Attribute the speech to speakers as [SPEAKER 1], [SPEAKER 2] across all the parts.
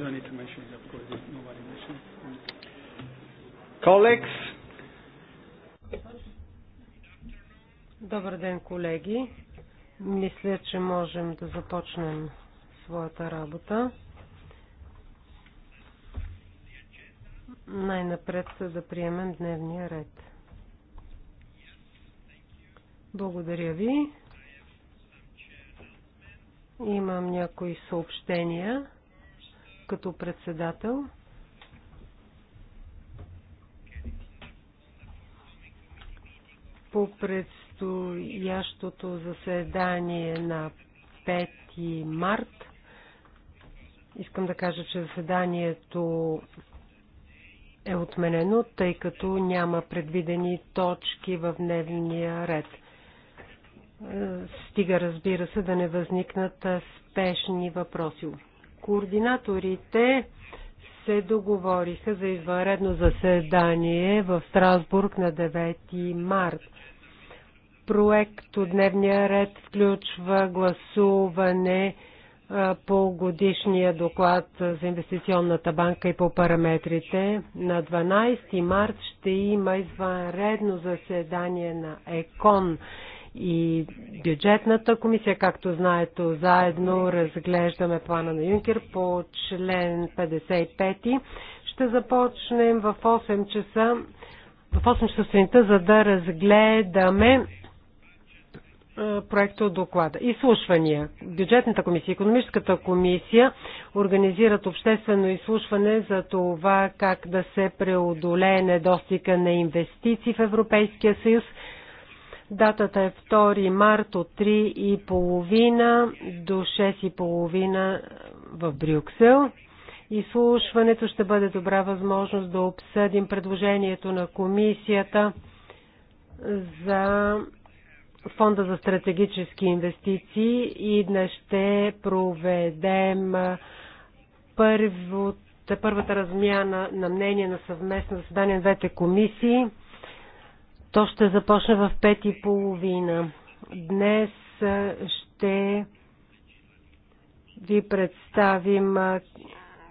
[SPEAKER 1] You don't need to mention it, of course, if nobody mentions it.
[SPEAKER 2] Colleagues.
[SPEAKER 3] Добър ден, колеги. Мисля, че можем да започнем своята работа. Най-напред да приемем дневния ред. Благодаря ви. Имам някои съобщения като председател. По предстоящото заседание на 5 март искам да кажа, че заседанието е отменено, тъй като няма предвидени точки в дневния ред. Стига, разбира се, да не възникнат спешни въпроси. Координаторите се договориха за извънредно заседание в Страсбург на 9 март. Проект от дневния ред включва гласуване по годишния доклад за инвестиционната банка и по параметрите. На 12 март ще има извънредно заседание на ЕКОН и бюджетната комисия. Както знаете, заедно разглеждаме плана на Юнкер по член 55. Ще започнем в 8 часа в 8 часа сутринта, за да разгледаме проекта от доклада. Изслушвания. Бюджетната комисия и економическата комисия организират обществено изслушване за това как да се преодолее недостига на инвестиции в Европейския съюз – Датата е 2 март от 3 и половина до 6 и половина е, в Брюксел. Изслушването ще бъде добра възможност да обсъдим предложението на комисията за Фонда за стратегически инвестиции и днес ще проведем е, първата размяна на мнение на съвместно заседание на двете комисии. То ще започне в пет и половина. Днес ще ви представим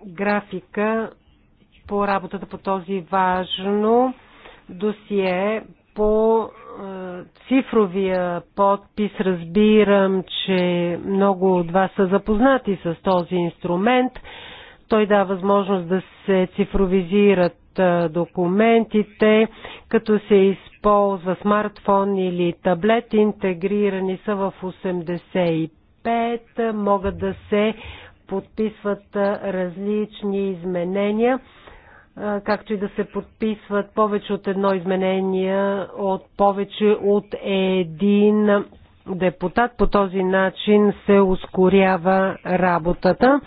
[SPEAKER 3] графика по работата по този важно досие по цифровия подпис. Разбирам, че много от вас са запознати с този инструмент. Той дава възможност да се цифровизират документите, като се използва смартфон или таблет, интегрирани са в 85, могат да се подписват различни изменения, както и да се подписват повече от едно изменение от повече от един депутат. По този начин се ускорява работата.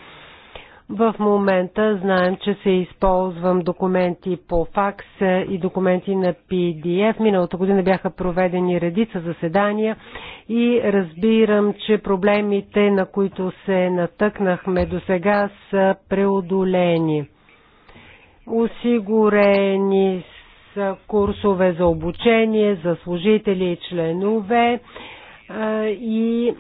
[SPEAKER 3] В момента знаем, че се използвам документи по факс и документи на PDF. Миналата година бяха проведени редица заседания и разбирам, че проблемите, на които се натъкнахме до сега, са преодолени. Осигурени са курсове за обучение, за служители и членове и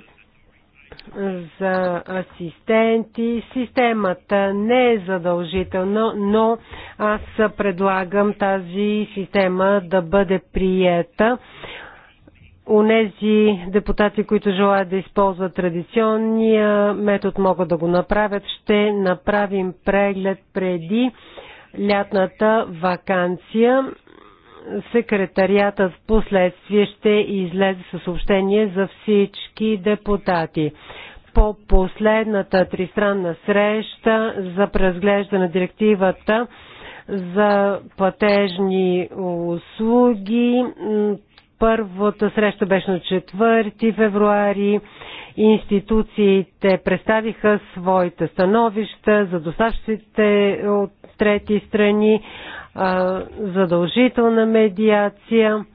[SPEAKER 3] за асистенти. Системата не е задължителна, но аз предлагам тази система да бъде приета. Онези депутати, които желаят да използват традиционния метод, могат да го направят. Ще направим преглед преди лятната вакансия секретарията в последствие ще излезе със съобщение за всички депутати. По последната тристранна среща за преразглеждане на директивата за платежни услуги. Първата среща беше на 4 февруари. Институциите представиха своите становища за доставчиците от трети страни задължителна медиация.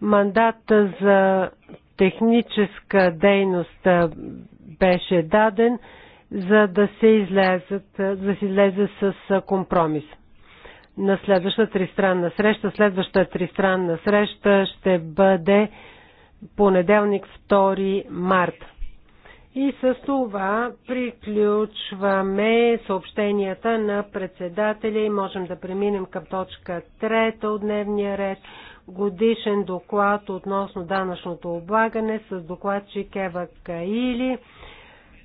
[SPEAKER 3] Мандата за техническа дейност беше даден, за да се излезат, да се излезе с компромис. На следващата тристранна среща, следващата тристранна среща ще бъде понеделник 2 март. И с това приключваме съобщенията на председателя и можем да преминем към точка трета от дневния ред. Годишен доклад относно данъчното облагане с докладчик Ева Каили.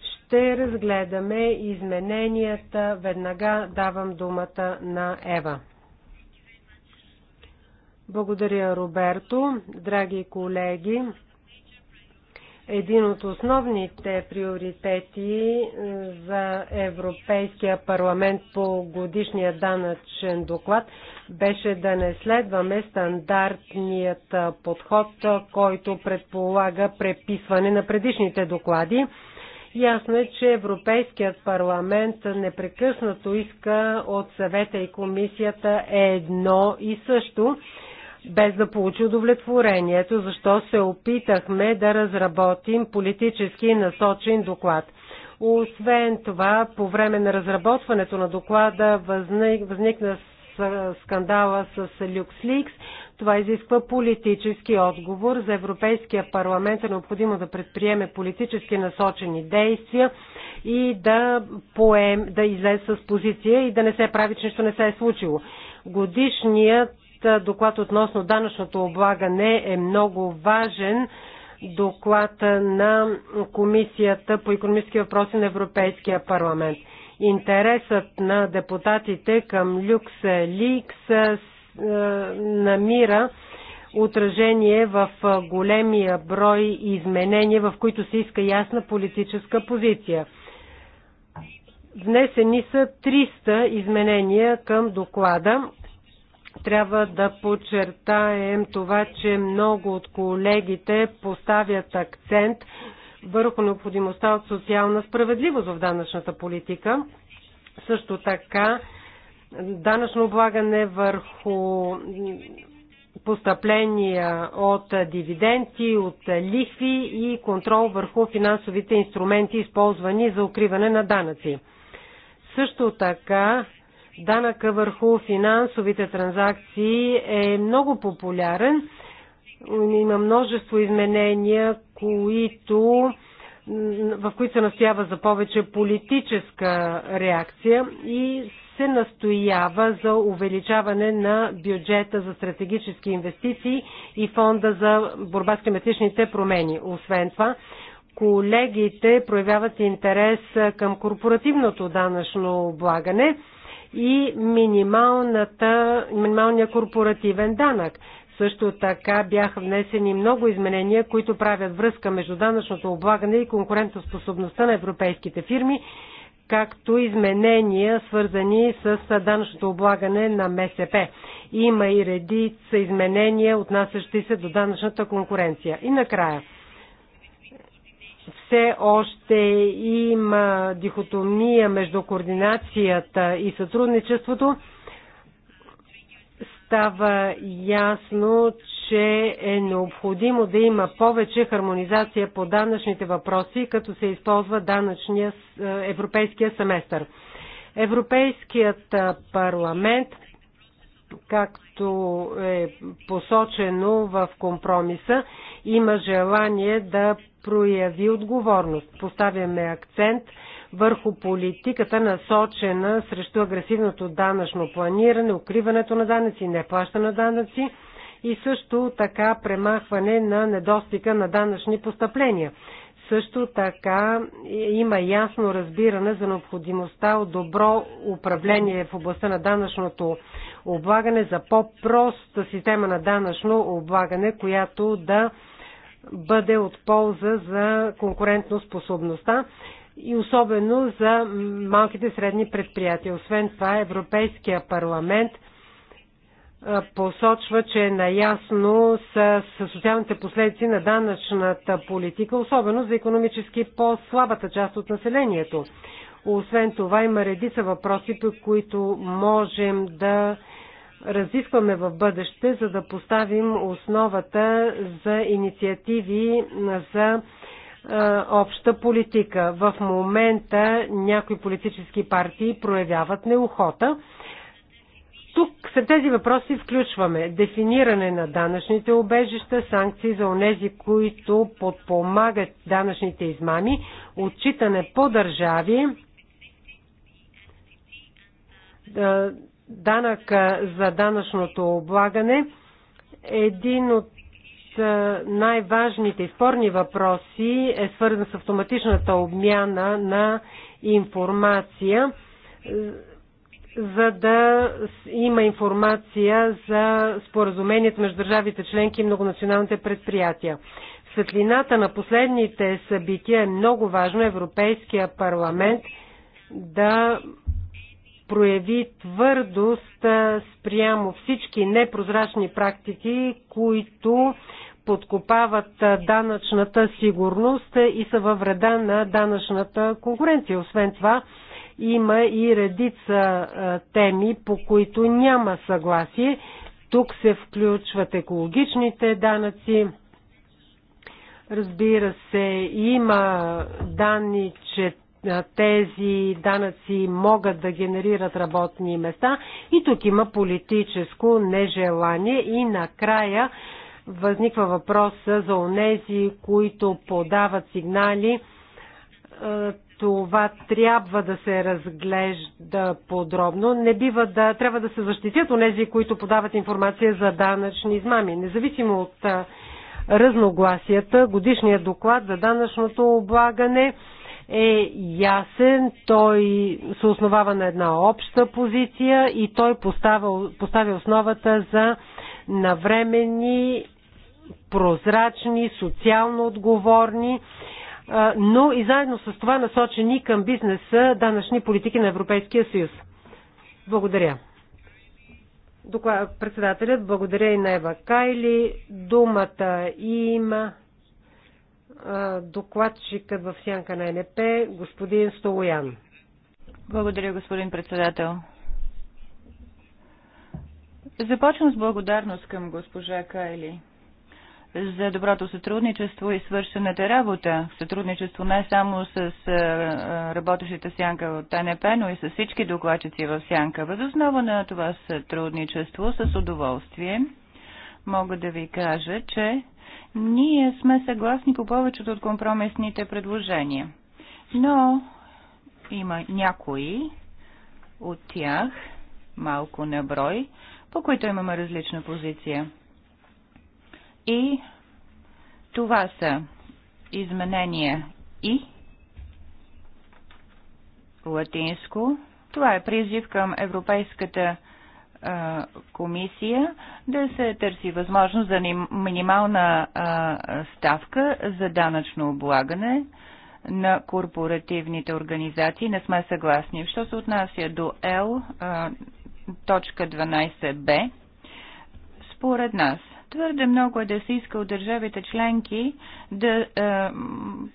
[SPEAKER 3] Ще разгледаме измененията. Веднага давам думата на Ева. Благодаря, Роберто. Драги колеги, един от основните приоритети е, за Европейския парламент по годишния данъчен доклад беше да не следваме стандартният е, подход, е, който предполага преписване на предишните доклади. Ясно е, че Европейският парламент непрекъснато иска от съвета и комисията едно и също без да получи удовлетворението, защо се опитахме да разработим политически насочен доклад. Освен това, по време на разработването на доклада възникна скандала с LuxLeaks. Това изисква политически отговор. За Европейския парламент е необходимо да предприеме политически насочени действия и да, поем, да излезе с позиция и да не се прави, че нищо не се е случило. Годишният доклад относно данъчното облагане е много важен доклад на Комисията по економически въпроси на Европейския парламент. Интересът на депутатите към Люкс Ликс намира отражение в големия брой изменения, в които се иска ясна политическа позиция. Внесени са 300 изменения към доклада. Трябва да подчертаем това, че много от колегите поставят акцент върху необходимостта от социална справедливост в данъчната политика. Също така данъчно облагане върху постъпления от дивиденти, от лихви и контрол върху финансовите инструменти, използвани за укриване на данъци. Също така Данъка върху финансовите транзакции е много популярен. Има множество изменения, които, в които се настоява за повече политическа реакция и се настоява за увеличаване на бюджета за стратегически инвестиции и фонда за борба с климатичните промени. Освен това, колегите проявяват интерес към корпоративното данъчно облагане и минималния корпоративен данък. Също така бяха внесени много изменения, които правят връзка между данъчното облагане и конкурентоспособността на европейските фирми, както изменения, свързани с данъчното облагане на МСП. Има и редица изменения, отнасящи се до данъчната конкуренция. И накрая – все още има дихотомия между координацията и сътрудничеството, става ясно, че е необходимо да има повече хармонизация по данъчните въпроси, като се използва данъчния е, европейския семестър. Европейският парламент, както е посочено в компромиса, има желание да прояви отговорност. Поставяме акцент върху политиката насочена срещу агресивното данъчно планиране, укриването на данъци, плаща на данъци и също така премахване на недостига на данъчни постъпления. Също така има ясно разбиране за необходимостта от добро управление в областта на данъчното облагане за по-проста система на данъчно облагане, която да бъде от полза за конкурентно способността и особено за малките средни предприятия. Освен това, Европейския парламент посочва, че е наясно с, с социалните последици на данъчната политика, особено за економически по-слабата част от населението. Освен това, има редица въпроси, по които можем да разискваме в бъдеще, за да поставим основата за инициативи за обща политика. В момента някои политически партии проявяват неохота. Тук сред тези въпроси включваме дефиниране на данъчните обежища, санкции за онези, които подпомагат данъчните измами, отчитане по държави, данък за данъчното облагане, един от най-важните и спорни въпроси е свързан с автоматичната обмяна на информация, за да има информация за споразумението между държавите членки и многонационалните предприятия. В светлината на последните събития е много важно Европейския парламент да прояви твърдост спрямо всички непрозрачни практики, които подкопават данъчната сигурност и са във вреда на данъчната конкуренция. Освен това, има и редица теми, по които няма съгласие. Тук се включват екологичните данъци. Разбира се, има данни, че тези данъци могат да генерират работни места и тук има политическо нежелание и накрая възниква въпроса за онези, които подават сигнали. Това трябва да се разглежда подробно. Не бива да, трябва да се защитят онези, които подават информация за данъчни измами. Независимо от разногласията, годишният доклад за данъчното облагане е ясен, той се основава на една обща позиция и той поставя, поставя основата за навремени, прозрачни, социално отговорни, но и заедно с това насочени към бизнеса данъчни политики на Европейския съюз. Благодаря. Председателят благодаря и на Ева Кайли. Думата има докладчикът в сянка на НП, господин Столоян.
[SPEAKER 4] Благодаря, господин председател. Започвам с благодарност към госпожа Кайли за доброто сътрудничество и свършената работа. Сътрудничество не само с работещите сянка от НП, но и с всички докладчици в сянка. Възоснова на това сътрудничество с удоволствие мога да ви кажа, че ние сме съгласни по повечето от компромисните предложения, но има някои от тях, малко на брой, по които имаме различна позиция. И това са изменения и латинско. Това е призив към Европейската комисия да се търси възможност за минимална ставка за данъчно облагане на корпоративните организации. Не сме съгласни. Що се отнася до L, точка 12b, според нас – Твърде много е да се иска от държавите членки да е,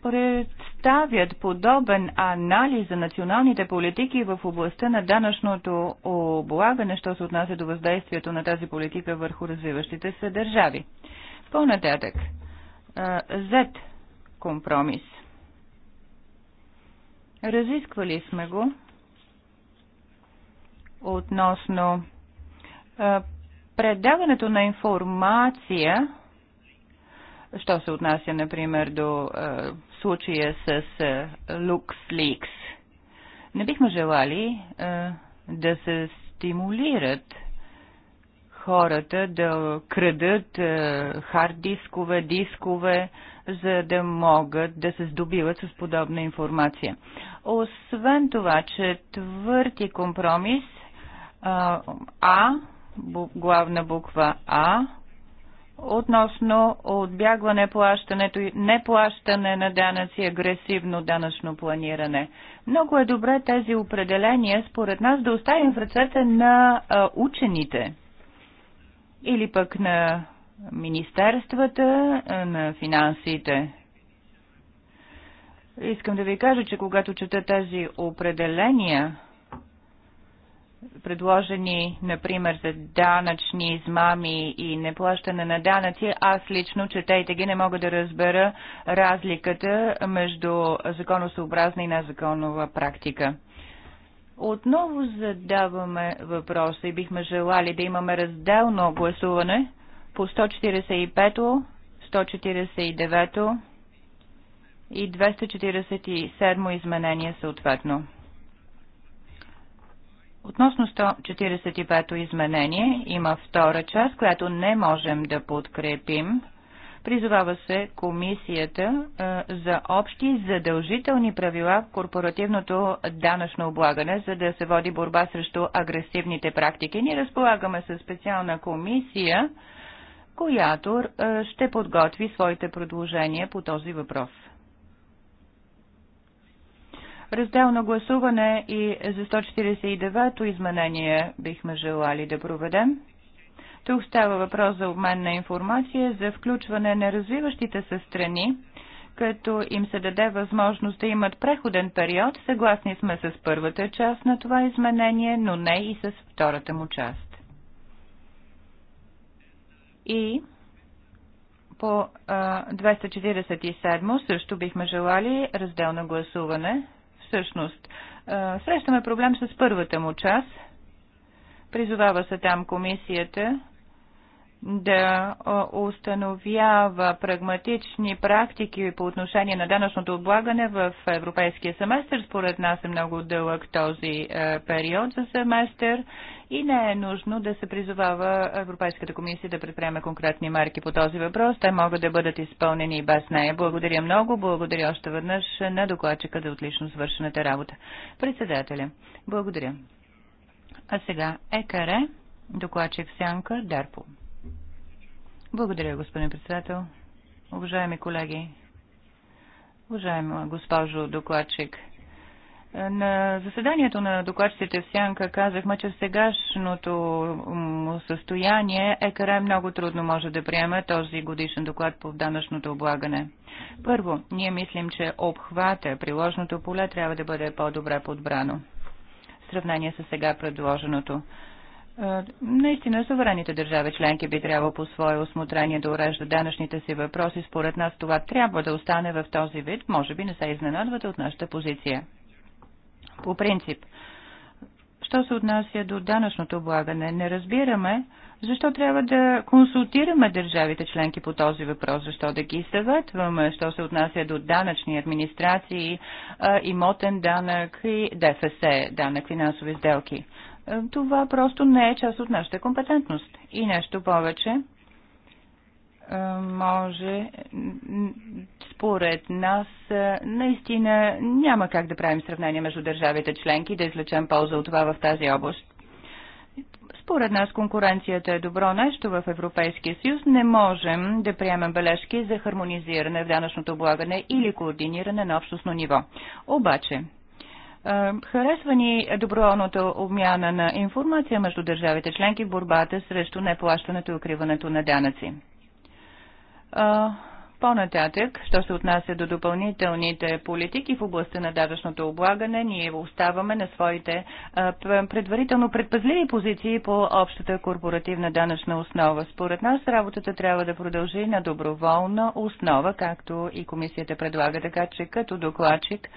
[SPEAKER 4] представят подобен анализ за националните политики в областта на данъчното облагане, що се отнася до въздействието на тази политика върху развиващите се държави. По-нататък, Z е, компромис. Разисквали сме го относно е, предаването на информация, що се отнася, например, до е, случая с е, LuxLeaks, не бихме желали е, да се стимулират хората да крадат е, хард дискове, дискове, за да могат да се здобиват с подобна информация. Освен това, четвърти компромис а главна буква А относно отбягване плащането и неплащане на данъци, агресивно данъчно планиране. Много е добре тези определения, според нас, да оставим в ръцете на а, учените или пък на министерствата а, на финансите. Искам да ви кажа, че когато чета тези определения, предложени, например, за данъчни измами и неплащане на данъци, аз лично, четейте ги, не мога да разбера разликата между законосъобразна и незаконова практика. Отново задаваме въпроса и бихме желали да имаме разделно гласуване по 145, 149 и 247 изменения съответно. Относно 145-то изменение има втора част, която не можем да подкрепим. Призовава се комисията е, за общи задължителни правила в корпоративното данъчно облагане, за да се води борба срещу агресивните практики. Ние разполагаме със специална комисия, която е, ще подготви своите предложения по този въпрос. Разделно гласуване и за 149-то изменение бихме желали да проведем. Тук става въпрос за обмен на информация, за включване на развиващите се страни, като им се даде възможност да имат преходен период. Съгласни сме с първата част на това изменение, но не и с втората му част. И по 247 също бихме желали разделно гласуване всъщност. Срещаме проблем с първата му част. Призовава се там комисията да установява прагматични практики по отношение на данъчното облагане в европейския семестър. Според нас е много дълъг този е, период за семестър и не е нужно да се призовава Европейската комисия да предприеме конкретни мерки по този въпрос. Те могат да бъдат изпълнени и без нея. Благодаря много. Благодаря още веднъж на докладчика за отлично свършената работа. Председателя, благодаря. А сега ЕКР, докладчик Сянка Дарпо. Благодаря, господин председател. Уважаеми колеги, уважаема госпожо докладчик, на заседанието на докладчиците в Сянка казахме, че сегашното му състояние ЕКР много трудно може да приеме този годишен доклад по данъчното облагане. Първо, ние мислим, че обхвата, приложното поле трябва да бъде по-добре подбрано в сравнение с сега предложеното. Наистина, суверените държави членки би трябвало по свое осмотрение да уреждат данъчните си въпроси. Според нас това трябва да остане в този вид. Може би не се изненадвате от нашата позиция. По принцип, що се отнася до данъчното облагане, не разбираме защо трябва да консултираме държавите членки по този въпрос, защо да ги съветваме, що се отнася до данъчни администрации, имотен данък и ДФС, данък финансови сделки това просто не е част от нашата компетентност. И нещо повече, е, може, според нас, е, наистина няма как да правим сравнение между държавите членки, да излечем полза от това в тази област. Според нас конкуренцията е добро нещо в Европейския съюз. Не можем да приемем бележки за хармонизиране в данъчното облагане или координиране на общностно ниво. Обаче, е, харесва ни доброволната обмяна на информация между държавите членки в борбата срещу неплащането и укриването на данъци. Е, по-нататък, що се отнася до допълнителните политики в областта на дадъчното облагане, ние оставаме на своите предварително предпазливи позиции по общата корпоративна данъчна основа. Според нас работата трябва да продължи на доброволна основа, както и комисията предлага. Така че като докладчик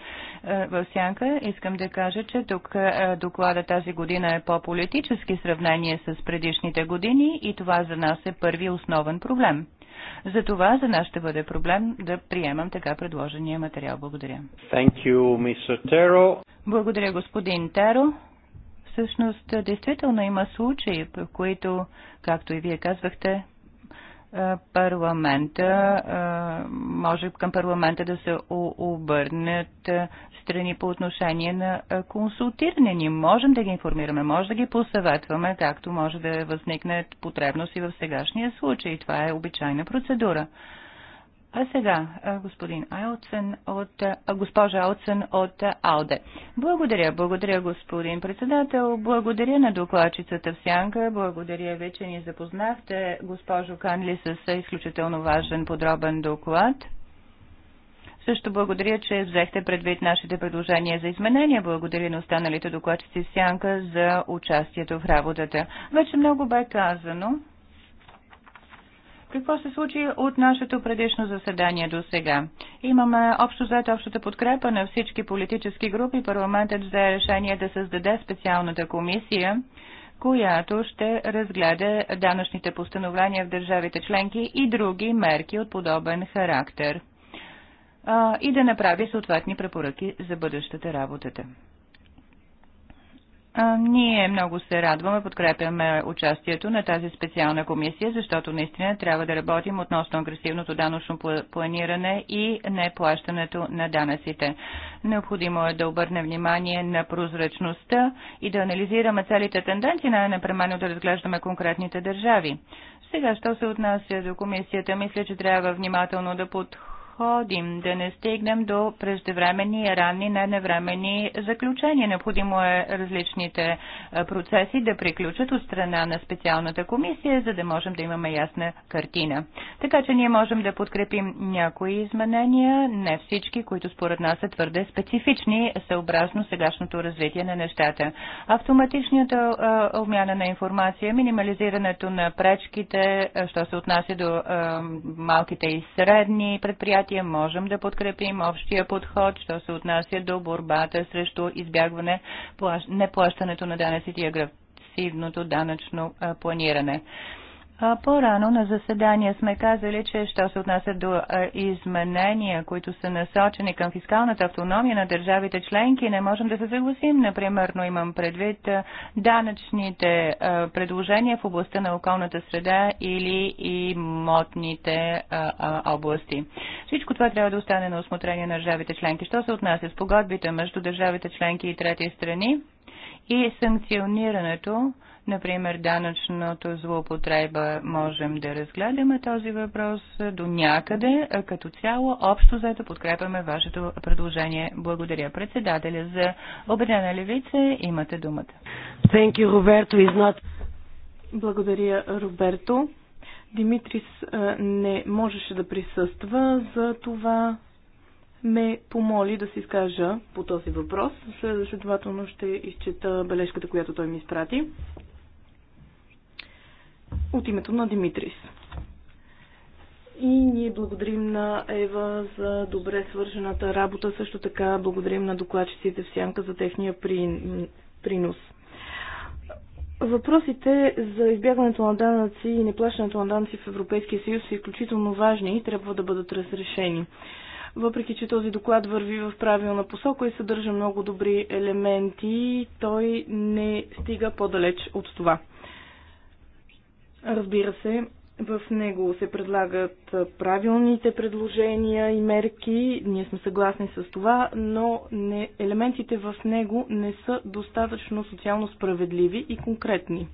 [SPEAKER 4] в сянка искам да кажа, че тук доклада тази година е по-политически сравнение с предишните години и това за нас е първи основен проблем. За това за нас ще бъде проблем да приемам така предложения материал. Благодаря.
[SPEAKER 2] Thank you, Mr. Tero.
[SPEAKER 4] Благодаря, господин Теро. Всъщност, действително има случаи, в които, както и вие казвахте, парламента, може към парламента да се обърнат страни по отношение на консултиране. Ние можем да ги информираме, може да ги посъветваме, както може да възникне потребност и в сегашния случай. Това е обичайна процедура. А сега господин Алцен от, госпожа Алцен от АЛДЕ. Благодаря, благодаря господин председател, благодаря на докладчицата в Сянка, благодаря вече, че ни запознахте, госпожо Канли, с изключително важен подробен доклад. Също благодаря, че взехте предвид нашите предложения за изменения. Благодаря на останалите докладчици в Сянка за участието в работата. Вече много бе казано. Какво се случи от нашето предишно заседание до сега? Имаме общо взето общата подкрепа на всички политически групи. Парламентът взе решение да създаде специалната комисия, която ще разгледа данъчните постановления в държавите членки и други мерки от подобен характер и да направи съответни препоръки за бъдещата работата. Ние много се радваме, подкрепяме участието на тази специална комисия, защото наистина трябва да работим относно агресивното данъчно планиране и неплащането на данъците. Необходимо е да обърнем внимание на прозрачността и да анализираме целите тенденции, най непременно да разглеждаме конкретните държави. Сега, що се отнася до комисията, мисля, че трябва внимателно да подходим подходим, да не стигнем до преждевременни ранни, не невременни заключения. Необходимо е различните е, процеси да приключат от страна на специалната комисия, за да можем да имаме ясна картина. Така че ние можем да подкрепим някои изменения, не всички, които според нас са твърде специфични, съобразно сегашното развитие на нещата. Автоматичната е, обмяна на информация, минимализирането на пречките, е, що се отнася до малките и средни предприятия, предприятия можем да подкрепим общия подход, що се отнася до борбата срещу избягване неплащането на данъците и агресивното данъчно планиране. По-рано на заседание сме казали, че що се отнася до изменения, които са насочени към фискалната автономия на държавите членки, не можем да се съгласим. Например, но имам предвид данъчните предложения в областта на околната среда или и мотните области. Всичко това трябва да остане на осмотрение на държавите членки. Що се отнася с погодбите между държавите членки и трети страни и санкционирането, Например, данъчното злоупотреба можем да разгледаме този въпрос до някъде. Като цяло, общо заето подкрепяме вашето предложение. Благодаря председателя за обедена левица. Имате думата.
[SPEAKER 3] Thank you, Roberto. Not...
[SPEAKER 4] Благодаря, Роберто.
[SPEAKER 1] Димитрис не можеше да присъства, за това ме помоли да се изкажа по този въпрос. Следователно ще изчета бележката, която той ми изпрати от името на Димитрис. И ние благодарим на Ева за добре свършената работа. Също така благодарим на докладчиците в Сянка за техния принос. Въпросите за избягването на данъци и неплащането на данъци в Европейския съюз са изключително важни и трябва да бъдат разрешени. Въпреки, че този доклад върви в правилна посока и съдържа много добри елементи, той не стига по-далеч от това. Разбира се, в него се предлагат правилните предложения и мерки, ние сме съгласни с това, но не, елементите в него не са достатъчно социално справедливи и конкретни.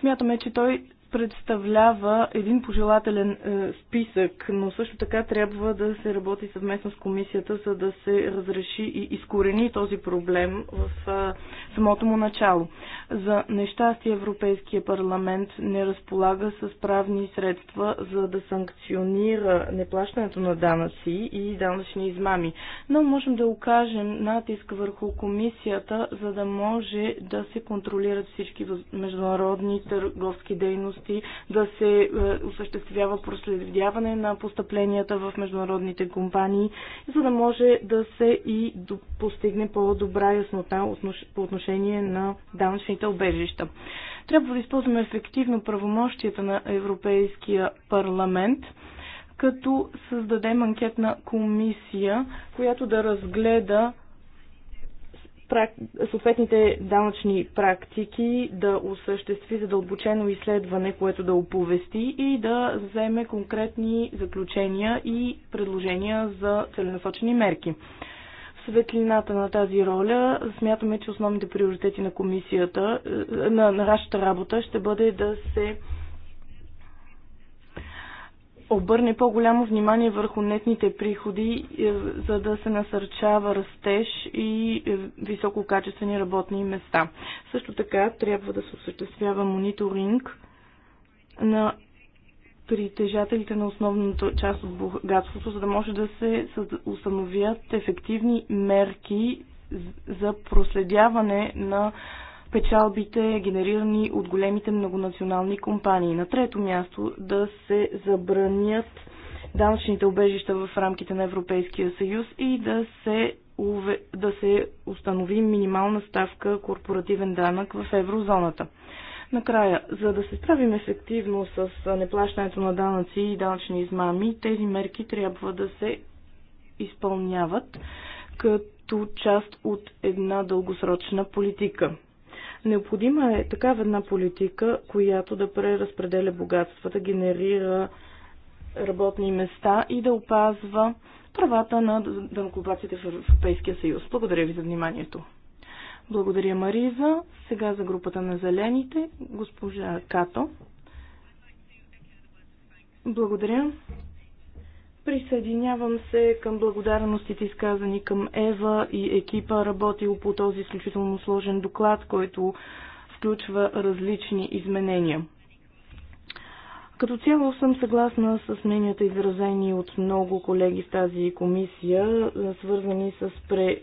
[SPEAKER 1] Смятаме, че той представлява един пожелателен е, списък, но също така трябва да се работи съвместно с комисията, за да се разреши и изкорени този проблем в е, самото му начало. За нещастие Европейския парламент не разполага с правни средства, за да санкционира неплащането на данъци и данъчни измами, но можем да окажем натиск върху комисията, за да може да се контролират всички международни търговски дейности области, да се е, осъществява проследяване на постъпленията в международните компании, за да може да се и постигне по-добра яснота по отношение на данъчните обежища. Трябва да използваме ефективно правомощията на Европейския парламент като създадем анкетна комисия, която да разгледа съответните данъчни практики да осъществи задълбочено изследване, което да оповести и да вземе конкретни заключения и предложения за целенасочени мерки. В светлината на тази роля смятаме, че основните приоритети на комисията, е, е, на, на нашата работа ще бъде да се обърне по-голямо внимание върху нетните приходи, е, за да се насърчава растеж и е, висококачествени работни места. Също така трябва да се осъществява мониторинг на притежателите на основната част от богатството, за да може да се установят ефективни мерки за проследяване на печалбите, генерирани от големите многонационални компании. На трето място да се забранят данъчните обежища в рамките на Европейския съюз и да се, да се установи минимална ставка корпоративен данък в еврозоната. Накрая, за да се справим ефективно с неплащането на данъци и данъчни измами, тези мерки трябва да се изпълняват като част от една дългосрочна политика. Необходима е такава една политика, която да преразпределя богатствата, да генерира работни места и да опазва правата на дънкоплаците в Европейския съюз. Благодаря ви за вниманието. Благодаря Мариза. Сега за групата на зелените, госпожа Като. Благодаря. Присъединявам се към благодарностите изказани към Ева и екипа, работил по този изключително сложен доклад, който включва различни изменения. Като цяло съм съгласна с мненията изразени от много колеги в тази комисия, свързани с пре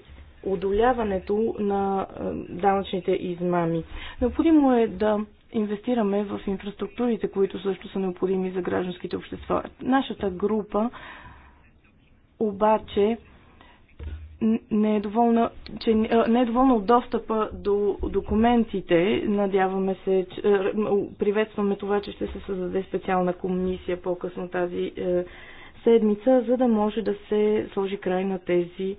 [SPEAKER 1] одоляването на данъчните измами. Необходимо е да инвестираме в инфраструктурите, които също са необходими за гражданските общества. Нашата група обаче не е доволна, че не е доволна от достъпа до документите. Надяваме се, че, приветстваме това, че ще се създаде специална комисия по-късно тази е, седмица, за да може да се сложи край на тези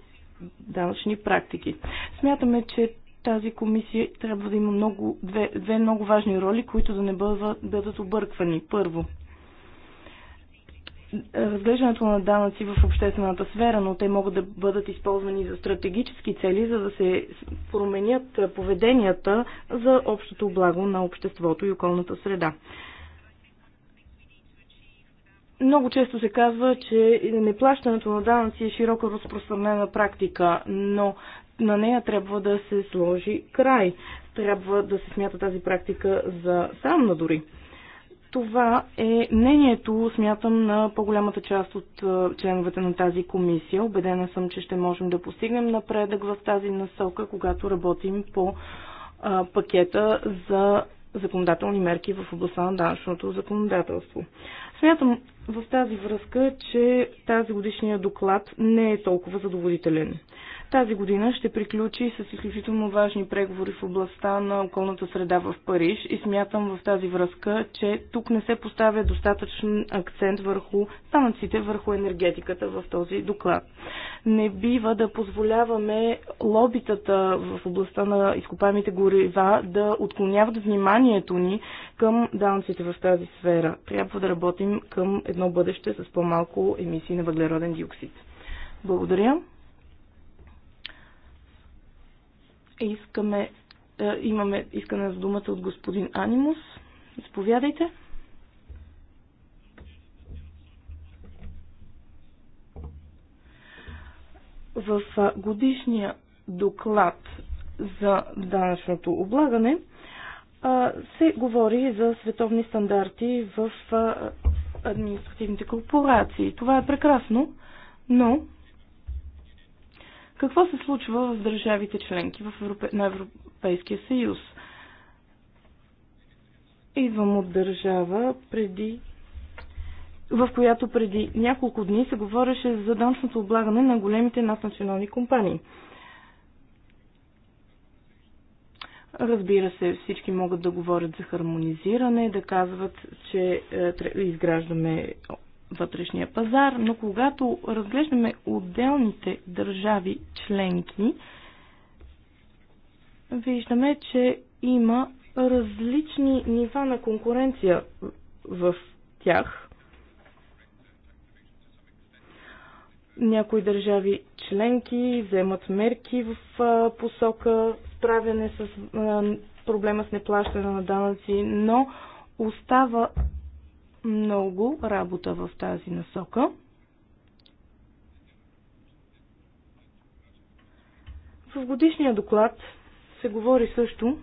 [SPEAKER 1] данъчни практики. Смятаме, че тази комисия трябва да има много, две, две много важни роли, които да не бъдат, бъдат обърквани. Първо, разглеждането на данъци в обществената сфера, но те могат да бъдат използвани за стратегически цели, за да се променят поведенията за общото благо на обществото и околната среда. Много често се казва, че неплащането на данъци е широко разпространена практика, но на нея трябва да се сложи край. Трябва да се смята тази практика за срамна дори. Това е мнението, смятам, на по-голямата част от членовете на тази комисия. Обедена съм, че ще можем да постигнем напредък в тази насока, когато работим по пакета за законодателни мерки в областта на данъчното законодателство. Смятам в тази връзка, че тази годишния доклад не е толкова задоволителен. Тази година ще приключи с изключително важни преговори в областта на околната среда в Париж и смятам в тази връзка, че тук не се поставя достатъчен акцент върху станъците, върху енергетиката в този доклад. Не бива да позволяваме лобитата в областта на изкопаемите горива да отклоняват вниманието ни към данците в тази сфера. Трябва да работим към едно едно бъдеще с по-малко емисии на въглероден диоксид. Благодаря. Искаме, е, имаме искане за думата от господин Анимус. Заповядайте. В годишния доклад за данъчното облагане се говори за световни стандарти в административните корпорации. Това е прекрасно, но какво се случва в държавите членки в Европе... на Европейския съюз? Идвам от държава преди в която преди няколко дни се говореше за данчното облагане на големите наднационални компании. Разбира се, всички могат да говорят за хармонизиране, да казват, че е, изграждаме вътрешния пазар, но когато разглеждаме отделните държави членки, виждаме, че има различни нива на конкуренция в тях. Някои държави членки вземат мерки в посока справяне с проблема с неплащане на данъци, но остава много работа в тази насока. В годишния доклад се говори също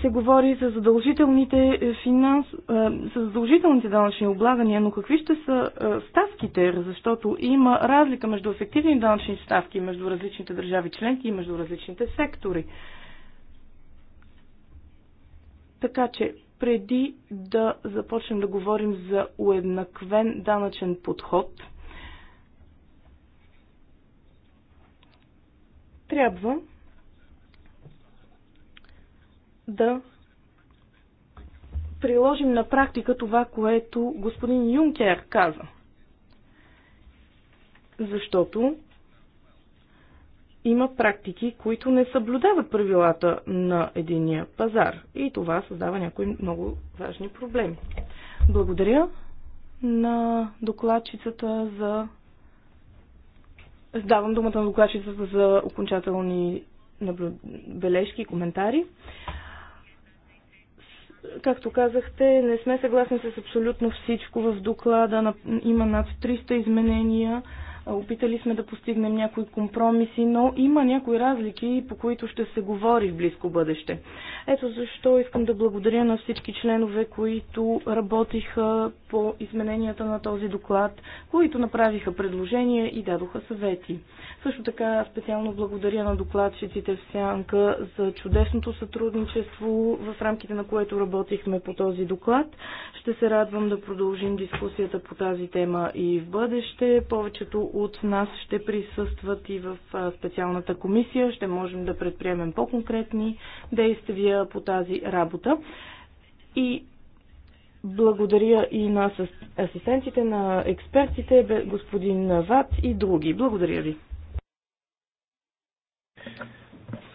[SPEAKER 1] се говори за задължителните, е, финанс... за задължителните данъчни облагания, но какви ще са ставките, защото има разлика между ефективни данъчни ставки между различните държави членки и между различните сектори. Така че преди да започнем да говорим за уеднаквен данъчен подход, трябва да приложим на практика това, което господин Юнкер каза. Защото има практики, които не съблюдават правилата на единия пазар. И това създава някои много важни проблеми. Благодаря на докладчицата за. Давам думата на докладчицата за окончателни бележки и коментари. Както казахте, не сме съгласни с абсолютно всичко в доклада. Има над 300 изменения Опитали сме да постигнем някои компромиси, но има някои разлики, по които ще се говори в близко бъдеще. Ето защо искам да благодаря на всички членове, които работиха по измененията на този доклад, които направиха предложения и дадоха съвети. Също така специално благодаря на докладчиците в Сянка за чудесното сътрудничество, в рамките на което работихме по този доклад. Ще се радвам да продължим дискусията по тази тема и в бъдеще. Повечето от нас ще присъстват и в специалната комисия. Ще можем да предприемем по-конкретни действия по тази работа. И благодаря и на асистентите, на експертите, господин Ват и други. Благодаря ви.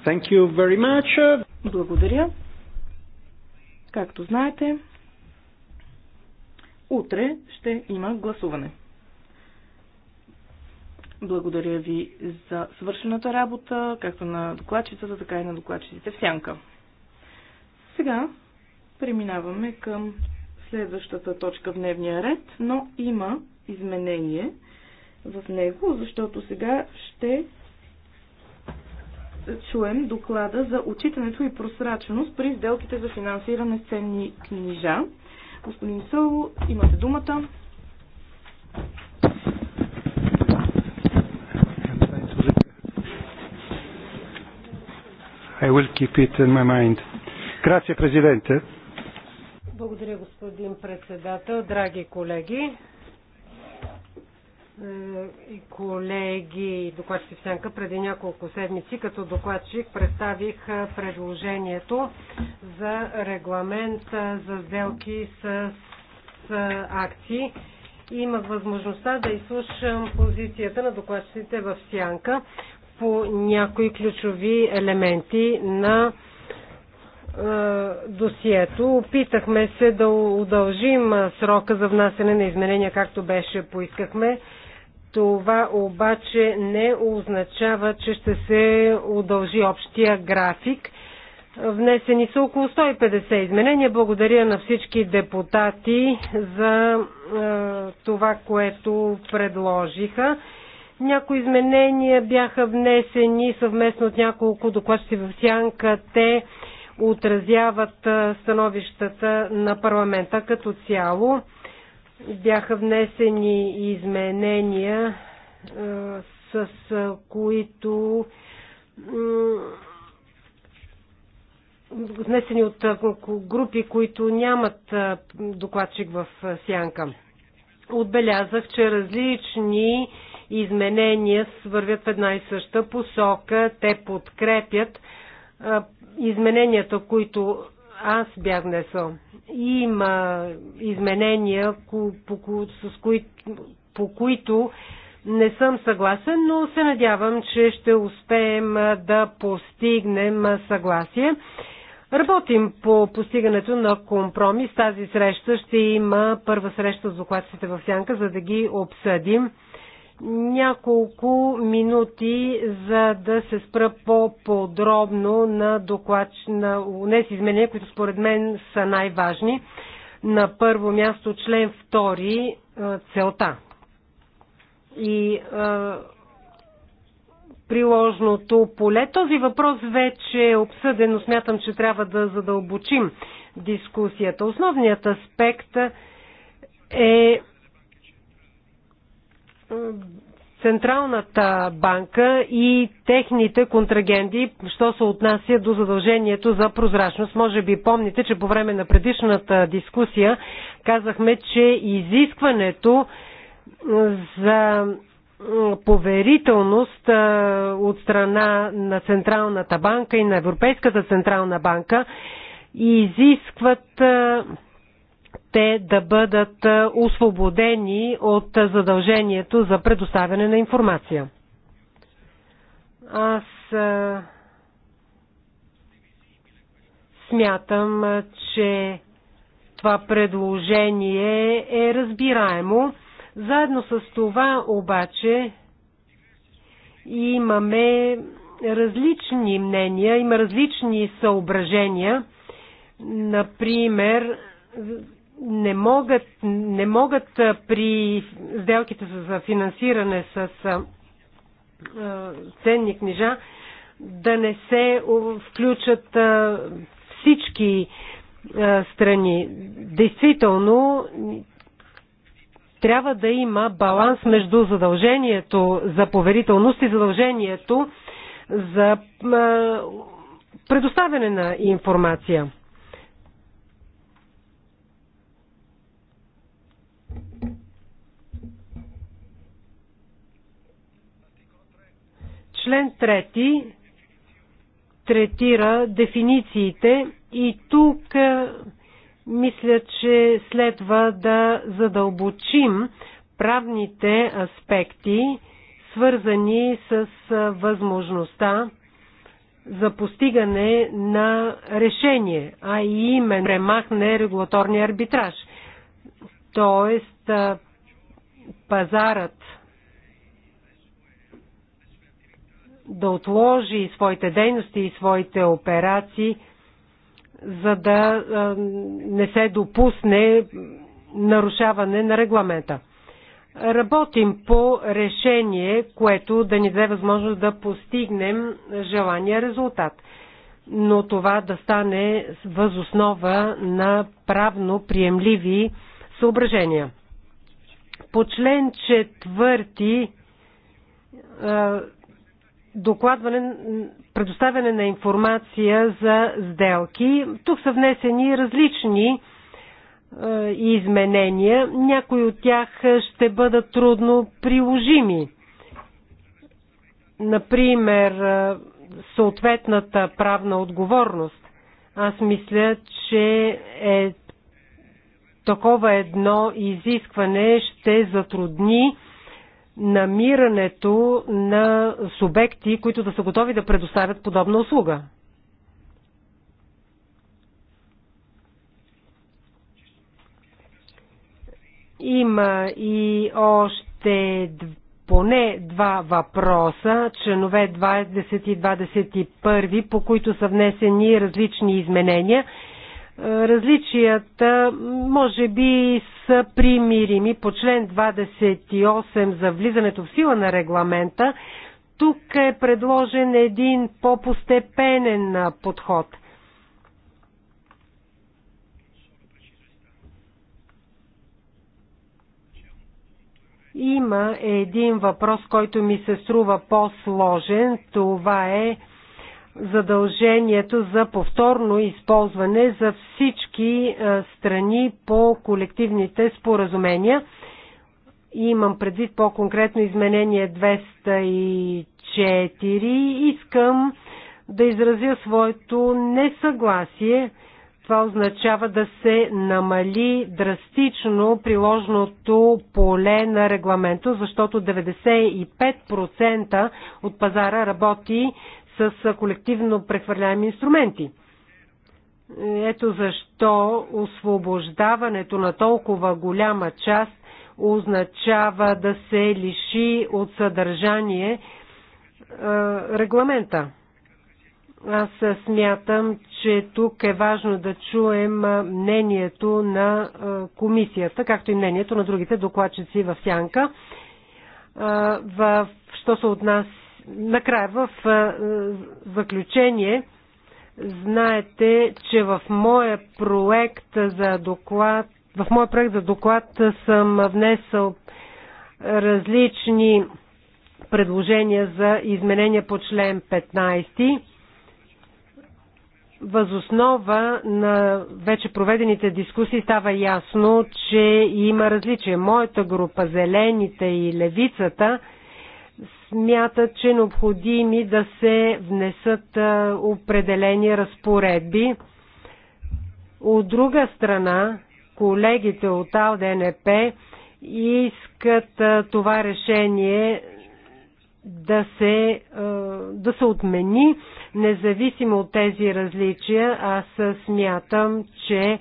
[SPEAKER 1] Thank you very much. Благодаря. Както знаете, утре ще има гласуване. Благодаря ви за свършената работа, както на докладчицата, така и на докладчиците в сянка. Сега преминаваме към следващата точка в дневния ред, но има изменение в него, защото сега ще чуем доклада за отчитането и просраченост при сделките за финансиране с ценни книжа. Господин Соло, имате думата. I will keep it in my mind. Grazie, Presidente.
[SPEAKER 3] Благодаря, господин председател. Драги колеги, е, и колеги докладчици в Сянка преди няколко седмици като докладчик представих е, предложението за регламент е, за сделки с, с акции. Имах възможността да изслушам позицията на докладчиците в Сянка по някои ключови елементи на досието. Опитахме се да удължим срока за внасяне на изменения, както беше поискахме. Това обаче не означава, че ще се удължи общия график. Внесени са около 150 изменения. Благодаря на всички депутати за това, което предложиха. Някои изменения бяха внесени съвместно от няколко докладчици в сянка. Те отразяват становищата на парламента като цяло. Бяха внесени изменения, с които внесени от групи, които нямат докладчик в сянка. Отбелязах, че различни изменения свървят в една и съща посока. Те подкрепят измененията, които аз бях внесъл. Има изменения, с кои, по които не съм съгласен, но се надявам, че ще успеем да постигнем съгласие. Работим по постигането на компромис. Тази среща ще има първа среща с докладците в Сянка, за да ги обсъдим няколко минути, за да се спра по-подробно на доклад на унес изменения, които според мен са най-важни. На първо място член 2 е, целта и а, е, приложното поле. Този въпрос вече е обсъден, но смятам, че трябва да задълбочим дискусията. Основният аспект е Централната банка и техните контрагенди, що се отнася до задължението за прозрачност. Може би помните, че по време на предишната дискусия казахме, че изискването за поверителност от страна на Централната банка и на Европейската Централна банка изискват те да бъдат е, освободени от задължението за предоставяне на информация. Аз е, смятам, е, че това предложение е разбираемо. Заедно с това обаче имаме различни мнения, има различни съображения. Например, не могат, не могат при сделките за финансиране с ценни книжа да не се включат всички страни. Действително, трябва да има баланс между задължението за поверителност и задължението за предоставяне на информация. Член 3 третира дефинициите и тук е, мисля, че следва да задълбочим правните аспекти, свързани с е, възможността за постигане на решение, а именно премахне регулаторния арбитраж. Тоест, е, пазарът да отложи своите дейности и своите операции, за да не се допусне нарушаване на регламента. Работим по решение, което да ни даде възможност да постигнем желания резултат. Но това да стане възоснова на правно приемливи съображения. По член четвърти докладване, предоставяне на информация за сделки. Тук са внесени различни е, изменения. Някои от тях ще бъдат трудно приложими. Например, е, съответната правна отговорност. Аз мисля, че е такова едно изискване ще затрудни намирането на субекти, които да са готови да предоставят подобна услуга. Има и още поне два въпроса, членове 20 и 21, по които са внесени различни изменения – Различията може би са примирими по член 28 за влизането в сила на регламента. Тук е предложен един по-постепенен подход – Има един въпрос, който ми се струва по-сложен. Това е задължението за повторно използване за всички е, страни по колективните споразумения. И имам предвид по-конкретно изменение 204. Искам да изразя своето несъгласие. Това означава да се намали драстично приложното поле на регламента, защото 95% от пазара работи с колективно прехвърляеми инструменти. Ето защо освобождаването на толкова голяма част означава да се лиши от съдържание е, регламента. Аз смятам, че тук е важно да чуем мнението на комисията, както и мнението на другите докладчици в Сянка. В, що се отнася накрая в заключение, знаете, че в моя проект за доклад, в моя проект за доклад съм внесъл различни предложения за изменения по член 15. Възоснова на вече проведените дискусии става ясно, че има различия. Моята група, зелените и левицата – смятат, че е необходими да се внесат определени разпоредби. От друга страна, колегите от АЛДНП искат това решение да се, да се отмени, независимо от тези различия. Аз смятам, че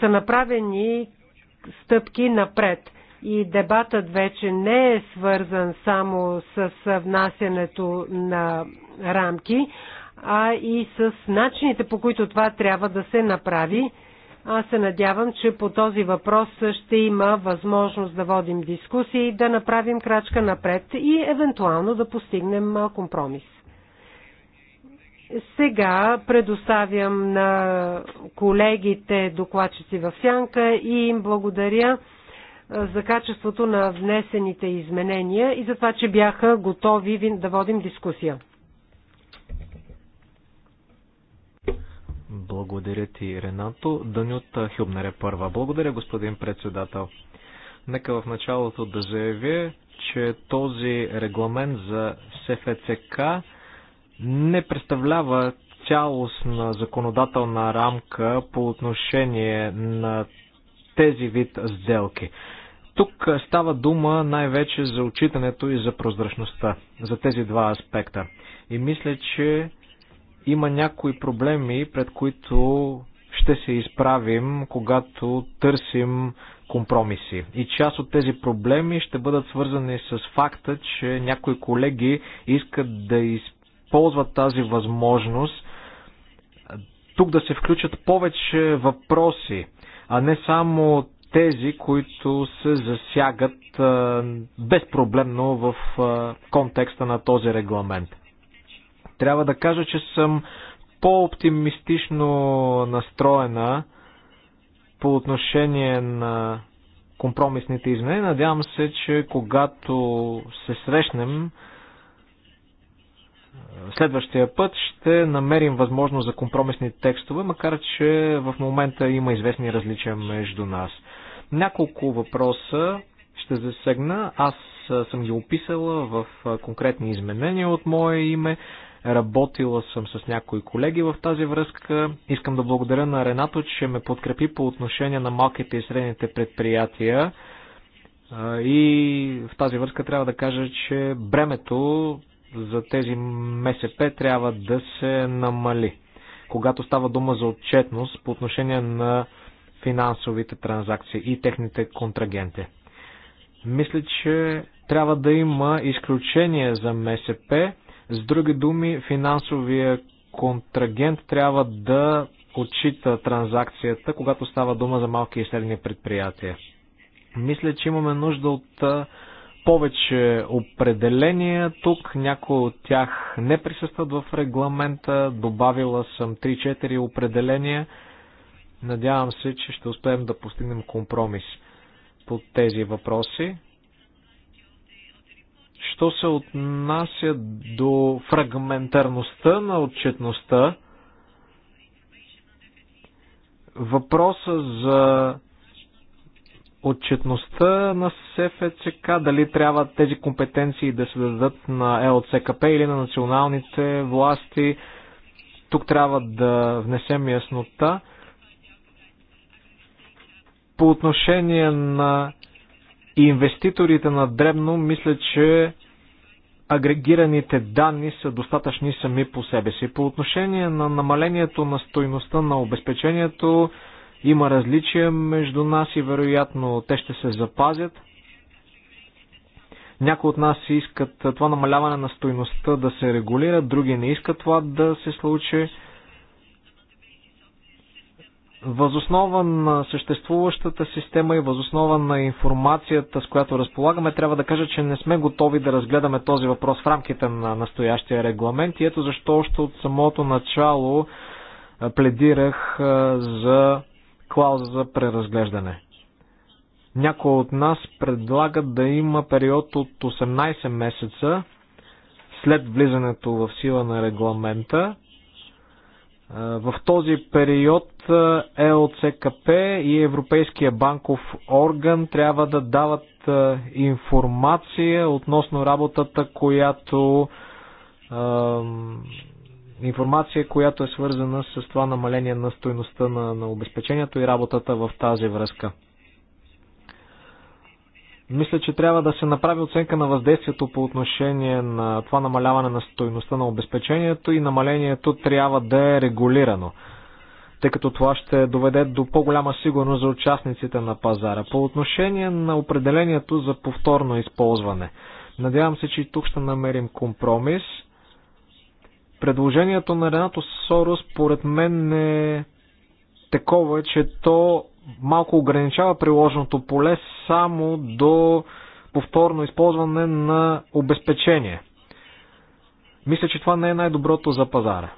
[SPEAKER 3] са направени стъпки напред и дебатът вече не е свързан само с внасянето на рамки, а и с начините по които това трябва да се направи. Аз се надявам, че по този въпрос ще има възможност да водим дискусии, да направим крачка напред и евентуално да постигнем компромис. Сега предоставям на колегите докладчици в Сянка и им благодаря за качеството на внесените изменения и за това, че бяха готови да водим дискусия.
[SPEAKER 2] Благодаря ти, Ренато. Данют Хюбнер е първа. Благодаря, господин председател. Нека в началото да заявя, че този регламент за СФЦК не представлява цялостна законодателна рамка по отношение на тези вид сделки. Тук става дума най-вече за отчитането и за прозрачността, за тези два аспекта. И мисля, че има някои проблеми, пред които ще се изправим, когато търсим компромиси. И част от тези проблеми ще бъдат свързани с факта, че някои колеги искат да използват тази възможност тук да се включат повече въпроси, а не само тези, които се засягат безпроблемно в контекста на този регламент. Трябва да кажа, че съм по-оптимистично настроена по отношение на компромисните изменения. Надявам се, че когато се срещнем следващия път, ще намерим възможност за компромисни текстове, макар че в момента има известни различия между нас. Няколко въпроса ще засегна. Аз съм ги описала в конкретни изменения от мое име. Работила съм с някои колеги в тази връзка. Искам да благодаря на Ренато, че ме подкрепи по отношение на малките и средните предприятия. И в тази връзка трябва да кажа, че бремето за тези МСП трябва да се намали. Когато става дума за отчетност по отношение на финансовите транзакции и техните контрагенти. Мисля, че трябва да има изключение за МСП. С други думи, финансовия контрагент трябва да отчита транзакцията, когато става дума за малки и средни предприятия. Мисля, че имаме нужда от повече определения тук. Някои от тях не присъстват в регламента. Добавила съм 3-4 определения. Надявам се, че ще успеем да постигнем компромис по тези въпроси. Що се отнася до фрагментарността на отчетността, въпроса за отчетността на СФЦК, дали трябва тези компетенции да се дадат на ЛЦКП е или на националните власти, тук трябва да внесем яснота. По отношение на инвеститорите на Дребно, мисля, че агрегираните данни са достатъчни сами по себе си. По отношение на намалението на стойността на обезпечението, има различия между нас и вероятно те ще се запазят. Някои от нас искат това намаляване на стойността да се регулира, други не искат това да се случи. Възоснова на съществуващата система и възоснова на информацията, с която разполагаме, трябва да кажа, че не сме готови да разгледаме този въпрос в рамките на настоящия регламент и ето защо още от самото начало пледирах за клауза за преразглеждане. Някои от нас предлагат да има период от 18 месеца след влизането в сила на регламента. В този период ЛЦКП е и Европейския банков орган трябва да дават е, информация относно работата, която информация, която е свързана с това намаление на стоеността на, на обезпечението и работата в тази връзка. Мисля, че трябва да се направи оценка на въздействието по отношение на това намаляване на стоеността на обезпечението и намалението трябва да е регулирано тъй като това ще доведе до по-голяма сигурност за участниците на пазара. По отношение на определението за повторно използване, надявам се, че и тук ще намерим компромис. Предложението на Ренато Сорос, според мен, е такова, че то малко ограничава приложеното поле само до повторно използване на обезпечение. Мисля, че това не е най-доброто за пазара.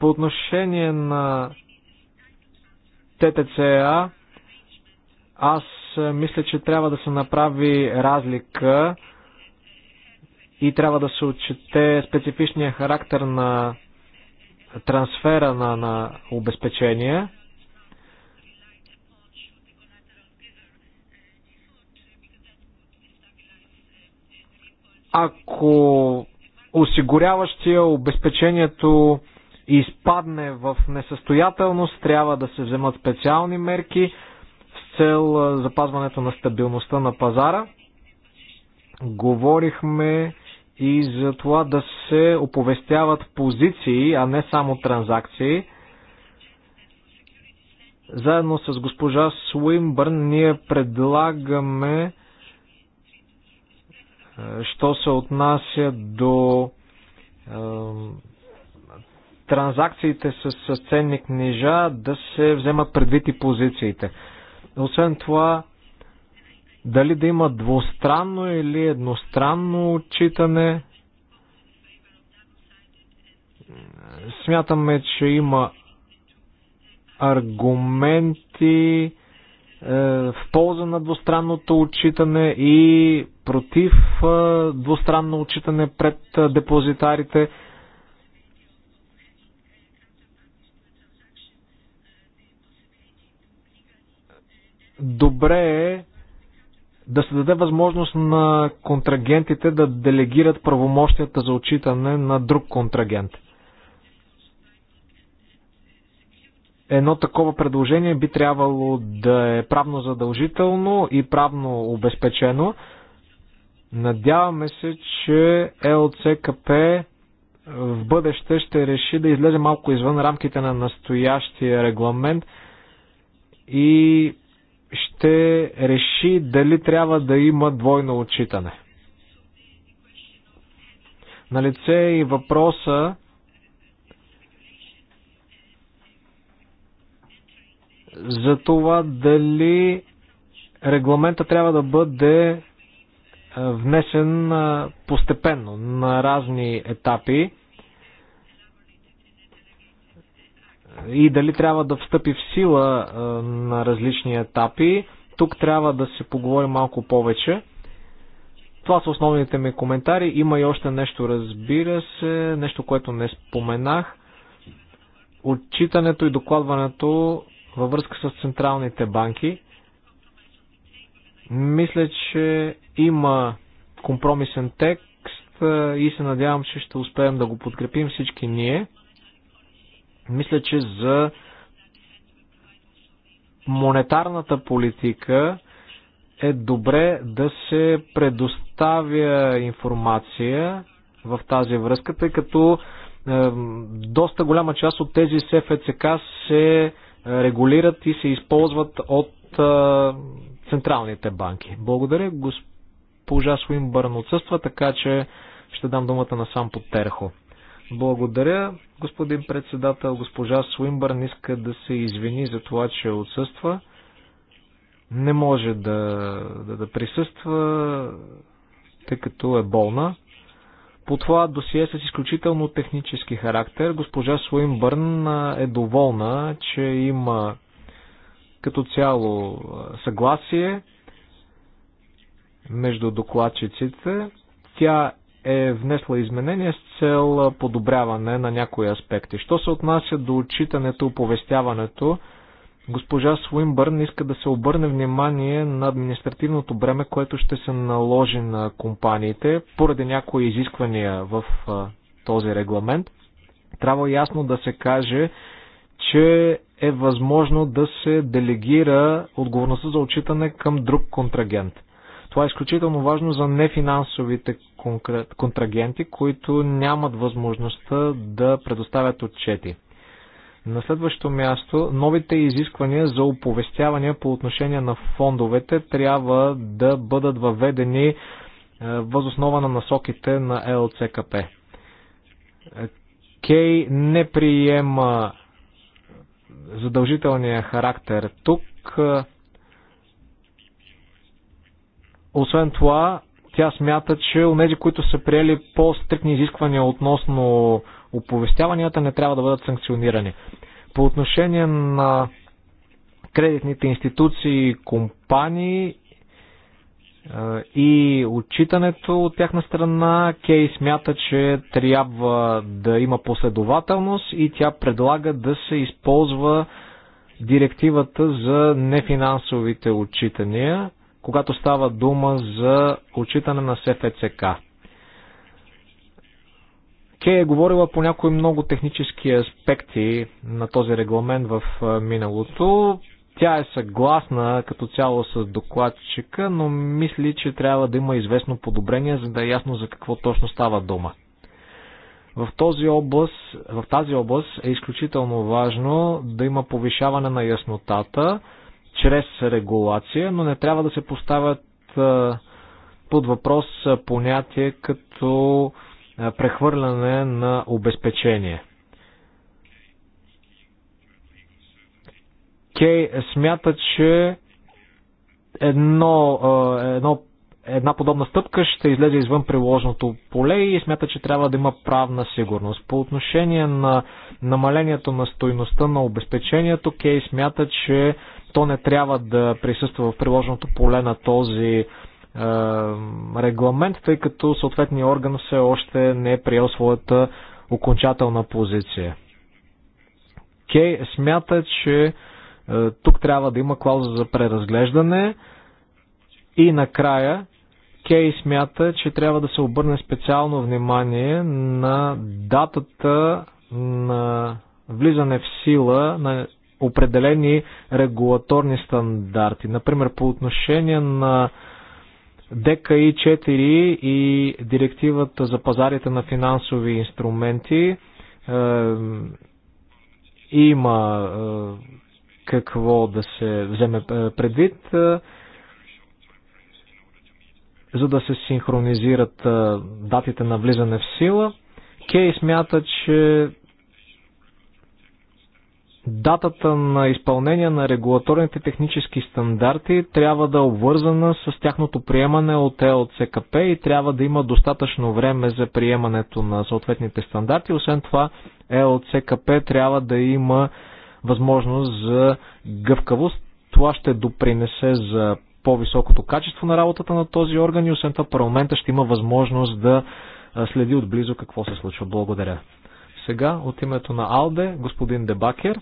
[SPEAKER 2] По отношение на ТТЦА, аз мисля, че трябва да се направи разлика и трябва да се отчете специфичния характер на трансфера на, на обезпечения. Ако осигуряващия обезпечението изпадне в несъстоятелност, трябва да се вземат специални мерки с цел запазването на стабилността на пазара. Говорихме и за това да се оповестяват позиции, а не само транзакции. Заедно с госпожа Суимбърн ние предлагаме, що се отнася до транзакциите с, с ценни книжа да се вземат предвид и позициите. Освен това, дали да има двустранно или едностранно отчитане, смятаме, че има аргументи е, в полза на двустранното отчитане и против е, двустранно отчитане пред е, депозитарите. добре е да се даде възможност на контрагентите да делегират правомощията за отчитане на друг контрагент. Едно такова предложение би трябвало да е правно задължително и правно обезпечено. Надяваме се, че ЛЦКП в бъдеще ще реши да излезе малко извън рамките на настоящия регламент и ще реши дали трябва да има двойно отчитане. На лице е и въпроса за това дали регламента трябва да бъде внесен постепенно на разни етапи. и дали трябва да встъпи в сила на различни етапи. Тук трябва да се поговори малко повече. Това са основните ми коментари. Има и още нещо, разбира се, нещо, което не споменах. Отчитането и докладването във връзка с централните банки. Мисля, че има компромисен текст и се надявам, че ще успеем да го подкрепим всички ние. Мисля, че за монетарната политика е добре да се предоставя информация в тази връзка, тъй като е, доста голяма част от тези СФЦК се е, регулират и се използват от е, централните банки. Благодаря, госпожа Суинбърн отсъства, така че ще дам думата на сам Потерхо. Благодаря, господин председател. Госпожа Суинбърн иска да се извини за това, че отсъства. Не може да, да, да присъства, тъй като е болна. По това досие с изключително технически характер, госпожа Суинбърн е доволна, че има като цяло съгласие между докладчиците. Тя е внесла изменения с цел подобряване на някои аспекти. Що се отнася до отчитането, оповестяването, госпожа Суинбърн иска да се обърне внимание на административното бреме, което ще се наложи на компаниите поради някои изисквания в този регламент. Трябва ясно да се каже, че е възможно да се делегира отговорността за отчитане към друг контрагент – това е изключително важно за нефинансовите контрагенти, които нямат възможността да предоставят отчети. На следващо място, новите изисквания за оповестяване по отношение на фондовете трябва да бъдат въведени е, възоснова на насоките на ЛЦКП. Кей не приема задължителния характер тук. Освен това, тя смята, че нези, които са приели по-стрикни изисквания относно оповестяванията, не трябва да бъдат санкционирани. По отношение на кредитните институции, компании е, и отчитането от тяхна страна, Кей смята, че трябва да има последователност и тя предлага да се използва директивата за нефинансовите отчитания когато става дума за отчитане на СФЦК. Кей е говорила по някои много технически аспекти на този регламент в миналото. Тя е съгласна като цяло с докладчика, но мисли, че трябва да има известно подобрение, за да е ясно за какво точно става дума. В, този област, в тази област е изключително важно да има повишаване на яснотата, чрез регулация, но не трябва да се поставят под въпрос понятие като прехвърляне на обезпечение. Кей смята, че едно, едно, една подобна стъпка ще излезе извън приложното поле и смята, че трябва да има правна сигурност. По отношение на намалението на стойността на обезпечението, Кей смята, че то не трябва да присъства в приложеното поле на този е, регламент, тъй като съответният орган все още не е приел своята окончателна позиция. Кей смята, че е, тук трябва да има клауза за преразглеждане и накрая Кей смята, че трябва да се обърне специално внимание на датата на влизане в сила на определени регулаторни стандарти. Например, по отношение на ДКИ 4 и директивата за пазарите на финансови инструменти е, има е, какво да се вземе е, предвид, е, за да се синхронизират е, датите на влизане в сила. Кей смята, че датата на изпълнение на регулаторните технически стандарти трябва да е обвързана с тяхното приемане от ЕОЦКП и трябва да има достатъчно време за приемането на съответните стандарти. Освен това, ЕОЦКП трябва да има възможност за гъвкавост. Това ще допринесе за по-високото качество на работата на този орган и освен това парламента ще има възможност да следи отблизо какво се случва. Благодаря. Сега от името на Алде, господин Дебакер.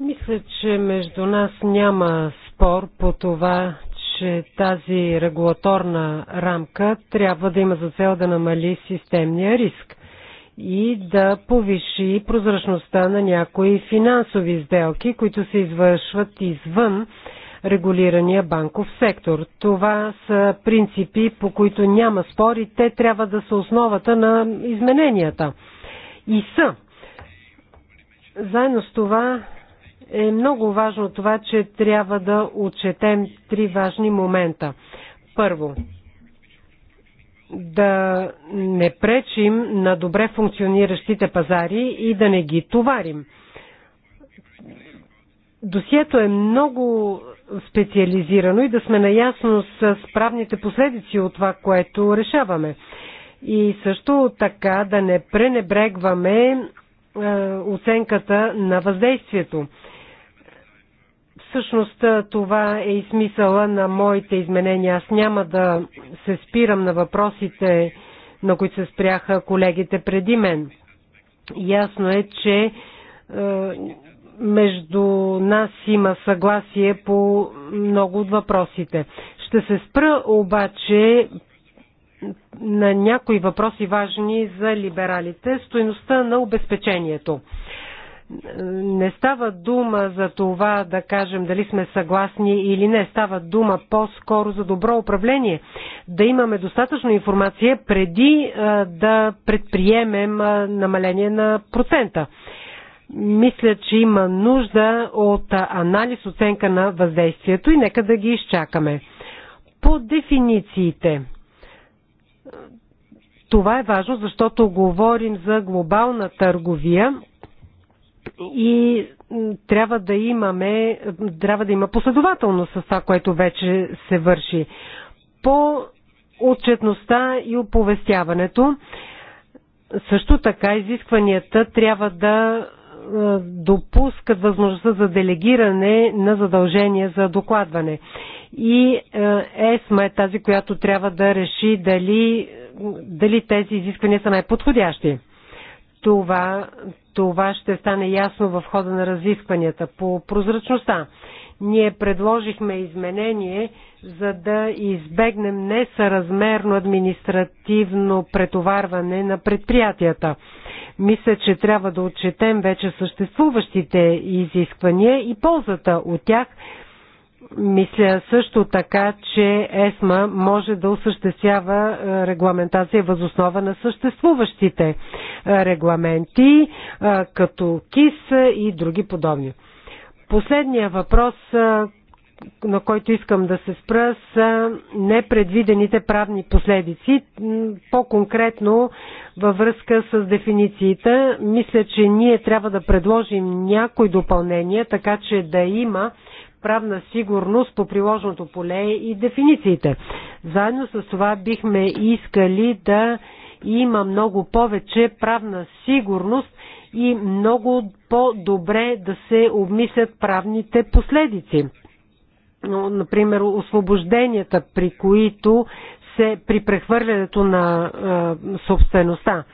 [SPEAKER 3] Мисля, че между нас няма спор по това, че тази регулаторна рамка трябва да има за цел да намали системния риск и да повиши прозрачността на някои финансови сделки, които се извършват извън регулирания банков сектор. Това са принципи, по които няма спор и те трябва да са основата на измененията. И са. Заедно с това е много важно това, че трябва да отчетем три важни момента. Първо, да не пречим на добре функциониращите пазари и да не ги товарим. Досието е много специализирано и да сме наясно с правните последици от това, което решаваме. И също така да не пренебрегваме е, оценката на въздействието. Всъщност е, това е и смисъла на моите изменения. Аз няма да се спирам на въпросите, на които се спряха колегите преди мен. Ясно е, че е, между нас има съгласие по много от въпросите. Ще се спра обаче на някои въпроси важни за либералите. Стоеността на обезпечението. Не става дума за това да кажем дали сме съгласни или не. Става дума по-скоро за добро управление. Да имаме достатъчно информация преди да предприемем намаление на процента. Мисля, че има нужда от анализ, оценка на въздействието и нека да ги изчакаме. По дефинициите. Това е важно, защото говорим за глобална търговия и трябва да имаме, трябва да има последователност с това, което вече се върши. По отчетността и оповестяването, също така изискванията трябва да е, допускат възможността за делегиране на задължения за докладване. И е, ЕСМА е тази, която трябва да реши дали, дали тези изисквания са най-подходящи. Това, това ще стане ясно в хода на разискванията по прозрачността. Ние предложихме изменение, за да избегнем несъразмерно административно претоварване на предприятията. Мисля, че трябва да отчетем вече съществуващите изисквания и ползата от тях. Мисля също така, че ЕСМА може да осъществява е, регламентация възоснова на съществуващите е, регламенти, е, като КИС и други подобни. Последният въпрос, на който искам да се спра, са непредвидените правни последици. По-конкретно във връзка с дефиницията, мисля, че ние трябва да предложим някои допълнения, така че да има правна сигурност по приложното поле и дефинициите. Заедно с това бихме искали да има много повече правна сигурност и много по-добре да се обмислят правните последици например, освобожденията, при които се при прехвърлянето на е, собствеността.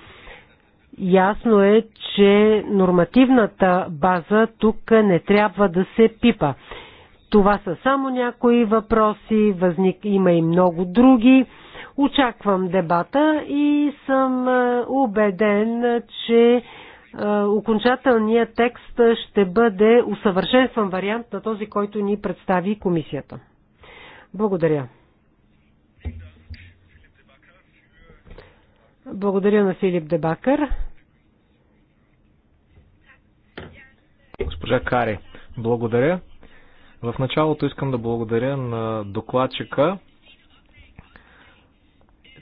[SPEAKER 3] Ясно е, че нормативната база тук не трябва да се пипа. Това са само някои въпроси, възник, има и много други. Очаквам дебата и съм убеден, че е, окончателният текст ще бъде усъвършенстван вариант на този, който ни представи комисията. Благодаря. Благодаря на Филип Дебакър.
[SPEAKER 2] Госпожа Кари, благодаря. В началото искам да благодаря на докладчика.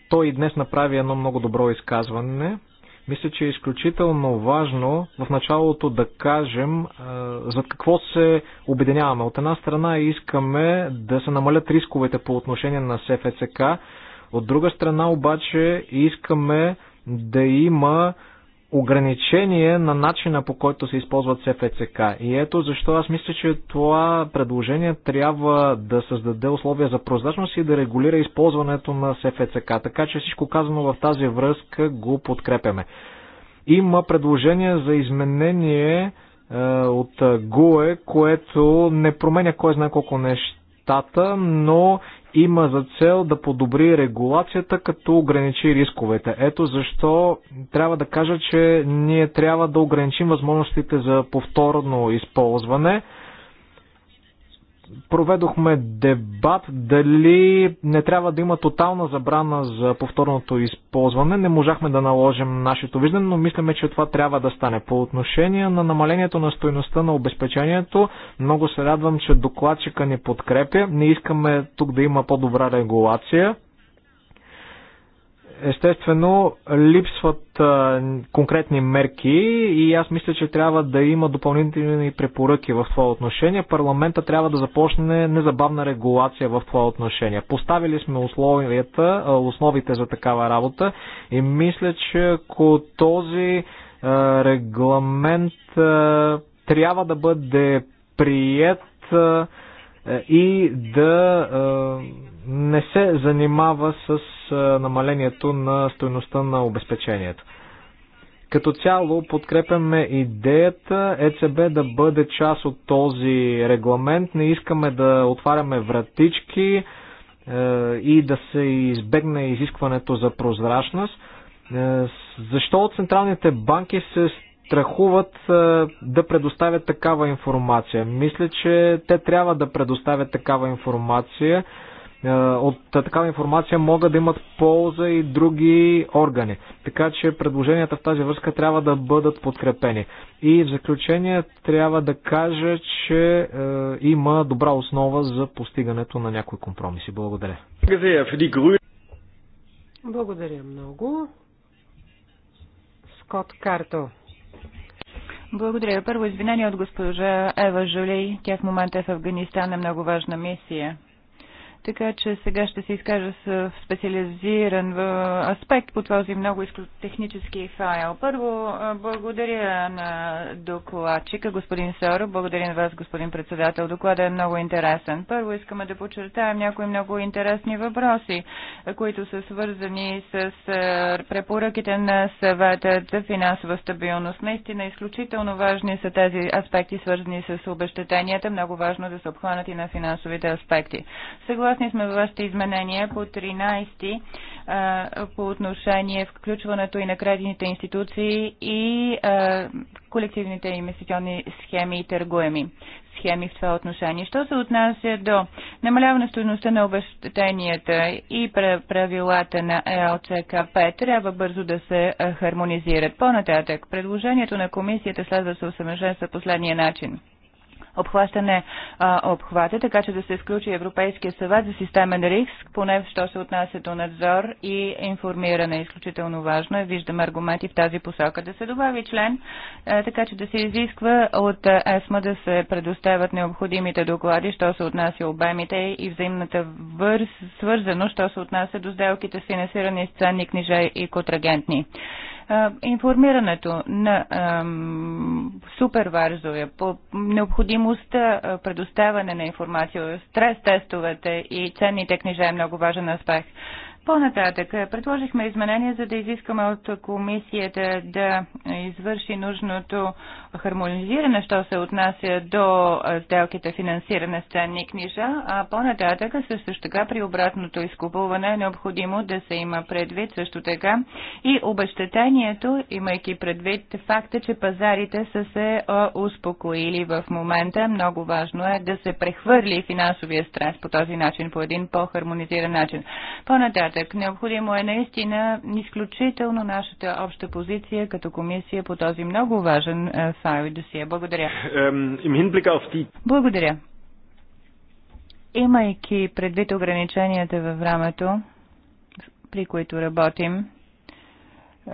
[SPEAKER 2] Той и днес направи едно много добро изказване. Мисля, че е изключително важно в началото да кажем за какво се обединяваме. От една страна искаме да се намалят рисковете по отношение на СФЦК, от друга страна обаче искаме да има ограничение на начина по който се използват СФЦК. И ето защо аз мисля, че това предложение трябва да създаде условия за прозрачност и да регулира използването на СФЦК. Така че всичко казано в тази връзка го подкрепяме. Има предложение за изменение е, от ГУЕ, което не променя кой знае колко нещата, но има за цел да подобри регулацията, като ограничи рисковете. Ето защо трябва да кажа, че ние трябва да ограничим възможностите за повторно използване проведохме дебат дали не трябва да има тотална забрана за повторното използване. Не можахме да наложим нашето виждане, но мислиме, че това трябва да стане. По отношение на намалението на стоеността на обезпечението, много се радвам, че докладчика ни подкрепя. Не искаме тук да има по-добра регулация. Естествено, липсват а, конкретни мерки и аз мисля, че трябва да има допълнителни препоръки в това отношение. Парламента трябва да започне незабавна регулация в това отношение. Поставили сме условията, основите за такава работа и мисля, че ако този а, регламент а, трябва да бъде прият а, и да. А, не се занимава с намалението на стоеността на обезпечението. Като цяло подкрепяме идеята ЕЦБ да бъде част от този регламент. Не искаме да отваряме вратички е, и да се избегне изискването за прозрачност. Е, защо централните банки се страхуват е, да предоставят такава информация? Мисля, че те трябва да предоставят такава информация е, от такава информация могат да имат полза и други органи. Така че предложенията в тази връзка трябва да бъдат подкрепени. И в заключение трябва да кажа, че е, има добра основа за постигането на някои компромиси. Благодаря.
[SPEAKER 4] Благодаря много. Скот Карто. Благодаря. Първо извинение от госпожа Ева Жоли. Тя в момента е в Афганистан на е много важна мисия така че сега ще се изкажа с специализиран аспект по този много технически файл. Първо, благодаря на докладчика, господин Соро, благодаря на вас, господин председател. Докладът е много интересен. Първо искаме да подчертаем някои много интересни въпроси, които са свързани с препоръките на съвета за финансова стабилност. Наистина, изключително важни са тези аспекти, свързани с обещетенията. Много важно е да са обхванати на финансовите аспекти. Съгласно съгласни сме във вашите изменения по 13 по отношение включването и на кредитните институции и колективните инвестиционни схеми и търгуеми схеми в това отношение. Що се отнася до намаляване стоеността на обещетенията и правилата на ЕОЦКП, трябва бързо да се хармонизират. По-нататък, предложението на комисията следва да се усъвършенства последния начин – обхващане а, обхвата, така че да се включи Европейския съвет за системен риск, поне що се отнася до надзор и информиране. Изключително важно е. Виждам аргументи в тази посока. Да се добави член, а, е, така че да се изисква от е, ЕСМА да се предоставят необходимите доклади, що се отнася обемите и взаимната свързаност, що се отнася до сделките с финансирани с ценни книжа и контрагентни. Информирането на супервайзове по необходимостта предоставяне на информация, стрес тестовете и ценните книжа е много важен аспект. По-нататък е, предложихме изменения, за да изискаме от комисията да извърши нужното хармонизиране, що се отнася до е, сделките финансиране с ценни книжа, а по-нататък също така при обратното изкупуване е необходимо да се има предвид също така и обещетението, имайки предвид факта, че пазарите са се е, успокоили в момента. Много важно е да се прехвърли финансовия стрес по този начин, по един по-хармонизиран начин. По-нататък нататък. Необходимо е наистина изключително нашата обща позиция като комисия по този много важен е, файл и досие. Благодаря. Благодаря. Имайки предвид ограниченията във времето, при които работим,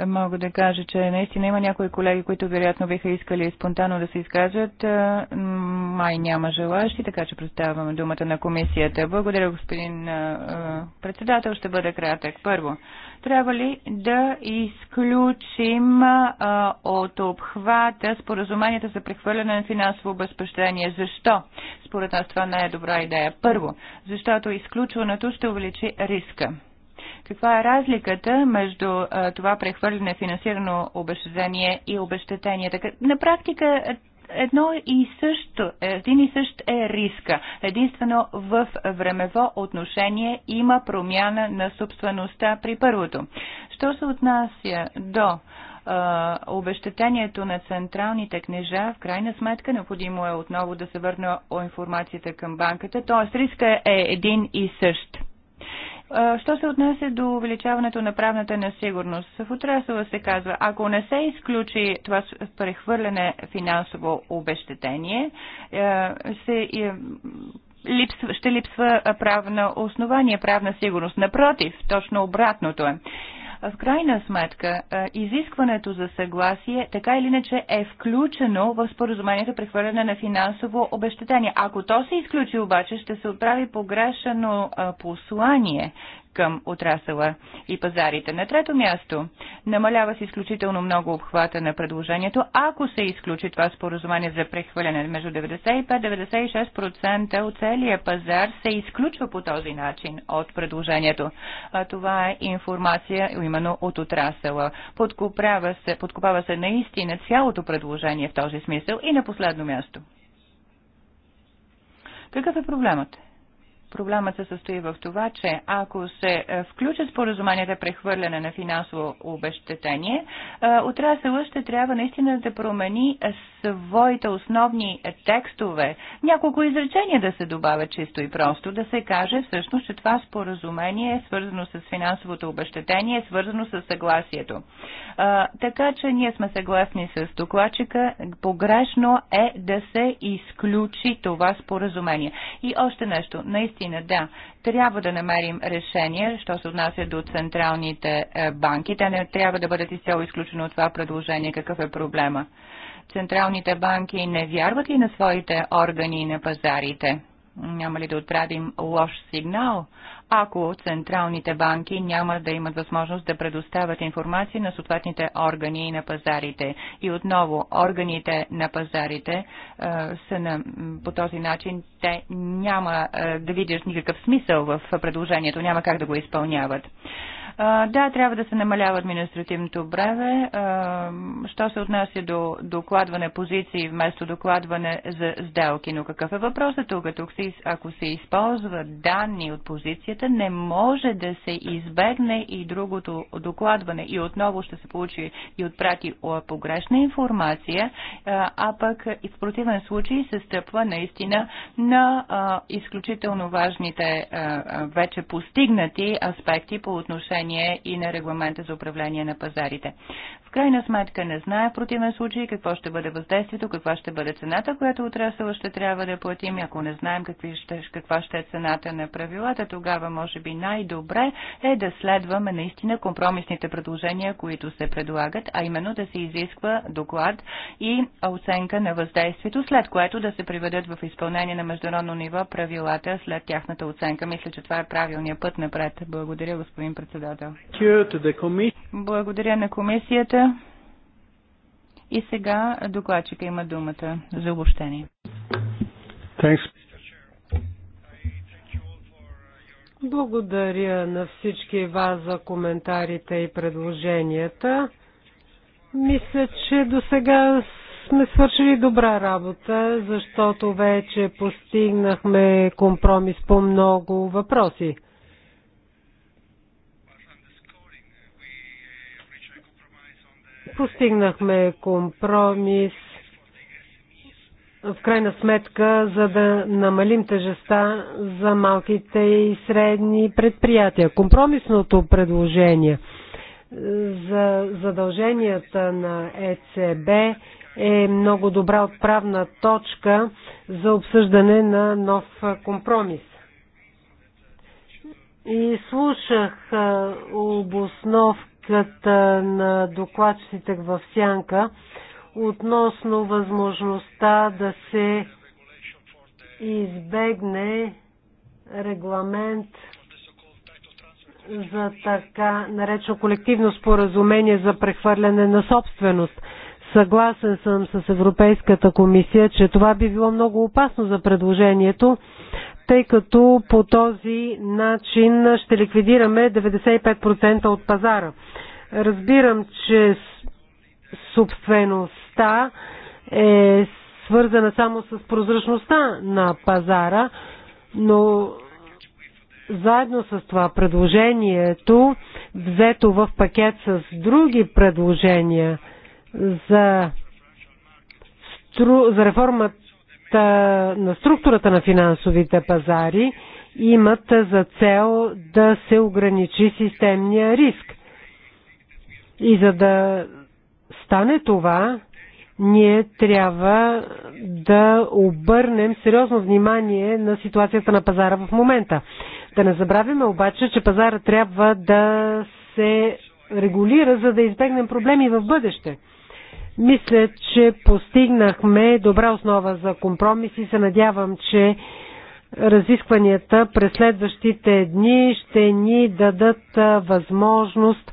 [SPEAKER 4] мога да кажа, че наистина има някои колеги, които вероятно биха искали спонтанно да се изкажат. Е, май няма желащи, така че представяме думата на комисията. Благодаря, господин е, е, председател. Ще бъде кратък. Първо, трябва ли да изключим от обхвата споразуменията за прехвърляне на финансово обезпечение? Защо? Според нас това не е добра идея. Първо, защото изключването ще увеличи риска. Каква е разликата между това прехвърляне финансирано обещание и обещетение? Така, на практика е, едно и също, един и същ е риска. Единствено в времево отношение има промяна на собствеността при първото. Що се отнася до обещетението на централните книжа, в крайна сметка необходимо е отново да се върне информацията към банката, т.е. риска е един и същ. Що се отнася до увеличаването на правната несигурност? В отрасъла се казва, ако не се изключи това прехвърляне финансово обещетение, е, се е, липсва, ще липсва правна основание, правна сигурност. Напротив, точно обратното е. В крайна сметка, изискването за съгласие така или иначе е включено в споразумението прехвърляне на финансово обещетение. Ако то се изключи обаче, ще се отправи погрешено послание към отрасъла и пазарите. На трето място, намалява се изключително много обхвата на предложението, ако се изключи това споразумение за прехвърляне. Между 95-96% от целия пазар се изключва по този начин от предложението. А това е информация именно от отрасъла. Подкупава се, подкупава се наистина цялото предложение в този смисъл. И на последно място. Какъв е проблемът? Проблемът се състои в това, че ако се е, включат споразуманията прехвърляне на финансово обещетение, е, отрасъл ще трябва наистина да промени своите основни текстове. Няколко изречения да се добавят чисто и просто, да се каже всъщност, че това споразумение е свързано с финансовото обещетение, е свързано с съгласието. Е, така че ние сме съгласни с докладчика, погрешно е да се изключи това споразумение. И още нещо, наистина наистина да, трябва да намерим решение, що се отнася до централните е, банки. Те не трябва да бъдат изцяло изключени от това предложение. Какъв е проблема? Централните банки не вярват ли на своите органи и на пазарите? Няма ли да отправим лош сигнал, ако централните банки няма да имат възможност да предоставят информация на съответните органи и на пазарите? И отново, органите на пазарите е, са на, по този начин, те няма е, да видят никакъв смисъл в предложението, няма как да го изпълняват. Да, трябва да се намалява административното бреме. Що се отнася до докладване позиции вместо докладване за сделки? Но какъв е въпросът тук? тук се, ако се използват данни от позицията, не може да се избегне и другото докладване. И отново ще се получи и отпрати погрешна информация, а пък и в противен случай се стъпва наистина на изключително важните вече постигнати аспекти по отношение изпълнение и на регламента за управление на пазарите. В крайна сметка не знае в противен случай какво ще бъде въздействието, каква ще бъде цената, която отрасъл ще трябва да платим. Ако не знаем какви ще, каква ще е цената на правилата, тогава може би най-добре е да следваме наистина компромисните предложения, които се предлагат, а именно да се изисква доклад и оценка на въздействието, след което да се приведат в изпълнение на международно ниво правилата след тяхната оценка. Мисля, че това е правилният път напред. Благодаря, господин председател доклада. Благодаря на комисията. И сега докладчика има думата за обобщение. Благодаря на всички вас
[SPEAKER 3] за коментарите и предложенията. Мисля, че до сега сме свършили добра работа, защото вече постигнахме компромис по много въпроси. Постигнахме компромис в крайна сметка, за да намалим тежеста за малките и средни предприятия. Компромисното предложение за задълженията на ЕЦБ е много добра отправна точка за обсъждане на нов компромис. И слушах обоснов критиката на докладчиците в Сянка относно възможността да се избегне регламент за така наречено колективно споразумение за прехвърляне на собственост. Съгласен съм с Европейската комисия, че това би било много опасно за предложението, тъй като по този начин ще ликвидираме 95% от пазара. Разбирам, че собствеността е свързана само с прозрачността на пазара, но заедно с това предложението, взето в пакет с други предложения за, стру... за реформа на структурата на финансовите пазари имат за цел да се ограничи системния риск. И за да стане това, ние трябва да обърнем сериозно внимание на ситуацията на пазара в момента. Да не забравяме обаче, че пазара трябва да се регулира, за да избегнем проблеми в бъдеще. Мисля, че постигнахме добра основа за компромис и се надявам, че разискванията през следващите дни ще ни дадат възможност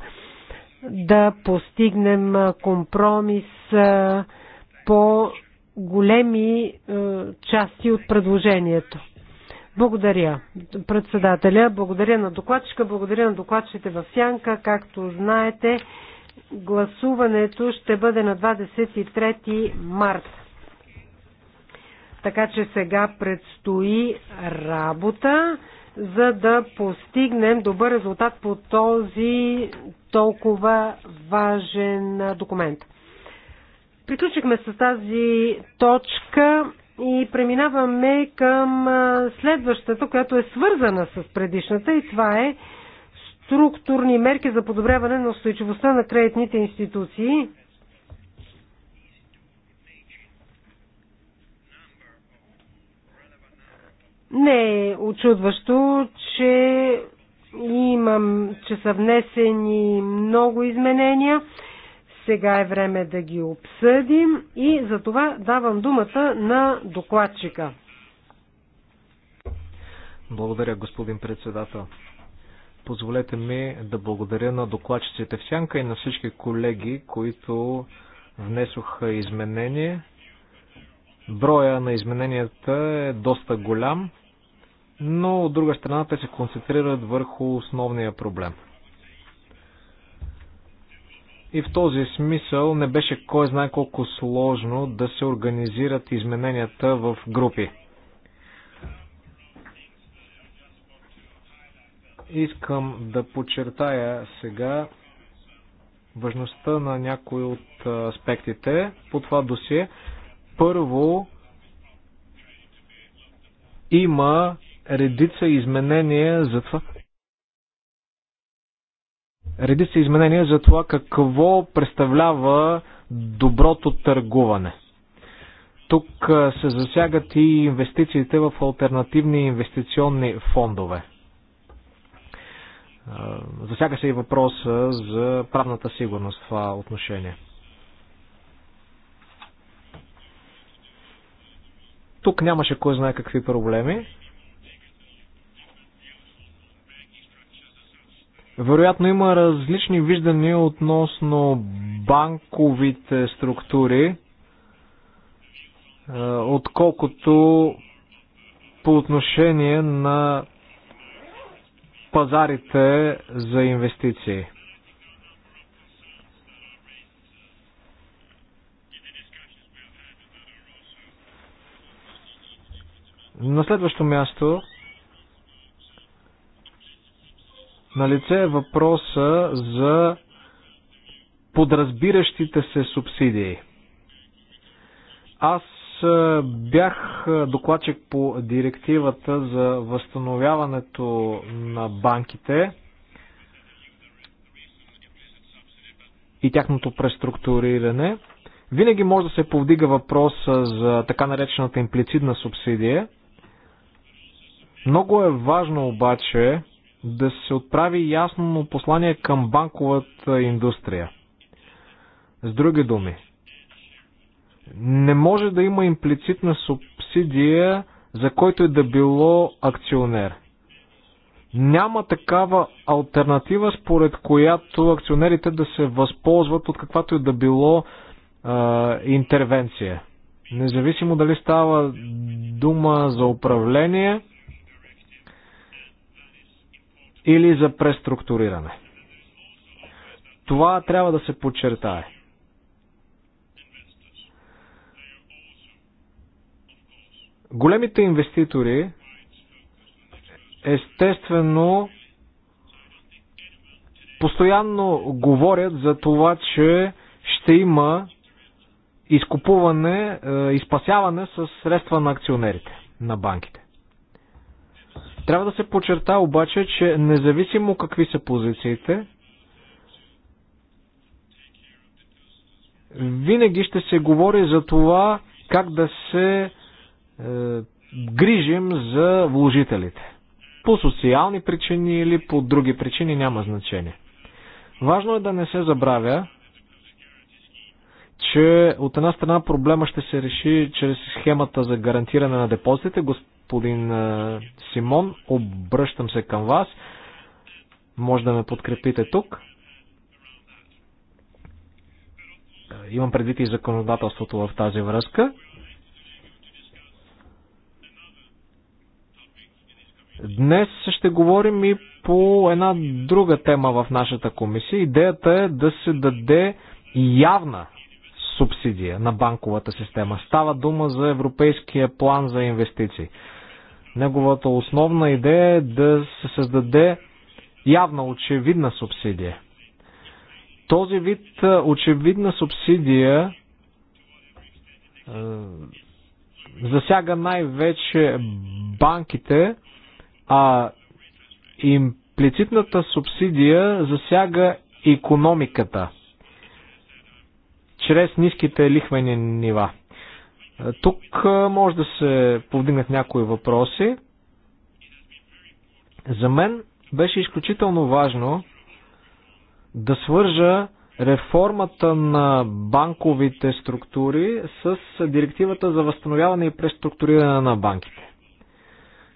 [SPEAKER 3] да постигнем компромис по големи части от предложението. Благодаря, председателя, благодаря на докладчика, благодаря на докладчите в Сянка. Както знаете, Гласуването ще бъде на 23 март. Така че сега предстои работа, за да постигнем добър резултат по този толкова важен документ. Приключихме с тази точка и преминаваме към следващата, която е свързана с предишната и това е структурни мерки за подобряване на устойчивостта на кредитните институции. Не е очудващо, че имам, че са внесени много изменения. Сега е време да ги обсъдим и за това давам думата на докладчика.
[SPEAKER 2] Благодаря, господин председател. Позволете ми да благодаря на докладчиците в Сянка и на всички колеги, които внесоха изменение. Броя на измененията е доста голям, но от друга страна те се концентрират върху основния проблем. И в този смисъл не беше кой знае колко сложно да се организират измененията в групи. Искам да подчертая сега важността на някои от аспектите по това досие. Първо, има редица изменения за това. Редица изменения за това какво представлява доброто търгуване. Тук се засягат и инвестициите в альтернативни инвестиционни фондове. Засяга се и въпроса за правната сигурност в това отношение. Тук нямаше кой знае какви проблеми. Вероятно има различни виждания относно банковите структури, отколкото по отношение на пазарите за инвестиции. На следващо място на лице е въпроса за подразбиращите се субсидии. Аз е, бях е, докладчик по директивата за възстановяването на банките и тяхното преструктуриране. Винаги може да се повдига въпроса за така наречената имплицитна субсидия. Много е важно обаче да се отправи ясно послание към банковата индустрия. С други думи, не може да има имплицитна субсидия за който и е да било акционер. Няма такава альтернатива, според която акционерите да се възползват от каквато и е да било а, интервенция. Независимо дали става дума за управление или за преструктуриране. Това трябва да се подчертае. Големите инвеститори естествено постоянно говорят за това, че ще има изкупуване, е, изпасяване с средства на акционерите, на банките. Трябва да се подчерта обаче, че независимо какви са позициите, винаги ще се говори за това как да се грижим за вложителите. По социални причини или по други причини няма значение. Важно е да не се забравя, че от една страна проблема ще се реши чрез схемата за гарантиране на депозитите. Господин Симон, обръщам се към вас. Може да ме подкрепите тук. Имам предвид и законодателството в тази връзка. Днес ще говорим и по една друга тема в нашата комисия. Идеята е да се даде явна субсидия на банковата система. Става дума за Европейския план за инвестиции. Неговата основна идея е да се създаде явна, очевидна субсидия. Този вид е, очевидна субсидия е, засяга най-вече банките, а имплицитната субсидия засяга економиката чрез ниските лихвени нива. Тук може да се повдигнат някои въпроси. За мен беше изключително важно да свържа реформата на банковите структури с директивата за възстановяване и преструктуриране на банките.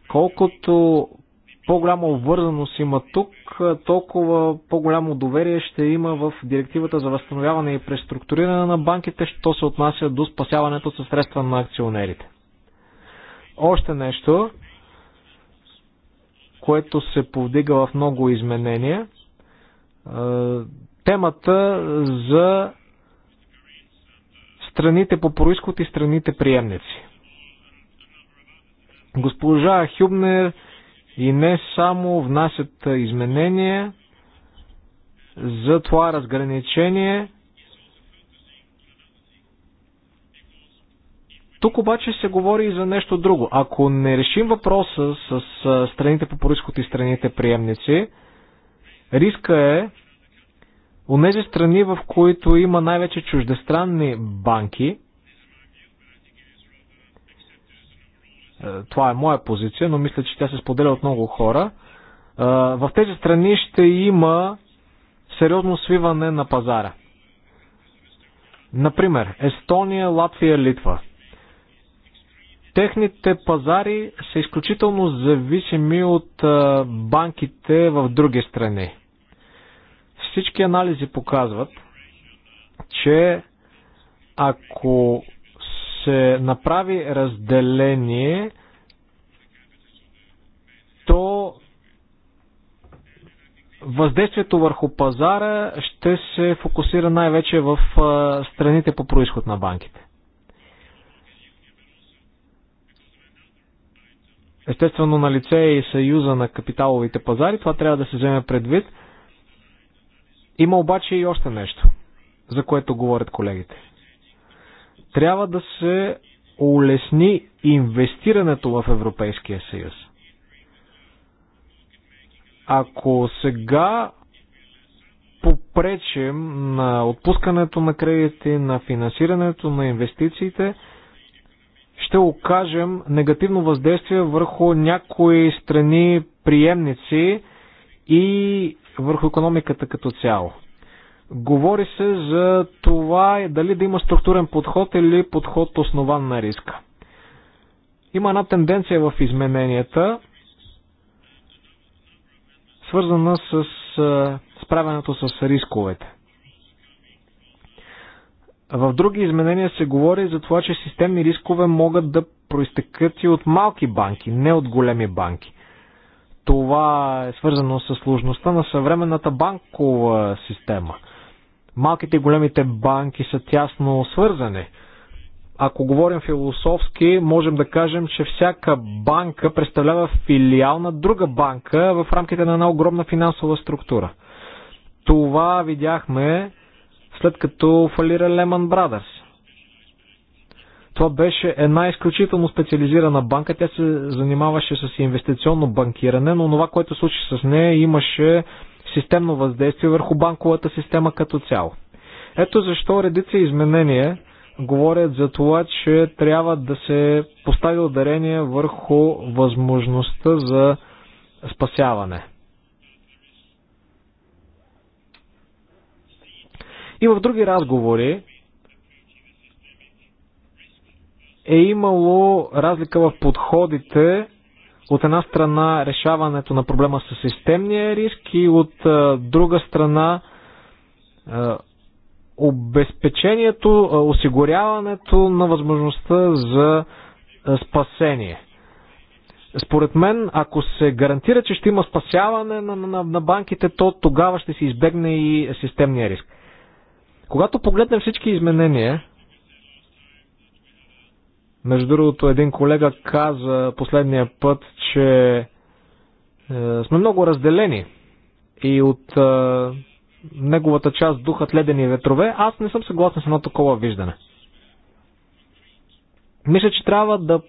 [SPEAKER 2] Колкото по-голяма обвързаност има тук, толкова по-голямо доверие ще има в директивата за възстановяване и преструктуриране на банките, що се отнася до спасяването със средства на акционерите. Още нещо, което се повдига в много изменения. Е, темата за страните по происход и страните приемници. Госпожа Хюбнер и не само внасят изменения за това разграничение. Тук обаче се говори и за нещо друго. Ако не решим въпроса с страните по происход и страните приемници, риска е у нези страни, в които има най-вече чуждестранни банки, Е, това е моя позиция, но мисля, че тя се споделя от много хора. Е, в тези страни ще има сериозно свиване на пазара. Например, Естония, Латвия, Литва. Техните пазари са изключително зависими от е, банките в други страни. Всички анализи показват, че ако се направи разделение, то въздействието върху пазара ще се фокусира най-вече в страните по происход на банките. Естествено на лице е и съюза на капиталовите пазари, това трябва да се вземе предвид. Има обаче и още нещо, за което говорят колегите. Трябва да се улесни инвестирането в Европейския съюз. Ако сега попречим на отпускането на кредити, на финансирането на инвестициите, ще окажем негативно въздействие върху някои страни приемници и върху економиката като цяло. Говори се за това дали да има структурен подход или подход основан на риска. Има една тенденция в измененията, свързана с справянето с рисковете. В други изменения се говори за това, че системни рискове могат да проистекат и от малки банки, не от големи банки. Това е свързано с сложността на съвременната банкова система – Малките и големите банки са тясно свързани. Ако говорим философски, можем да кажем, че всяка банка представлява филиал на друга банка в рамките на една огромна финансова структура. Това видяхме след като фалира Lehman Brothers. Това беше една изключително специализирана банка. Тя се занимаваше с инвестиционно банкиране, но това, което случи с нея, имаше системно въздействие върху банковата система като цяло. Ето защо редица изменения говорят за това, че трябва да се постави ударение върху възможността за спасяване. И в други разговори е имало разлика в подходите от една страна решаването на проблема с системния риск и от е, друга страна е, обезпечението, е, осигуряването на възможността за спасение. Според мен, ако се гарантира, че ще има спасяване на, на, на банките, то тогава ще се избегне и системния риск. Когато погледнем всички изменения, между другото, един колега каза последния път, че е, сме много разделени и от е, неговата част духът ледени ветрове. Аз не съм съгласен с едно такова виждане. Мисля, че трябва да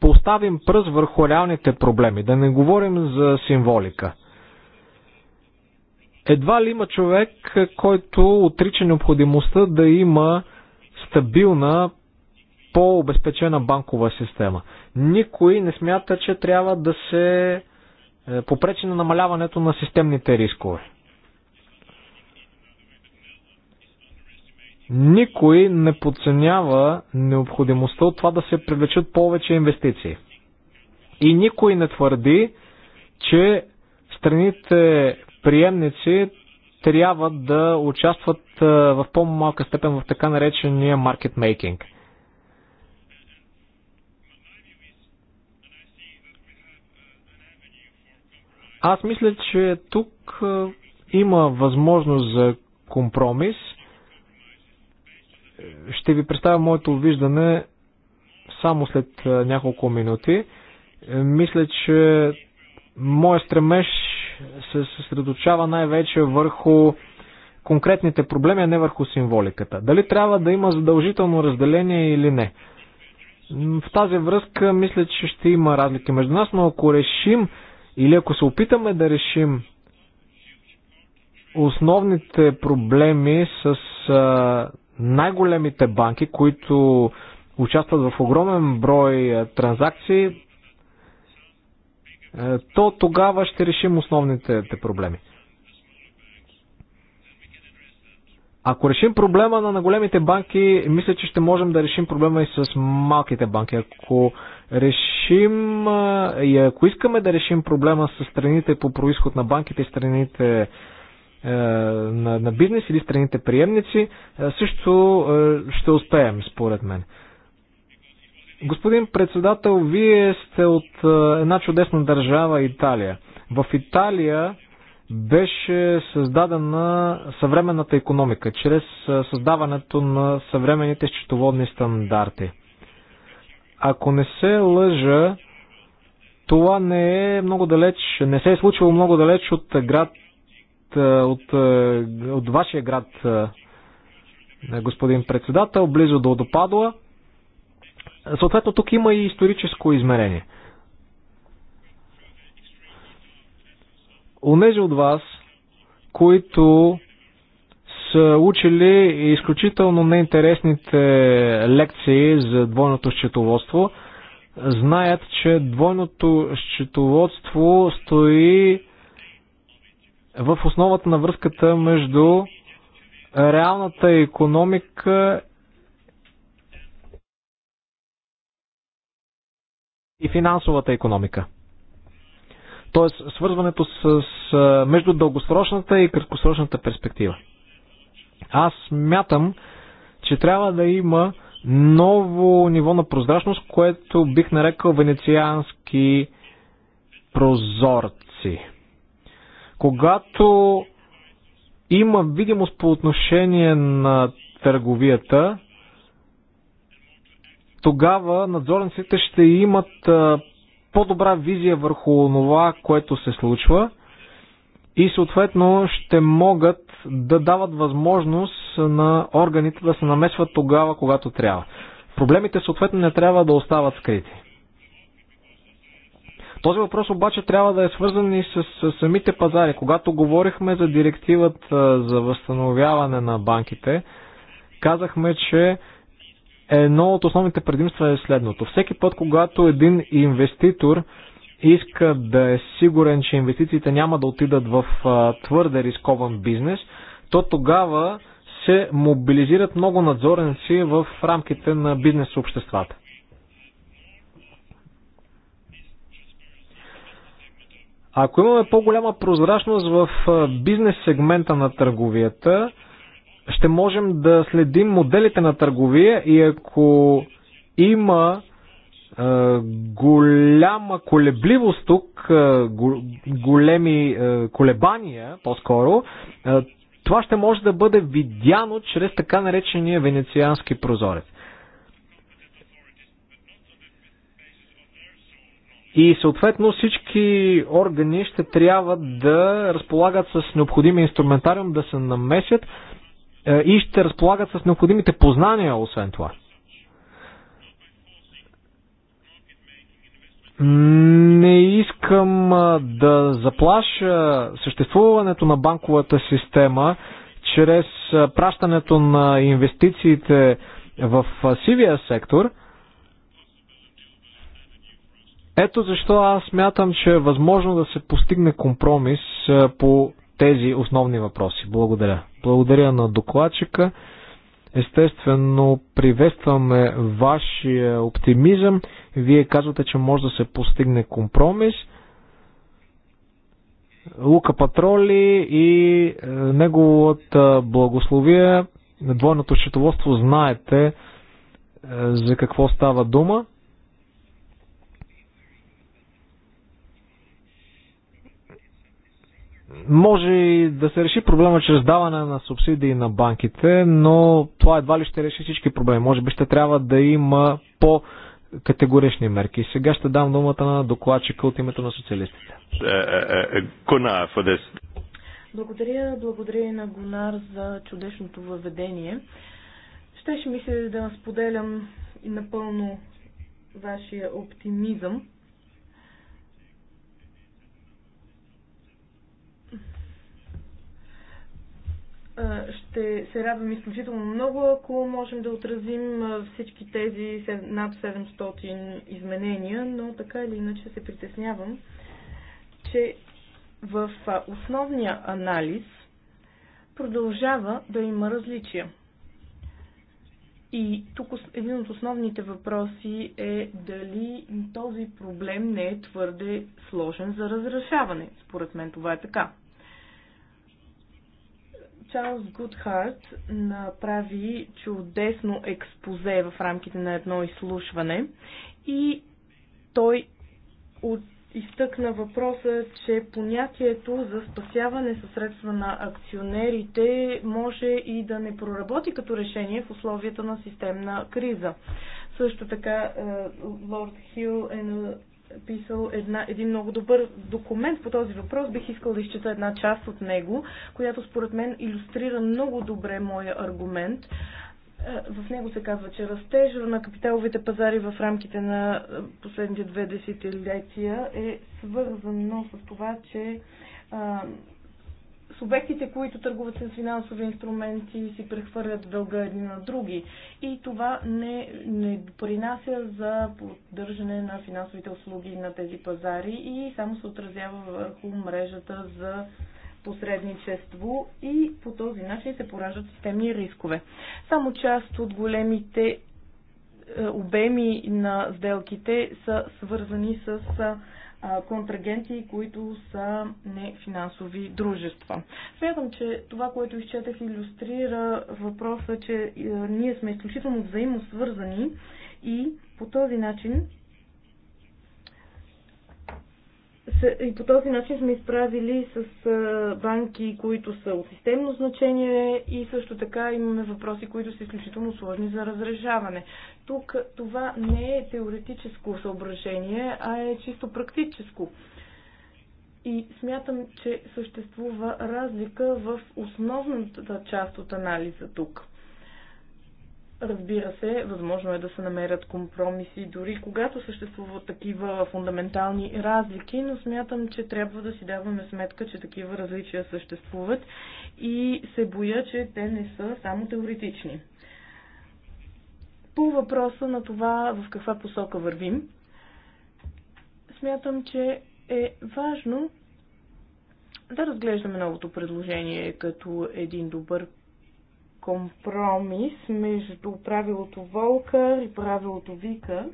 [SPEAKER 2] поставим пръст върху реалните проблеми, да не говорим за символика. Едва ли има човек, който отрича необходимостта да има стабилна по-обезпечена банкова система. Никой не смята, че трябва да се е, попречи на намаляването на системните рискове. Никой не подценява необходимостта от това да се привлечат повече инвестиции. И никой не твърди, че страните приемници трябва да участват е, в по-малка степен в така наречения маркетмейкинг. Аз мисля, че тук има възможност за компромис. Ще ви представя моето виждане само след няколко минути. Е, мисля, че моят стремеж се съсредочава най-вече върху конкретните проблеми, а не върху символиката. Дали трябва да има задължително разделение или не. В тази връзка мисля, че ще има разлики между нас, но ако решим или ако се опитаме да решим основните проблеми с най-големите банки, които участват в огромен брой транзакции, то тогава ще решим основните проблеми. Ако решим проблема на големите банки, мисля, че ще можем да решим проблема и с малките банки. Ако решим и ако искаме да решим проблема с страните по происход на банките и страните е, на, на бизнес или страните приемници, е, също е, ще успеем, според мен. Господин председател, вие сте от една чудесна държава Италия. В Италия беше създадена съвременната економика, чрез създаването на съвременните счетоводни стандарти. Ако не се лъжа, това не е много далеч, не се е случило много далеч от град, от, от вашия град, господин председател, близо до Допадла. Съответно, тук има и историческо измерение – Онези от вас, които са учили изключително неинтересните лекции за двойното счетоводство, знаят, че двойното счетоводство стои в основата на връзката между реалната економика и финансовата економика. Тоест, свързването с, с, между дългосрочната и краткосрочната перспектива. Аз мятам, че трябва да има ново ниво на прозрачност, което бих нарекал венециански прозорци. Когато има видимост по отношение на търговията, тогава надзорниците ще имат по-добра визия върху това, което се случва и съответно ще могат да дават възможност на органите да се намесват тогава, когато трябва. Проблемите съответно не трябва да остават скрити. Този въпрос обаче трябва да е свързан и с, с самите пазари. Когато говорихме за директивата за възстановяване на банките, казахме, че едно от основните предимства е следното. Всеки път, когато един инвеститор иска да е сигурен, че инвестициите няма да отидат в твърде рискован бизнес, то тогава се мобилизират много надзорници в рамките на бизнес обществата. Ако имаме по-голяма прозрачност в бизнес сегмента на търговията, ще можем да следим моделите на търговия и ако има е, голяма колебливост тук, е, големи е, колебания по-скоро, е, това ще може да бъде видяно чрез така наречения венециански прозорец. И съответно всички органи ще трябва да разполагат с необходими инструментариум да се намесят, е, и ще разполагат с необходимите познания, освен това. Не искам да заплаша съществуването на банковата система чрез пращането на инвестициите в сивия сектор. Ето защо аз смятам, че е възможно да се постигне компромис по тези основни въпроси. Благодаря. Благодаря на докладчика. Естествено, приветстваме вашия оптимизъм. Вие казвате, че може да се постигне компромис. Лука Патроли и е, неговата благословия, двойното счетоводство, знаете е, за какво става дума. може и да се реши проблема чрез даване на субсидии на банките, но това едва ли ще реши всички проблеми. Може би ще трябва да има по категорични мерки. Сега ще дам думата на докладчика от името на социалистите. Е, е, е,
[SPEAKER 1] благодаря, благодаря на Гонар за чудесното въведение. Щеше ми се да споделям и напълно вашия оптимизъм. Ще се радвам изключително много, ако можем да отразим всички тези над 700 изменения, но така или иначе се притеснявам, че в основния анализ продължава да има различия. И тук един от основните въпроси е дали този проблем не е твърде сложен за разрешаване. Според мен това е така. Чарлз Гудхарт направи чудесно експозе в рамките на едно изслушване и той изтъкна въпроса, че понятието за спасяване със средства на акционерите може и да не проработи като решение в условията на системна криза. Също така е, Лорд Хил е писал една, един много добър документ по този въпрос. Бих искал да изчета една част от него, която според мен иллюстрира много добре моя аргумент. Е, в него се казва, че растежа на капиталовите пазари в рамките на е, последните две десетилетия е свързано с това, че е, субектите, които търгуват с финансови инструменти, си прехвърлят дълга едни на други. И това не, не принася за поддържане на финансовите услуги на тези пазари и само се отразява върху мрежата за посредничество и по този начин се пораждат системни рискове. Само част от големите е, обеми на сделките са свързани с е, контрагенти, които са нефинансови дружества. Смятам, че това, което изчетах, иллюстрира въпроса, че ние сме изключително взаимосвързани и по този начин и по този начин сме изправили с банки, които са от системно значение и също така имаме въпроси, които са изключително сложни за разрешаване. Тук това не е теоретическо съображение, а е чисто практическо. И смятам, че съществува разлика в основната част от анализа тук. Разбира се, възможно е да се намерят компромиси, дори когато съществуват такива фундаментални разлики, но смятам, че трябва да си даваме сметка, че такива различия съществуват и се боя, че те не са само теоретични. По въпроса на това в каква посока вървим, смятам, че е важно да разглеждаме новото предложение като един добър компромис между правилото Волка и правилото вика,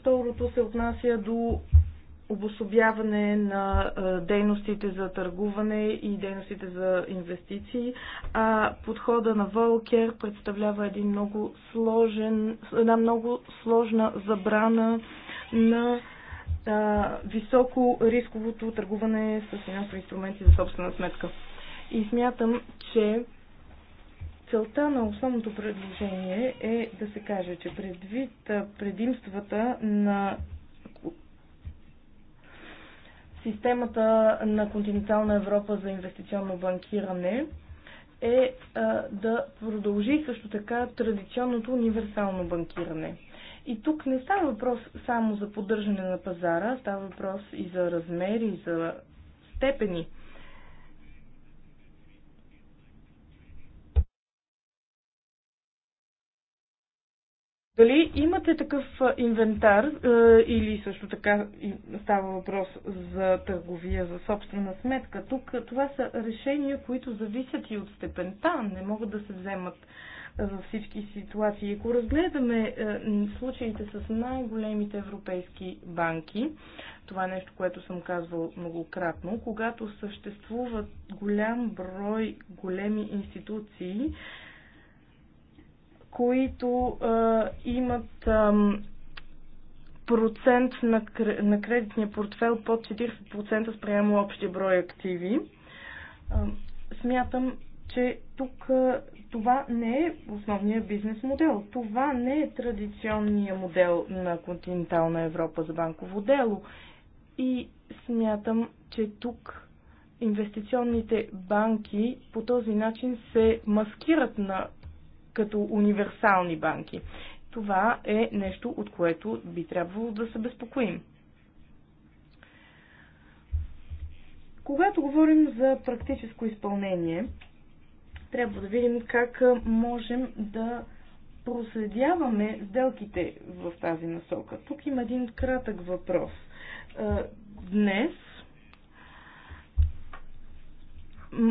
[SPEAKER 1] Второто се отнася до обособяване на е, дейностите за търгуване и дейностите за инвестиции, а подхода на Волкер представлява един много сложен, една много сложна забрана на а, е, високо рисковото търгуване с финансови инструменти за собствена сметка. И смятам, че Целта на основното предложение е да се каже, че предвид предимствата на системата на континентална Европа за инвестиционно банкиране е да продължи също така традиционното универсално банкиране. И тук не става въпрос само за поддържане на пазара, става въпрос и за размери, и за степени Дали имате такъв инвентар или също така става въпрос за търговия за собствена сметка? Тук това са решения, които зависят и от степента, не могат да се вземат във всички ситуации. Ако разгледаме случаите с най-големите европейски банки, това е нещо, което съм казвал многократно, когато съществуват голям брой големи институции, които а, имат а, процент на, на кредитния портфел под 40% спрямо общия брой активи. А, смятам, че тук това не е основният бизнес модел. Това не е традиционният модел на континентална Европа за банково дело. И смятам, че тук инвестиционните банки по този начин се маскират на като универсални банки. Това е нещо, от което би трябвало да се безпокоим. Когато говорим за практическо изпълнение, трябва да видим как можем да проследяваме сделките в тази насока. Тук има един кратък въпрос. Е, днес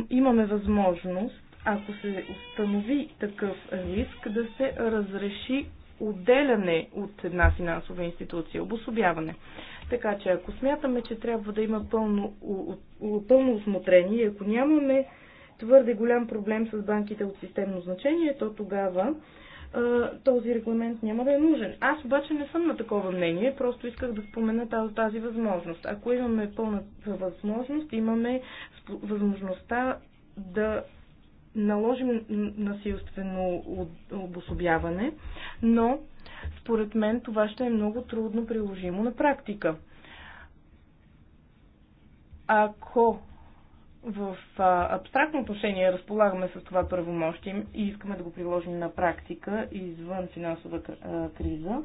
[SPEAKER 1] имаме възможност ако се установи такъв риск, да се разреши отделяне от една финансова институция, обособяване. Така че ако смятаме, че трябва да има пълно, пълно осмотрение, ако нямаме твърде голям проблем с банките от системно значение, то тогава този регламент няма да е нужен. Аз обаче не съм на такова мнение, просто исках да спомена тази, тази възможност. Ако имаме пълна възможност, имаме възможността да наложим насилствено обособяване, но според мен това ще е много трудно приложимо на практика. Ако в абстрактно отношение разполагаме с това правомощие и искаме да го приложим на практика извън финансова криза,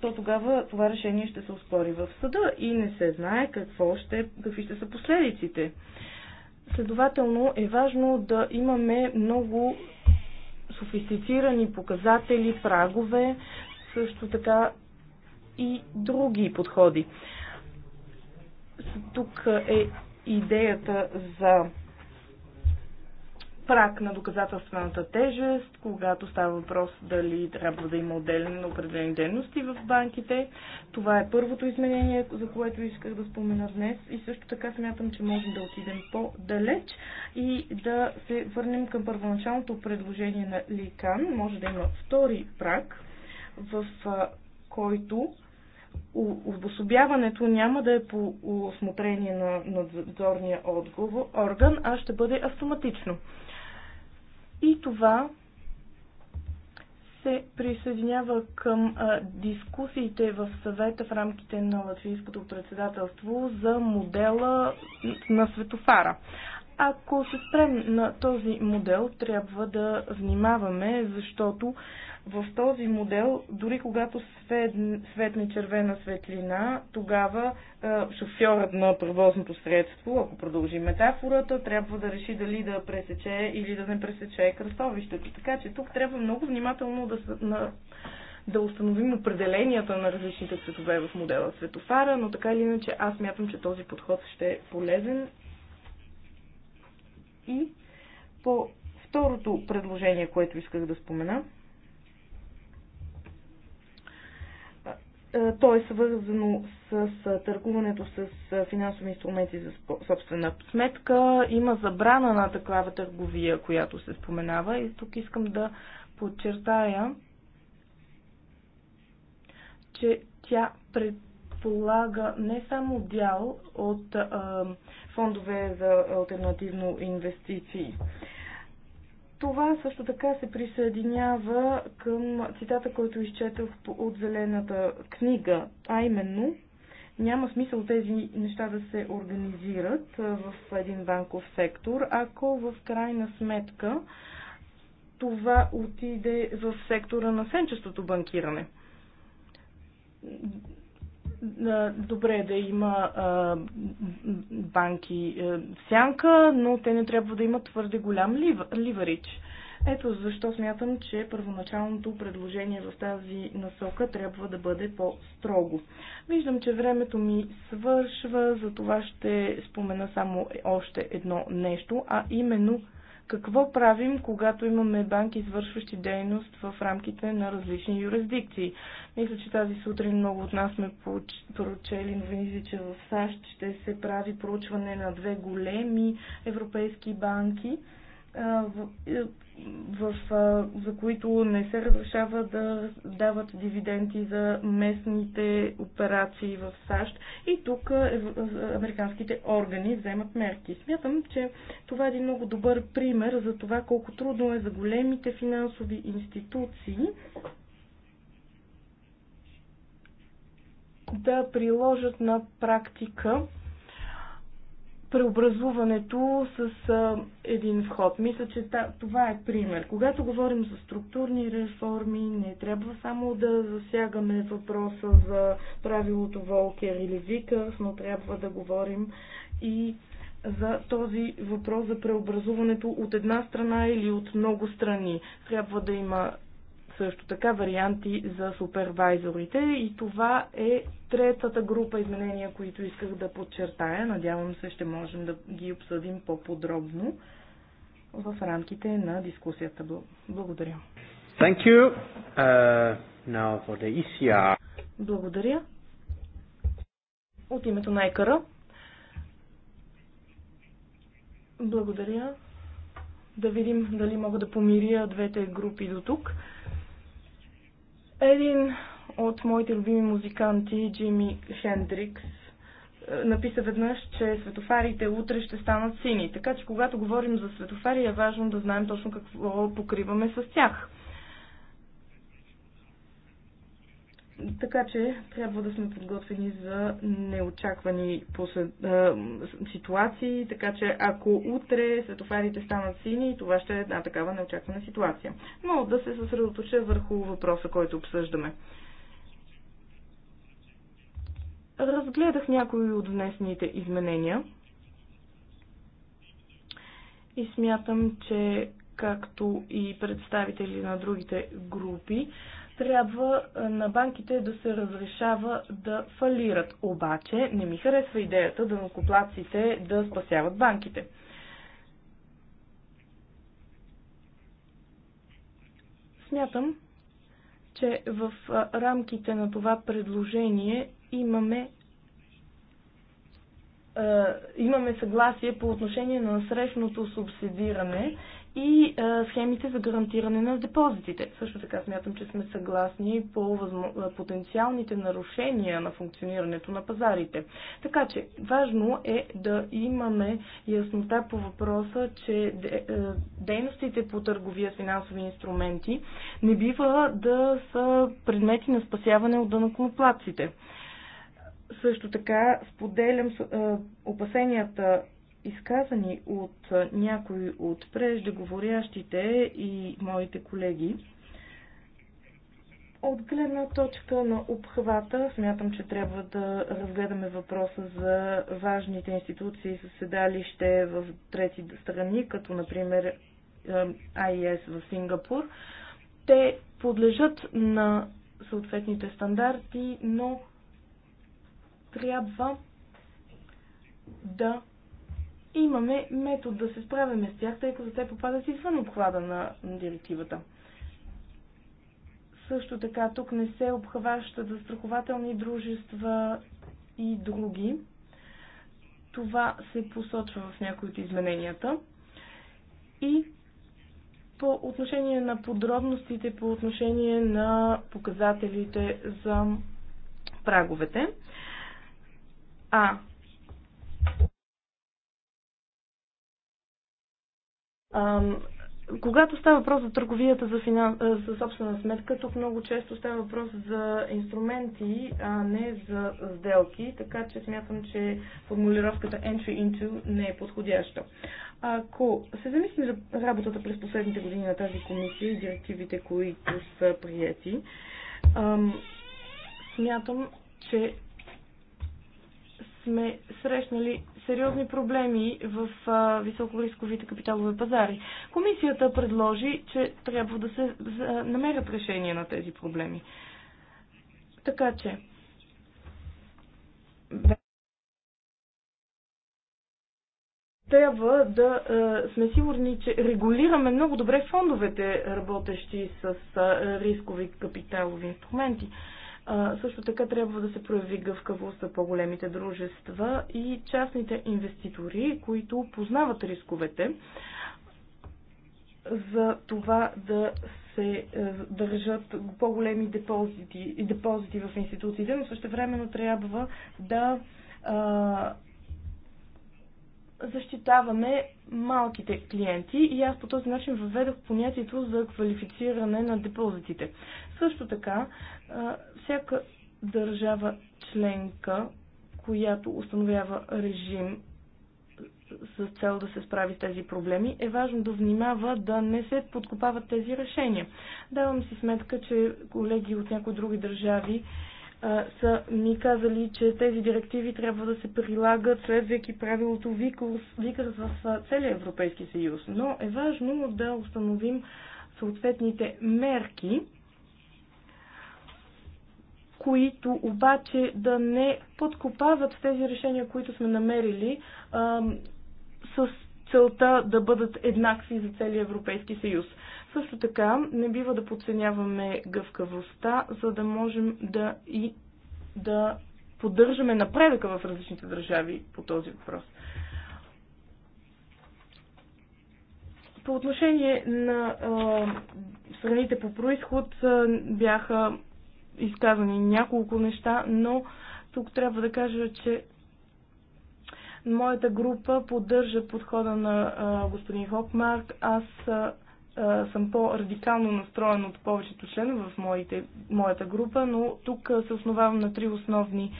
[SPEAKER 1] то тогава това решение ще се успори в съда и не се знае какво ще, какви ще са последиците. Следователно е важно да имаме много софистицирани показатели, прагове, също така и други подходи. Тук е идеята за прак на доказателствената тежест, когато става въпрос дали трябва да има отделен на определени дейности в банките. Това е първото изменение, за което исках да спомена днес. И също така смятам, че можем да отидем по-далеч и да се върнем към първоначалното предложение на Ликан. Може да има втори прак, в който обособяването няма да е по осмотрение на надзорния отговор, орган, а ще бъде автоматично. И това се присъединява към а, дискусиите в съвета в рамките на латвийското председателство за модела на светофара. Ако се спрем на този модел, трябва да внимаваме, защото в този модел, дори когато светне червена светлина, тогава шофьорът на превозното средство, ако продължи метафората, трябва да реши дали да пресече или да не пресече кръстовището. Така че тук трябва много внимателно да, на, да установим определенията на различните цветове в модела светофара, но така или иначе аз мятам, че този подход ще е полезен. И по второто предложение, което исках да спомена – Е, То е свързано с е, търгуването с е, финансови инструменти за собствена сметка. Има забрана на такава търговия, която се споменава. И тук искам да подчертая, че тя предполага не само дял от а, фондове за альтернативно инвестиции. Това също така се присъединява към цитата, който изчетох от Зелената книга, а именно няма смисъл тези неща да се организират в един банков сектор, ако в крайна сметка това отиде в сектора на сенчестото банкиране добре е да има а, банки а, сянка, но те не трябва да имат твърде голям лив, ливарич. Ето защо смятам, че първоначалното предложение в тази насока трябва да бъде по-строго. Виждам, че времето ми свършва, за това ще спомена само още едно нещо, а именно какво правим, когато имаме банки, извършващи дейност в рамките на различни юрисдикции? Мисля, че тази сутрин много от нас сме прочели новините, че в САЩ ще се прави проучване на две големи европейски банки – в, в, за които не се разрешава да дават дивиденти за местните операции в САЩ. И тук американските органи вземат мерки. Смятам, че това е един много добър пример за това колко трудно е за големите финансови институции да приложат на практика преобразуването с а, един вход. Мисля, че това е пример. Когато говорим за структурни реформи, не трябва само да засягаме въпроса за правилото Волкер или Викърс, но трябва да говорим и за този въпрос за преобразуването от една страна или от много страни. Трябва да има също така варианти за супервайзорите и това е третата група изменения, които исках да подчертая. Надявам се, ще можем да ги обсъдим по-подробно в рамките на дискусията. Благодаря.
[SPEAKER 2] Thank you. Uh, now for the ECR.
[SPEAKER 1] Благодаря. От името на екара. Благодаря. Да видим дали мога да помиря двете групи до тук. Един от моите любими музиканти, Джими Хендрикс, е, написа веднъж, че светофарите утре ще станат сини. Така че когато говорим за светофари е важно да знаем точно какво покриваме с тях. Така че трябва да сме подготвени за неочаквани посъд... ситуации, така че ако утре светофарите станат сини, това ще е една такава неочаквана ситуация. Но да се съсредоточа върху въпроса, който обсъждаме. Разгледах някои от внесените изменения и смятам, че както и представители на другите групи, трябва е, на банките да се разрешава да фалират. Обаче не ми харесва идеята да накоплаците да спасяват банките. Смятам, че в е, рамките на това предложение имаме е, имаме съгласие по отношение на срещното субсидиране и а, схемите за гарантиране на депозитите. Също така смятам, че сме съгласни по възм... потенциалните нарушения на функционирането на пазарите. Така че важно е да имаме яснота по въпроса, че дейностите по търговия с финансови инструменти не бива да са предмети на спасяване от дънакомоплаците. също така споделям опасенията изказани от някои от преждеговорящите и моите колеги. От гледна точка на обхвата, смятам, че трябва да разгледаме въпроса за важните институции със седалище в трети страни, като например е, АИС в Сингапур. Те подлежат на съответните стандарти, но трябва да имаме метод да се справяме с тях, тъй като те попадат извън обхвата на директивата. Също така тук не се обхващат застрахователни дружества и други. Това се посочва в някои от измененията. И по отношение на подробностите, по отношение на показателите за праговете. А когато става въпрос за търговията за, финанс... за собствена сметка, тук много често става въпрос за инструменти, а не за сделки, така че смятам, че формулировката entry into не е подходяща. Ако се замислим за работата през последните години на тази комисия и директивите, които са приети, смятам, че сме срещнали сериозни проблеми в високорисковите капиталови пазари. Комисията предложи, че трябва да се намерят решение на тези проблеми. Така че. Трябва да а, сме сигурни, че регулираме много добре фондовете, работещи с а, рискови капиталови инструменти. Също така трябва да се прояви гъвкавост за по-големите дружества и частните инвеститори, които познават рисковете за това да се е, държат по-големи депозити, депозити в институциите, но също времено трябва да а, защитаваме малките клиенти и аз по този начин въведох понятието за квалифициране на депозитите. Също така всяка държава членка, която установява режим с цел да се справи с тези проблеми, е важно да внимава да не се подкопават тези решения. Давам си сметка, че колеги от някои други държави а, са ми казали, че тези директиви трябва да се прилагат, следвайки правилото ВИКРС, в целия Европейски съюз. Но е важно да установим съответните мерки, които обаче да не подкопават тези решения, които сме намерили а, с целта да бъдат еднакви за целия Европейски съюз. Също така не бива да подценяваме гъвкавостта, за да можем да и да поддържаме напредъка в различните държави по този въпрос. По отношение на а, страните по происход а, бяха изказани няколко неща, но тук трябва да кажа, че моята група поддържа подхода на а, господин Хокмарк. Аз а, а, съм по-радикално настроен от повечето членове в моите, моята група, но тук се основавам на три основни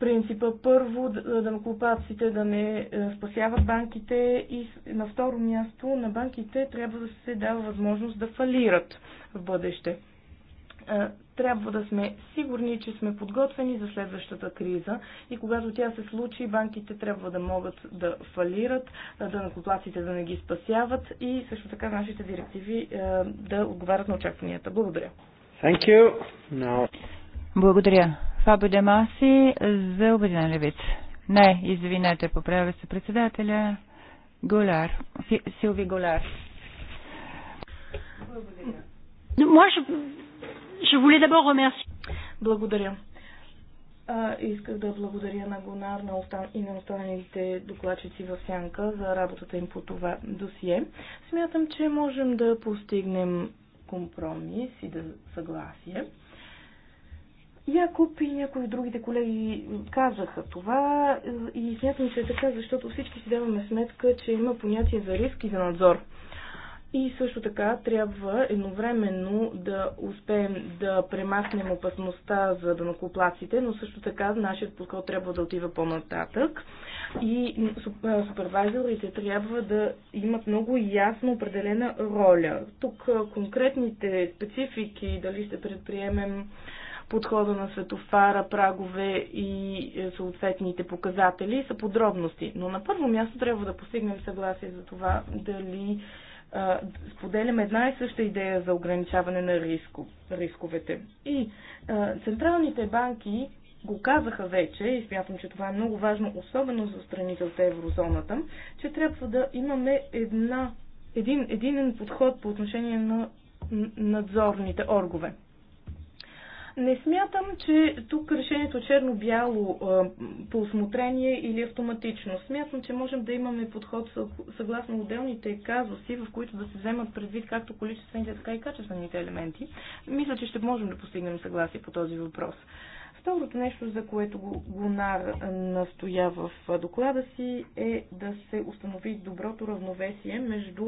[SPEAKER 1] принципа. Първо, данокопаците да не спасяват банките и на второ място на банките трябва да се дава възможност да фалират в бъдеще. Трябва да сме сигурни, че сме подготвени за следващата криза и когато тя се случи, банките трябва да могат да фалират, да накоплаците да не ги спасяват и също така нашите директиви да отговарят на очакванията. Благодаря.
[SPEAKER 4] Thank you. No. Благодаря. Фабо Демаси за Обединен левиц. Не, извинете, поправя се председателя. Голяр. Силви Голяр.
[SPEAKER 1] Благодаря. Je voulais d'abord remercier. Благодаря. А, исках да благодаря на Гонар на остан... и на останалите докладчици в Сянка за работата им по това досие. Смятам, че можем да постигнем компромис и да съгласие. Якоб и някои от другите колеги казаха това и смятам, че е така, защото всички си даваме сметка, че има понятие за риск и за надзор. И също така трябва едновременно да успеем да премахнем опасността за данокоплаците, но също така нашият подход трябва да отива по-нататък. И супервайзорите трябва да имат много ясно определена роля. Тук конкретните специфики, дали ще предприемем подхода на светофара, прагове и е, съответните показатели са подробности. Но на първо място трябва да постигнем съгласие за това дали споделяме една и съща идея за ограничаване на риско, рисковете. И а, централните банки го казаха вече и смятам, че това е много важно, особено за страните от еврозоната, че трябва да имаме една, един един подход по отношение на надзорните оргове. Не смятам, че тук решението черно-бяло по осмотрение или автоматично. Смятам, че можем да имаме подход съгласно отделните казуси, в които да се вземат предвид както количествените, така и качествените елементи. Мисля, че ще можем да постигнем съгласие по този въпрос. Второто нещо, за което Гонар настоя в доклада си, е да се установи доброто равновесие между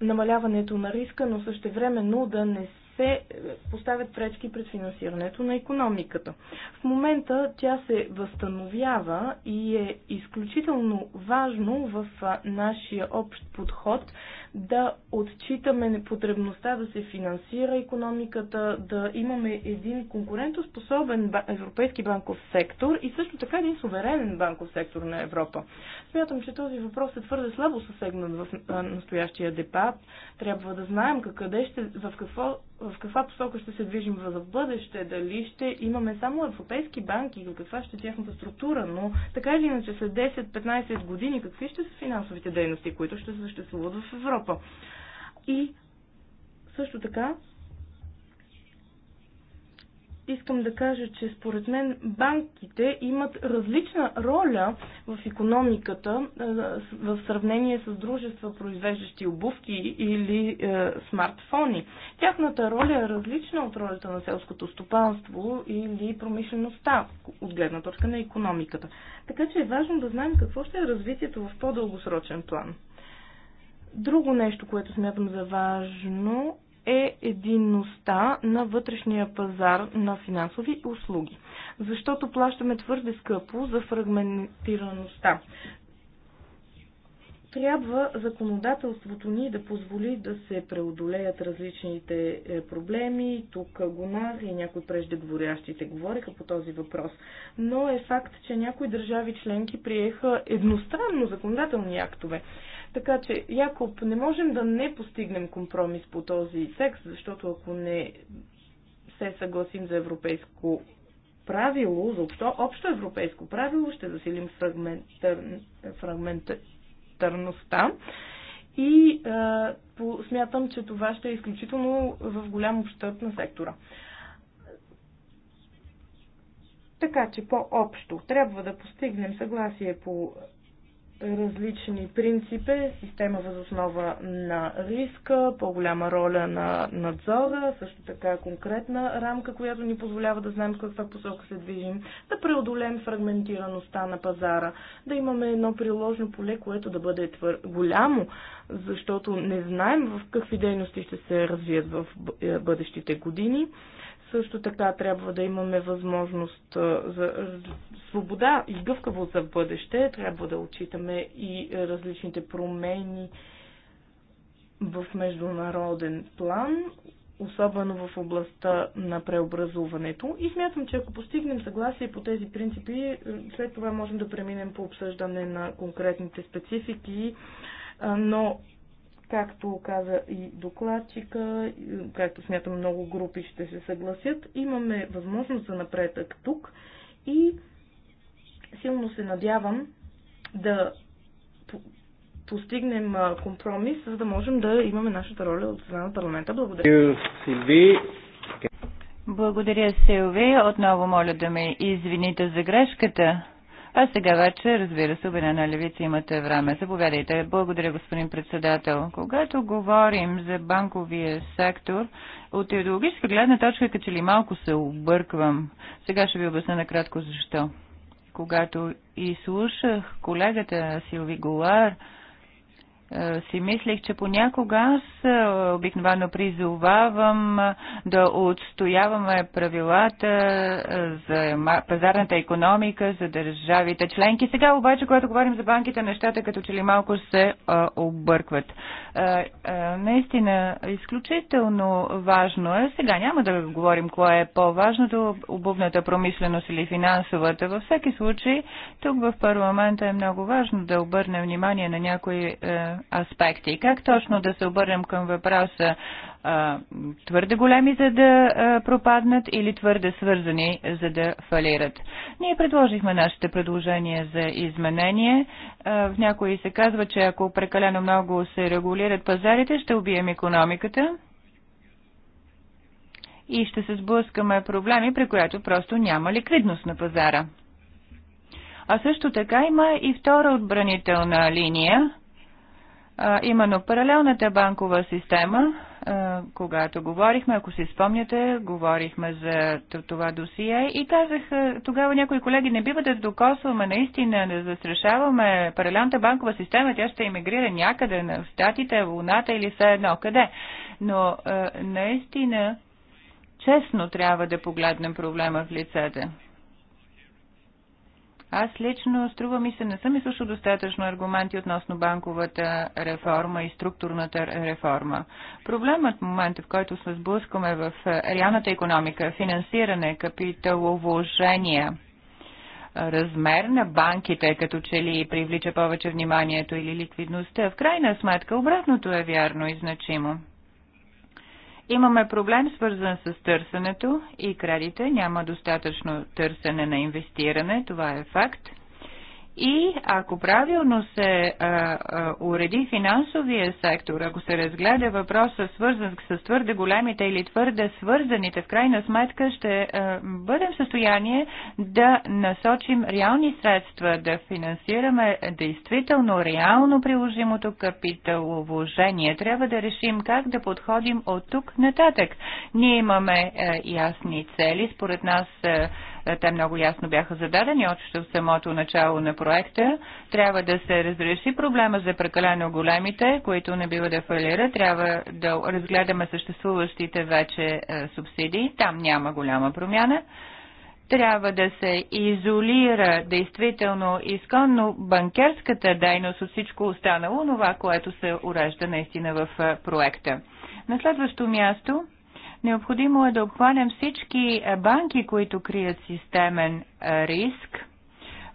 [SPEAKER 1] намаляването на риска, но също времено да не се поставят пречки пред финансирането на економиката. В момента тя се възстановява и е изключително важно в нашия общ подход да отчитаме непотребността да се финансира економиката, да имаме един конкурентоспособен европейски банков сектор и също така един суверенен банков сектор на Европа. Смятам, че този въпрос е твърде слабо съсегнат в настоящия дебат. Трябва да знаем къде ще, в, какво, в каква посока ще се движим в бъдеще, дали ще имаме само европейски банки, каква ще е тяхната структура, но така или иначе след 10-15 години какви ще са финансовите дейности, които ще съществуват в Европа. Европа. И също така искам да кажа, че според мен банките имат различна роля в економиката в сравнение с дружества, произвеждащи обувки или е, смартфони. Тяхната роля е различна от ролята на селското стопанство или промишлеността от гледна точка на економиката. Така че е важно да знаем какво ще е развитието в по-дългосрочен план. Друго нещо, което смятам за важно е единността на вътрешния пазар на финансови услуги, защото плащаме твърде скъпо за фрагментираността. Трябва законодателството ни да позволи да се преодолеят различните е, проблеми. Тук Гонар и някои преждеговорящите говориха по този въпрос. Но е факт, че някои държави членки приеха едностранно законодателни актове. Така че, Якоб, не можем да не постигнем компромис по този текст, защото ако не се съгласим за европейско правило, за общо, общо европейско правило, ще засилим фрагментър, фрагментарността. И е, по, смятам, че това ще е изключително в голям общърт на сектора. Така че по-общо трябва да постигнем съгласие по различни принципи, система възоснова на риска, по-голяма роля на надзора, също така конкретна рамка, която ни позволява да знаем каква посока се движим, да преодолеем фрагментираността на пазара, да имаме едно приложно поле, което да бъде твър... голямо, защото не знаем в какви дейности ще се развият в бъдещите години също така трябва да имаме възможност за свобода и гъвкавост за бъдеще. Трябва да отчитаме и различните промени в международен план, особено в областта на преобразуването. И смятам, че ако постигнем съгласие по тези принципи, е, след това можем да преминем по обсъждане на конкретните специфики, но Както каза и докладчика, както смятам много групи ще се съгласят, имаме възможност за напредък тук и силно се надявам да постигнем компромис, за
[SPEAKER 4] да можем да имаме нашата роля от страна на парламента. Благодаря. Благодаря, Силви. Отново моля да ме извините за грешката. А сега вече, разбира се, на левица имате време. Заповядайте. Благодаря, господин председател. Когато говорим за банковия сектор, от идеологическа гледна точка, като че ли малко се обърквам. Сега ще ви обясня накратко защо. Когато изслушах колегата Силви Голар, е, си мислех, че понякога аз е, обикновено призовавам е, да отстояваме правилата за пазарната економика, за държавите членки. Сега обаче, когато говорим за банките, нещата като че ли малко се объркват. Наистина, изключително важно е, сега няма да говорим кое е по-важното, обувната промишленост или финансовата. Във всеки случай, тук в парламента е много важно да обърнем внимание на някои аспекти. Как точно да се обърнем към въпроса а, твърде големи, за да а, пропаднат или твърде свързани, за да фалират? Ние предложихме нашите предложения за изменение. А, в някои се казва, че ако прекалено много се регулират пазарите, ще убием економиката и ще се сблъскаме проблеми, при които просто няма ликвидност на пазара. А също така има и втора отбранителна линия, а, именно паралелната банкова система, а, когато говорихме, ако си спомняте, говорихме за това досие и казах, тогава някои колеги не бива да докосваме наистина, да застрашаваме паралелната банкова система, тя ще иммигрира някъде на Штатите, Луната или все едно къде. Но а, наистина честно трябва да погледнем проблема в лицата. Аз лично, струва ми се, не съм изслушал достатъчно аргументи относно банковата реформа и структурната реформа. Проблемът в момента, в който се сблъскаме в реалната економика, финансиране, капиталовложения, размер на банките, като че ли привлича повече вниманието или ликвидността, в крайна сметка обратното е вярно и значимо. Имаме проблем свързан с търсенето и кредита. Няма достатъчно търсене на инвестиране. Това е факт. И ако правилно се а, а, уреди финансовия сектор, ако се разгледа въпроса свързан с твърде големите или твърде свързаните, в крайна сметка ще а, бъдем в състояние да насочим реални средства, да финансираме действително реално приложимото капиталовложение. Трябва да решим как да подходим от тук нататък. Ние имаме а, ясни цели, според нас. А, е, те много ясно бяха зададени още в самото начало на проекта. Трябва да се разреши проблема за прекалено големите, които не бива да фалира. Трябва да разгледаме съществуващите вече е, субсидии. Там няма голяма промяна трябва да се изолира действително изконно банкерската дейност от всичко останало, това, което се урежда наистина в е, проекта. На следващо място Необходимо е да обхванем всички е, банки, които крият системен е, риск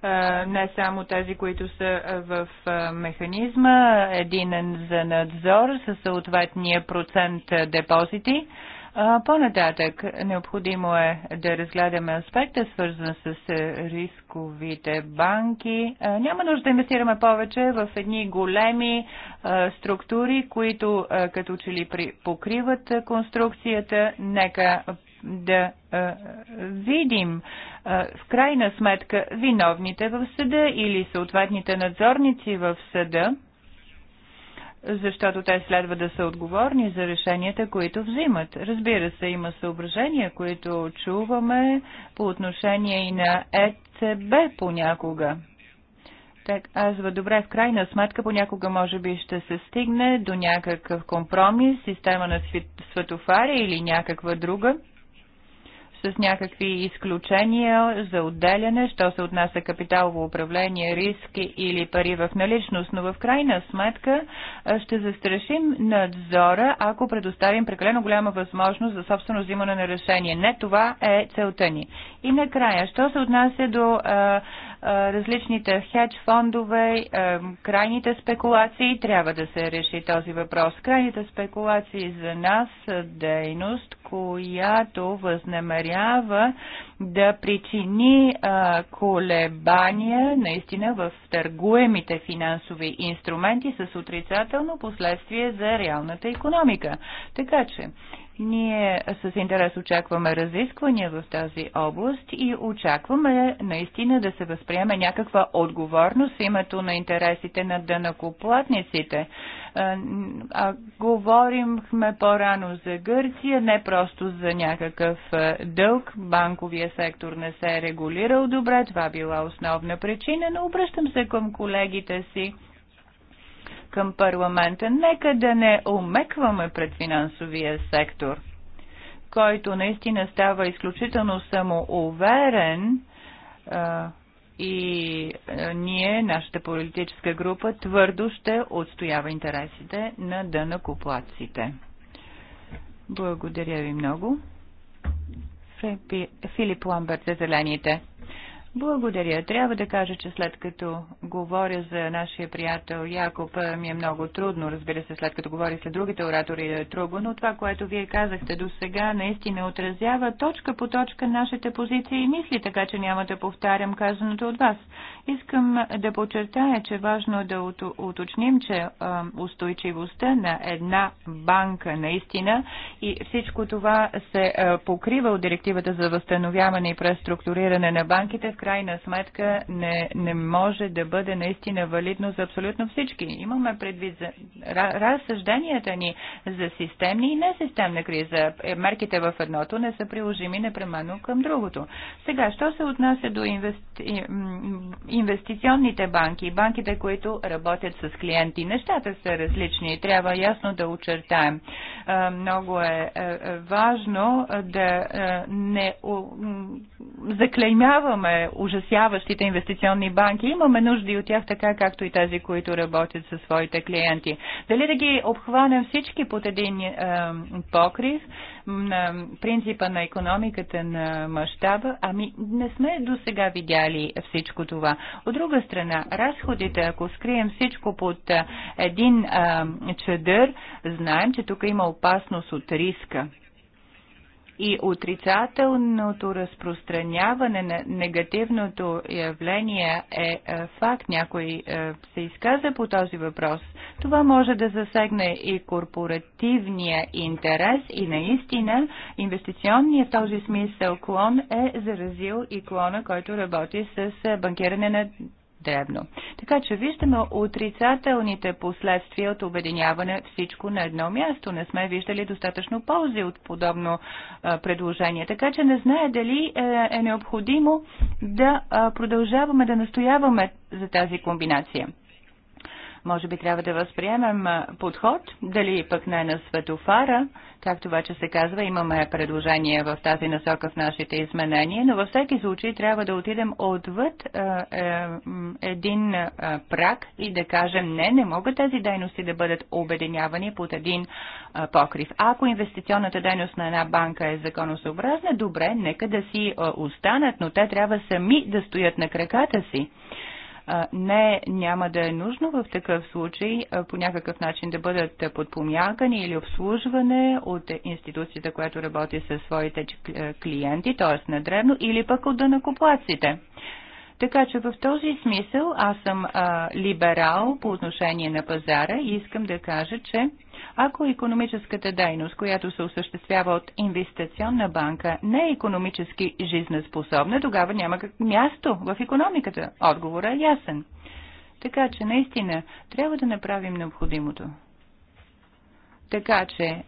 [SPEAKER 4] е, не само тези, които са в механизма, единен за надзор със съответния процент депозити. По-нататък необходимо е да разгледаме аспекта, свързан с е, рисковите банки. Няма нужда да инвестираме повече в едни големи структури, които като че ли покриват конструкцията. Нека да видим в крайна сметка виновните в съда или съответните надзорници в съда защото те следва да са отговорни за решенията, които взимат. Разбира се, има съображения, които чуваме по отношение и на ЕЦБ понякога. Так, азва, добре, в крайна сметка понякога може би ще се стигне до някакъв компромис, система на светофария или някаква друга с някакви изключения за отделяне, що се отнася капиталово управление, риски или пари в наличност, но в крайна сметка ще застрашим надзора, ако предоставим прекалено голяма възможност за собствено взимане на решение. Не това е целта ни. И накрая, що се отнася до а, различните хедж фондове, крайните спекулации. Трябва да се реши този въпрос. Крайните спекулации за нас са дейност, която възнамерява да причини колебания наистина в търгуемите финансови инструменти с отрицателно последствие за реалната економика. Така че ние с интерес очакваме разисквания в тази област и очакваме наистина да се възприеме някаква отговорност в името на интересите на дънакоплатниците. А, говорихме по-рано за Гърция, не просто за някакъв дълг. Банковия сектор не се е регулирал добре, това била основна причина, но обръщам се към колегите си към парламента. Нека да не омекваме пред финансовия сектор, който наистина става изключително самоуверен и ние, нашата политическа група, твърдо ще отстоява интересите на дънакоплаците. Благодаря ви много. Филип Ламберт за зелените. Благодаря. Трябва да кажа, че след като говоря за нашия приятел Якоб, ми е много трудно, разбира се, след като говори с другите оратори е трудно, но това, което вие казахте до сега, наистина отразява точка по точка нашите позиции и мисли, така че няма да повтарям казаното от вас. Искам да подчертая, че е важно е да уточним, че устойчивостта на една банка наистина и всичко това се покрива от директивата за възстановяване и преструктуриране на банките, крайна сметка не, не може да бъде наистина валидно за абсолютно всички. Имаме предвид за разсъжденията ни за системни и несистемна криза. Е, мерките в едното не са приложими непременно към другото. Сега, що се отнася до инвести... инвестиционните банки, банките, които работят с клиенти? Нещата са различни. Трябва ясно да очертаем. Много е, е важно да е, не заклеймяваме ужасяващите инвестиционни банки. Имаме нужди от тях така, както и тези, които работят със своите клиенти. Дали да ги обхванем всички под един е, покрив на принципа на економиката на мащаба? Ами не сме до сега видяли всичко това. От друга страна, разходите, ако скрием всичко под е, един е, чадър, знаем, че тук има опасност от риска и отрицателното разпространяване на негативното явление е, е факт. Някой е, се изказа по този въпрос. Това може да засегне и корпоративния интерес и наистина инвестиционния в този смисъл клон е заразил и клона, който работи с е, банкиране на потребно. Така че виждаме отрицателните последствия от обединяване всичко на едно място. Не сме виждали достатъчно ползи от подобно предложение. Така че не знае дали е, е необходимо да продължаваме да настояваме за тази комбинация. Може би трябва да възприемем подход, дали пък не на светофара, както вече се казва, имаме предложение в тази насока в нашите изменения, но във всеки случай трябва да отидем отвъд е, е, един е, прак и да кажем не, не могат тези дейности да бъдат обединявани под един е, покрив. Ако инвестиционната дейност на една банка е законосъобразна, добре, нека да си е, останат, но те трябва сами да стоят на краката си не, няма да е нужно в такъв случай по някакъв начин да бъдат подпомягани или обслужване от институцията, която работи със своите клиенти, т.е. на древно, или пък от да Да така че в този смисъл аз съм а, либерал по отношение на пазара и искам да кажа, че ако економическата дейност, която се осъществява от инвестиционна банка, не е економически жизнеспособна, тогава няма как... място в економиката. Отговорът е ясен. Така че наистина трябва да направим необходимото. Така че, е,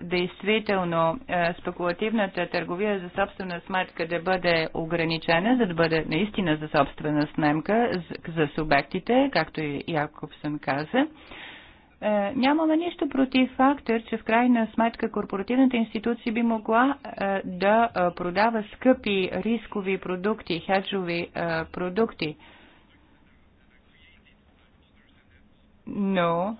[SPEAKER 4] действително, е, спекулативната търговия за собствена сметка да бъде ограничена, за да бъде наистина за собствена снемка за, субектите, както и Якобсън каза. Е, нямаме нищо против фактор, че в крайна сметка корпоративната институция би могла да продава скъпи рискови продукти, хеджови продукти. Но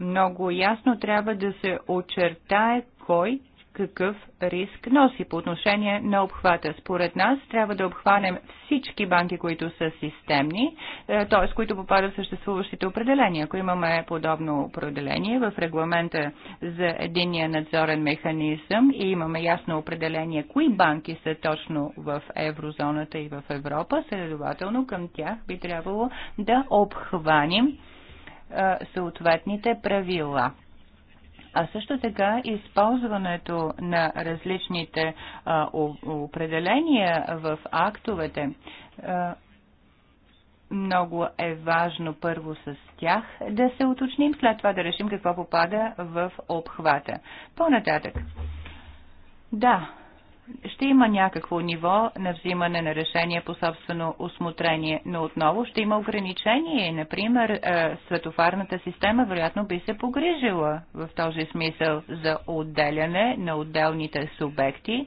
[SPEAKER 4] много ясно трябва да се очертае кой какъв риск носи по отношение на обхвата. Според нас трябва да обхванем всички банки, които са системни, е, т.е. които попадат в съществуващите определения. Ако имаме подобно определение в регламента за единния надзорен механизъм и имаме ясно определение кои банки са точно в еврозоната и в Европа, следователно към тях би трябвало да обхваним съответните правила. А също така използването на различните а, определения в актовете а, много е важно първо с тях да се уточним, след това да решим какво попада в обхвата. По-нататък. Да, ще има някакво ниво на взимане на решение по собствено осмотрение, но отново ще има ограничение. Например, е, светофарната система вероятно би се погрижила в този смисъл за отделяне на отделните субекти,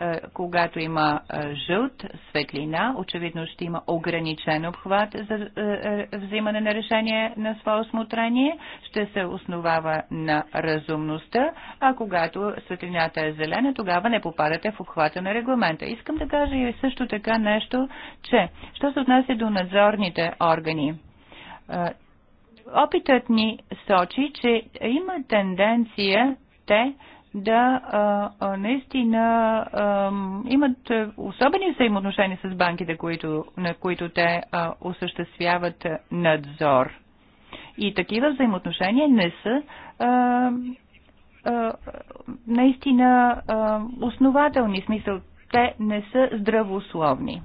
[SPEAKER 4] е, когато има е, жълт светлина, очевидно ще има ограничен обхват за е, взимане на решение на свое осмотрение, ще се основава на разумността, а когато светлината е зелена, тогава не попадате в обхвата на регламента. Искам да кажа и също така нещо, че, що се отнася до надзорните органи, опитът ни сочи, че има тенденция те да а, а, наистина а, имат особени взаимоотношения с банките, които, на които те а, осъществяват надзор. И такива взаимоотношения не са а, а, наистина а, основателни, в смисъл те не са здравословни.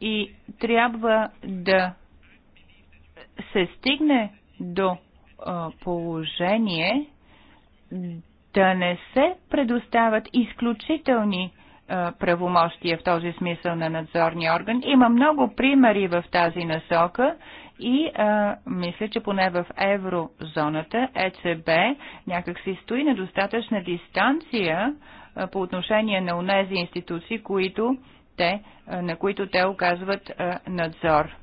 [SPEAKER 4] И трябва да се стигне до положение да не се предоставят изключителни правомощия в този смисъл на надзорния орган. Има много примери в тази насока и а, мисля, че поне в еврозоната ЕЦБ някак си стои на достатъчна дистанция а, по отношение на унези институции, които те, а, на които те оказват а, надзор.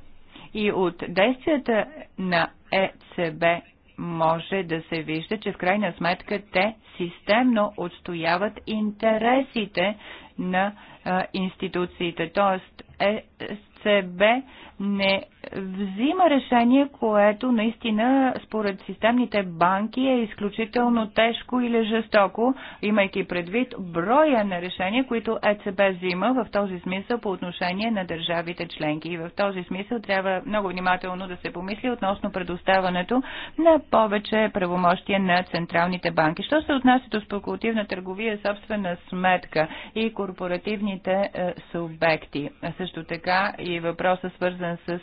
[SPEAKER 4] И от действията на ЕЦБ може да се вижда, че в крайна сметка те системно отстояват интересите на а, институциите. Тоест, ЕСЦБ не взима решение, което наистина според системните банки е изключително тежко или жестоко, имайки предвид броя на решения, които ЕЦБ взима в този смисъл по отношение на държавите членки. И в този смисъл трябва много внимателно да се помисли относно предоставането на повече правомощия на централните банки. Що се отнася до спекулативна търговия, е собствена сметка и корпоративните е, субекти. Също така и въпроса свързан свързан с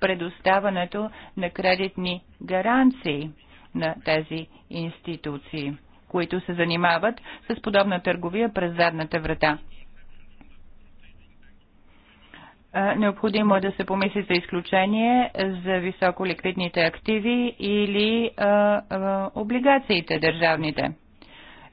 [SPEAKER 4] предоставането на кредитни гаранции на тези институции, които се занимават с подобна търговия през задната врата. Необходимо е да се помисли за изключение за високоликвидните активи или а, а, облигациите държавните.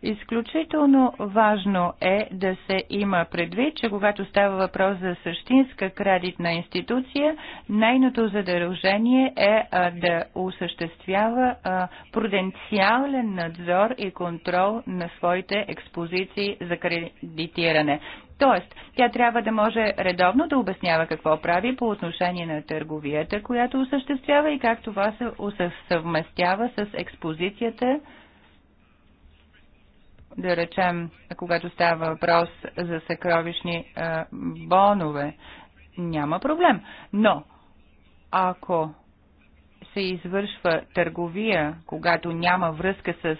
[SPEAKER 4] Изключително важно е да се има предвид, че когато става въпрос за същинска кредитна институция, нейното задължение е а, да осъществява а, пруденциален надзор и контрол на своите експозиции за кредитиране. Тоест, тя трябва да може редовно да обяснява какво прави по отношение на търговията, която осъществява и как това се съвместява с експозицията да речем, когато става въпрос за съкровищни а, бонове, няма проблем. Но ако се извършва търговия, когато няма връзка с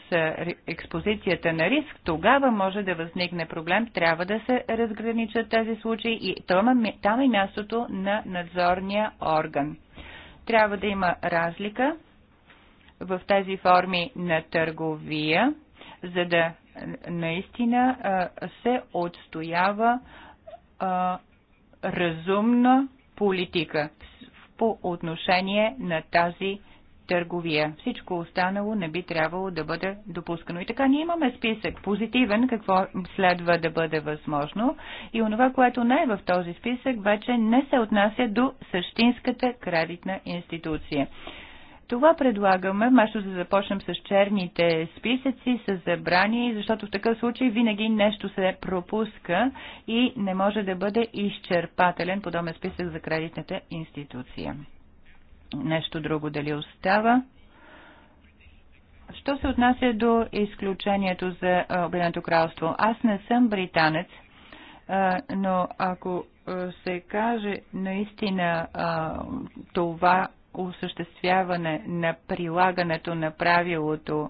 [SPEAKER 4] експозицията на риск, тогава може да възникне проблем. Трябва да се разграничат тези случаи и там е, там е мястото на надзорния орган. Трябва да има разлика в тези форми на търговия, за да наистина се отстоява разумна политика по отношение на тази търговия. Всичко останало не би трябвало да бъде допускано. И така ние имаме списък позитивен, какво следва да бъде възможно и онова, което не е в този списък, вече не се отнася до същинската кредитна институция това предлагаме, вместо да започнем с черните списъци, с забрани, защото в такъв случай винаги нещо се пропуска и не може да бъде изчерпателен подобен списък за кредитната институция. Нещо друго дали остава? Що се отнася до изключението за Обединеното кралство? Аз не съм британец, но ако се каже наистина това, осъществяване на прилагането на правилото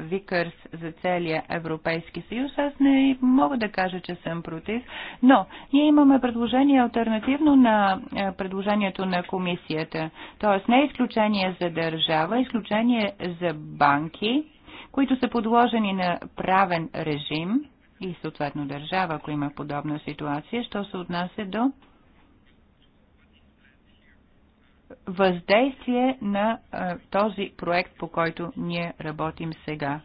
[SPEAKER 4] Викърс за целия Европейски съюз, аз не мога да кажа, че съм против, но ние имаме предложение альтернативно на предложението на комисията. Тоест не е изключение за държава, изключение за банки, които са подложени на правен режим и съответно държава, ако има подобна ситуация, що се отнася до въздействие на а, този проект, по който ние работим сега.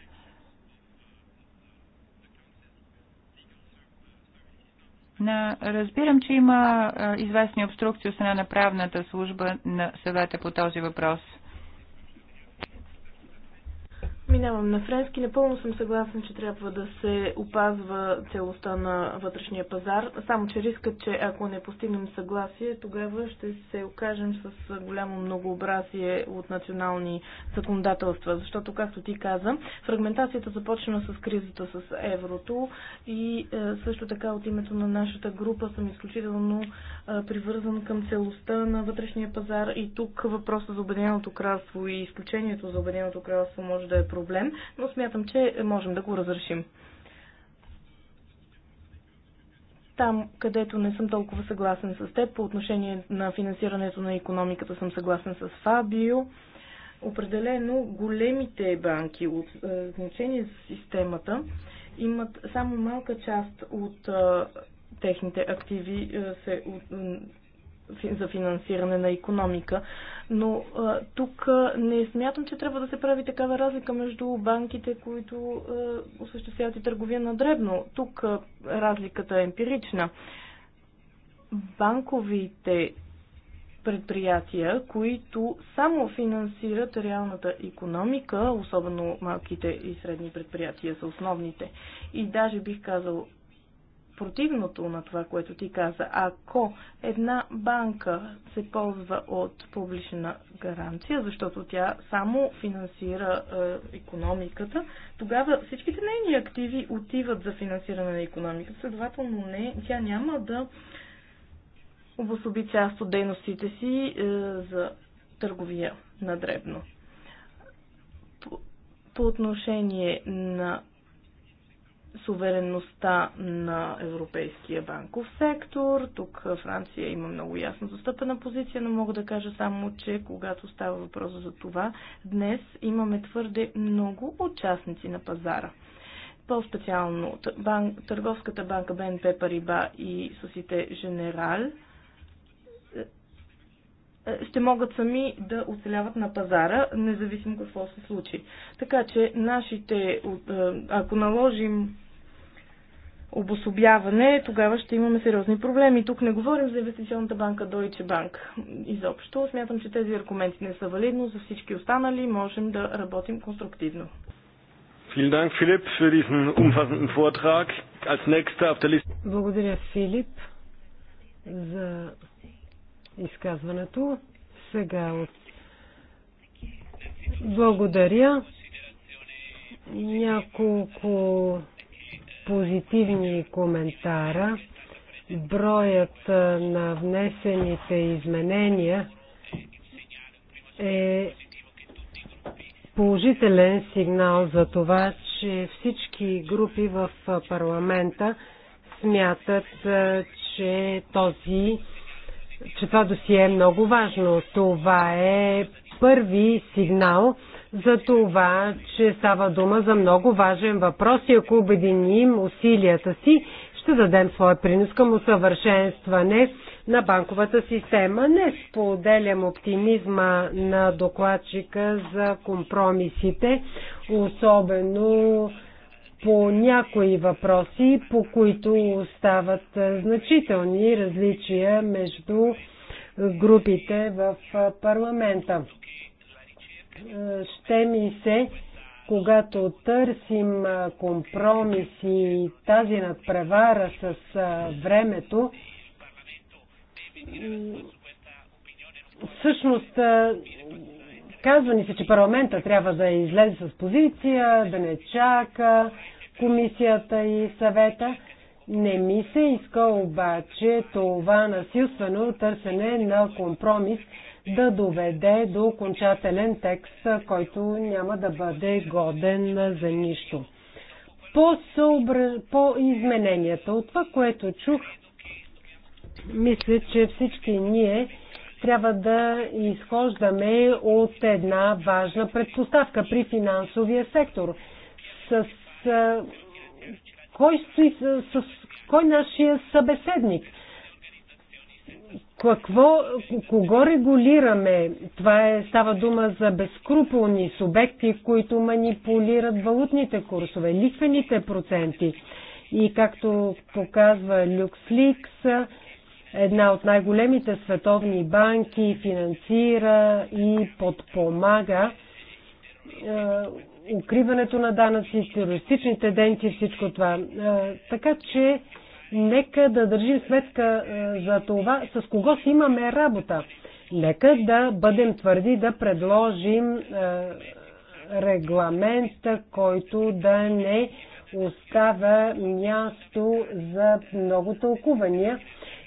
[SPEAKER 4] На, разбирам, че има а, известни обструкции от страна на правната служба на съвета по този въпрос –
[SPEAKER 1] Минавам на френски. Напълно съм съгласен, че трябва да се опазва целостта на вътрешния пазар. Само, че рискът, че ако не постигнем съгласие, тогава ще се окажем с голямо многообразие от национални законодателства. Защото, както ти каза, фрагментацията започна с кризата с еврото и е, също така от името на нашата група съм изключително е, привързан към целостта на вътрешния пазар и тук въпросът за Обединеното кралство и изключението за Обединеното кралство може да е проблем, но смятам, че можем да го разрешим. Там, където не съм толкова съгласен с теб, по отношение на финансирането на економиката съм съгласен с Фабио. Определено големите банки от е, значение за системата имат само малка част от е, техните активи е, се от, е, за финансиране на економика. Но а, тук а, не смятам, че трябва да се прави такава разлика между банките, които а, осъществяват и търговия на дребно. Тук а, разликата е емпирична. Банковите предприятия, които само финансират реалната економика, особено малките и средни предприятия са основните. И даже бих казал противното на това, което ти каза. Ако една банка се ползва от публична гаранция, защото тя само финансира е, економиката, тогава всичките нейни активи отиват за финансиране на економиката. Следователно не, тя няма да обособи част от дейностите си е, за търговия на дребно по отношение на суверенността на европейския банков сектор. Тук Франция има много ясно застъпена позиция, но мога да кажа само, че когато става въпрос за това, днес имаме твърде много участници на пазара. По-специално Търговската банка БНП Париба и Сосите Женерал – ще могат сами да оцеляват на пазара, независимо какво се случи. Така че нашите, е, ако наложим обособяване, тогава ще имаме сериозни проблеми. Тук не говорим за инвестиционната банка Deutsche Bank изобщо. Смятам, че тези аргументи не са валидно. За всички останали можем да работим конструктивно. Благодаря, Филип, за
[SPEAKER 3] изказването. Сега от... Благодаря. Няколко позитивни коментара. Броят на внесените изменения е положителен сигнал за това, че всички групи в парламента смятат, че този че това досие е много важно. Това е първи сигнал за това, че става дума за много важен въпрос и ако обединим усилията си, ще дадем своя принос към усъвършенстване на банковата система. Не споделям оптимизма на докладчика за компромисите, особено по някои въпроси, по които остават значителни различия между групите в парламента. Ще ми се, когато търсим компромиси и тази надпревара с времето, всъщност Казва ни се, че парламента трябва да излезе с позиция, да не чака комисията и съвета. Не ми се иска обаче това насилствено търсене на компромис да доведе до окончателен текст, който няма да бъде годен за нищо. По, съобр... по измененията, от това, което чух, мисля, че всички ние трябва да изхождаме от една важна предпоставка при финансовия сектор. С, с, кой, с, с кой нашия събеседник? Какво, кого регулираме? Това е, става дума за безкруполни субекти, които манипулират валутните курсове, лихвените проценти. И както показва Люкс Ликс, една от най-големите световни банки, финансира и подпомага е, укриването на данъци, терористичните денти, всичко това. Е, така че нека да държим сметка е, за това с кого си имаме работа. Нека да бъдем твърди да предложим регламент, който да не оставя място за много тълкувания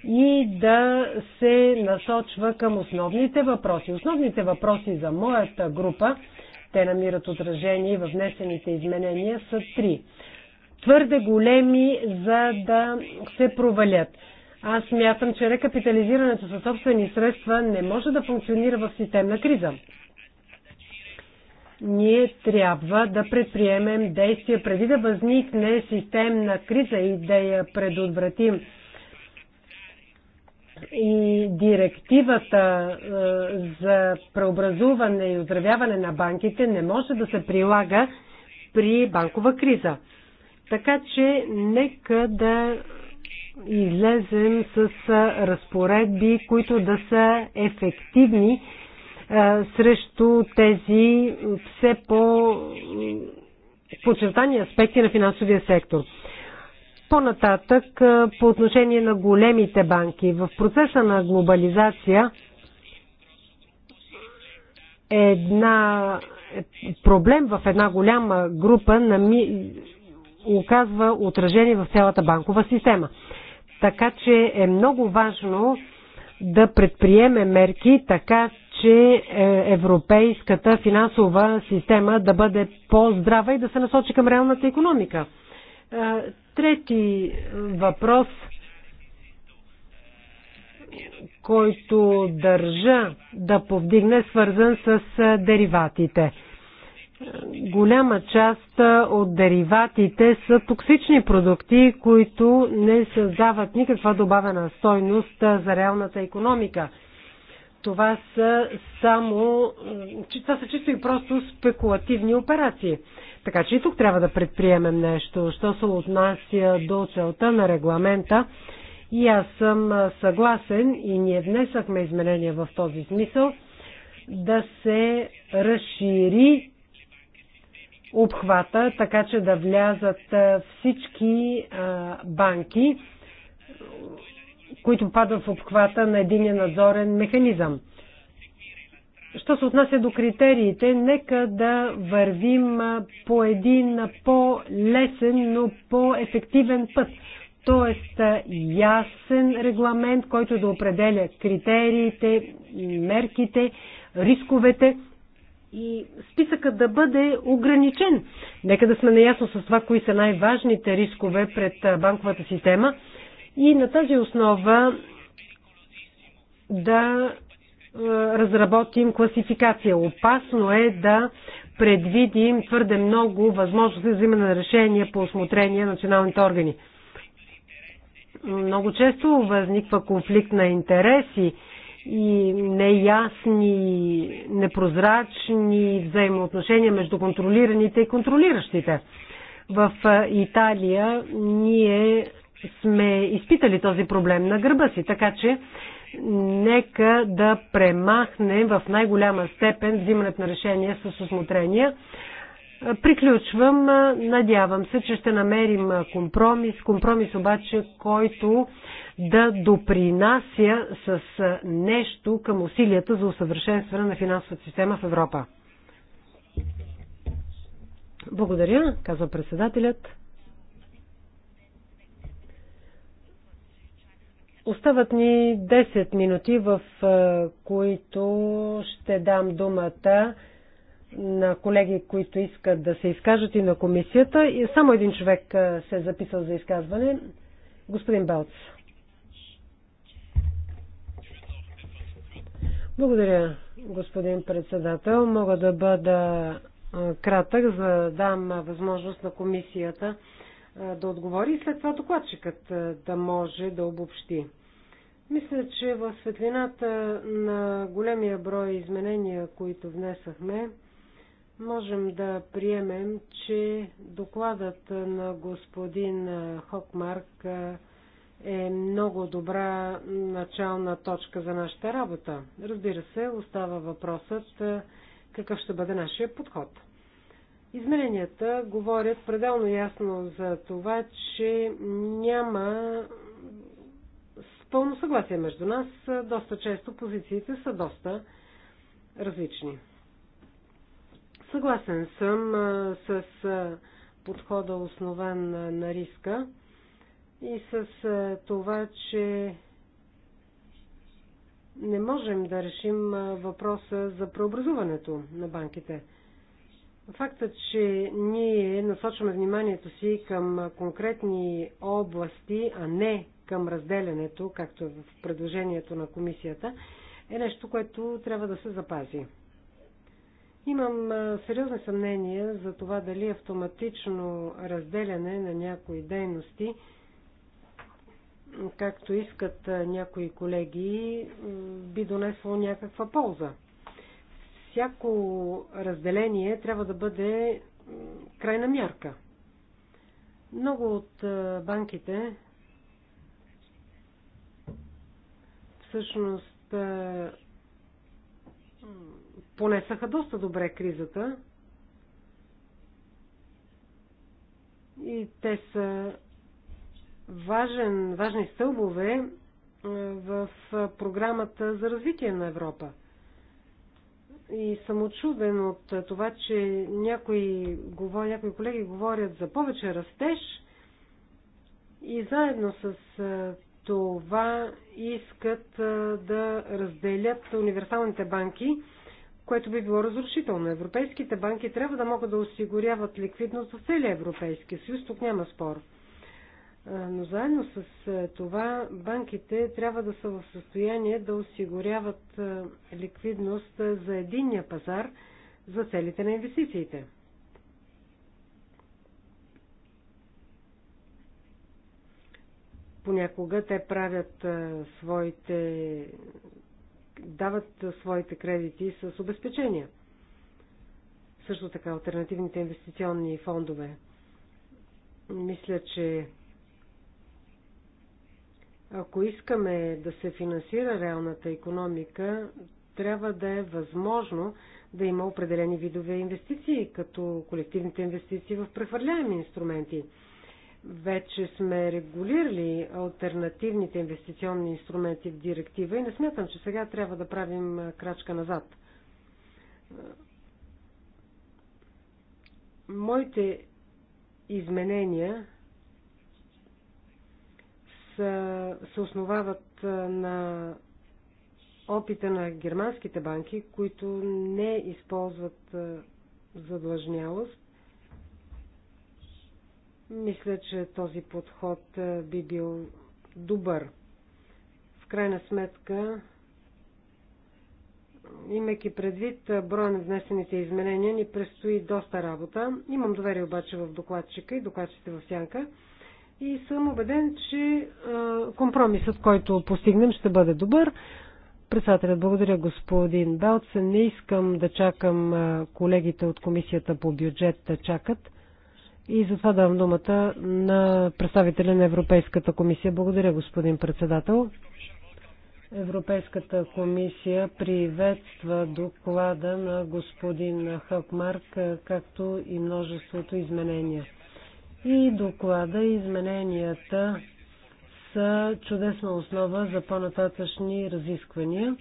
[SPEAKER 3] и да се насочва към основните въпроси. Основните въпроси за моята група, те намират отражение в внесените изменения, са три. Твърде големи, за да се провалят. Аз мятам, че рекапитализирането със собствени средства не може да функционира в системна криза. Ние трябва да предприемем действия преди да възникне системна криза и да я предотвратим и директивата е, за преобразуване и оздравяване на банките не може да се прилага при банкова криза. Така че нека да излезем с е, разпоредби, които да са ефективни е, срещу тези все по подчертани аспекти на финансовия сектор. По-нататък, по отношение на големите банки, в процеса на глобализация една проблем в една голяма група нами... оказва отражение в цялата банкова система. Така че е много важно да предприеме мерки така, че е, европейската финансова система да бъде по-здрава и да се насочи към реалната економика. Е, Трети е, въпрос, който държа да повдигне, свързан с е, дериватите. Е, голяма част от дериватите са токсични продукти, които не създават никаква добавена стойност за реалната економика това са само, това са чисто и просто спекулативни операции. Така че и тук трябва да предприемем нещо. Що се отнася до целта на регламента, и аз съм съгласен и ние внесахме изменения в този смисъл да се разшири обхвата, така че да влязат всички банки, които падат в обхвата на един надзорен механизъм. Що се отнася до критериите, нека да вървим по един по-лесен, но по-ефективен път. Тоест ясен регламент, който да определя критериите, мерките, рисковете и списъкът да бъде ограничен. Нека да сме наясно с това, кои са най-важните рискове пред банковата система и на тази основа да разработим класификация. Опасно е да предвидим твърде много възможности за взимане на решения по осмотрение на националните органи. Много често възниква конфликт на интереси и неясни, непрозрачни взаимоотношения между контролираните и контролиращите. В Италия ние сме изпитали този проблем на гърба си, така че нека да премахнем в най-голяма степен взимането на решения с осмотрения. Приключвам. Надявам се, че ще намерим компромис. Компромис обаче, който да допринася с нещо към усилията за усъвършенстване на финансовата система в Европа. Благодаря, казва председателят. Остават ни 10 минути, в е, които ще дам думата на колеги, които искат да се изкажат и на комисията. И само един човек е, се е записал за изказване. Господин Балц. Благодаря, господин председател. Мога да бъда е, кратък, за да дам възможност на комисията да отговори и след това докладчикът да може да обобщи. Мисля, че в светлината на големия брой изменения, които внесахме, можем да приемем, че докладът на господин Хокмарк е много добра начална точка за нашата работа. Разбира се, остава въпросът какъв ще бъде нашия подход. Измеренията говорят пределно ясно за това, че няма пълно съгласие между нас. Доста често позициите са доста различни. Съгласен съм с подхода основан на риска и с това, че не можем да решим въпроса за преобразуването на банките. Фактът, че ние насочваме вниманието си към конкретни области, а не към разделянето, както е в предложението на комисията, е нещо, което трябва да се запази. Имам сериозни съмнения за това дали автоматично разделяне на някои дейности, както искат някои колеги, би донесло някаква полза – всяко разделение трябва да бъде крайна мярка. Много от е, банките всъщност е, понесаха доста добре кризата и те са важен, важни стълбове е, в програмата за развитие на Европа – и съм очуден от това, че някои, някои колеги говорят за повече растеж и заедно с това искат да разделят универсалните банки, което би било разрушително. Европейските банки трябва да могат да осигуряват ликвидност в целия Европейски съюз, тук няма спор. Но заедно с това банките трябва да са в състояние да осигуряват ликвидност за единния пазар за целите на инвестициите. Понякога те правят своите дават своите кредити с обезпечения. Също така альтернативните инвестиционни фондове. Мисля, че ако искаме да се финансира реалната економика, трябва да е възможно да има определени видове инвестиции, като колективните инвестиции в прехвърляеми инструменти. Вече сме регулирали альтернативните инвестиционни инструменти в директива и не смятам, че сега трябва да правим крачка назад. Моите изменения се основават на опита на германските банки, които не използват задлъжнялост. Мисля, че този подход би бил добър. В крайна сметка, имайки предвид броя на внесените изменения, ни предстои доста работа. Имам доверие обаче в докладчика и докладчите в сянка и съм убеден, че компромисът, който постигнем, ще бъде добър. Председателят, благодаря господин Белцен. Не искам да чакам колегите от комисията по бюджет да чакат. И затова давам думата на представителя на Европейската комисия. Благодаря, господин председател. Европейската комисия приветства доклада на господин Хакмарк, както и множеството изменения и доклада и измененията са чудесна основа за по-нататъчни разисквания,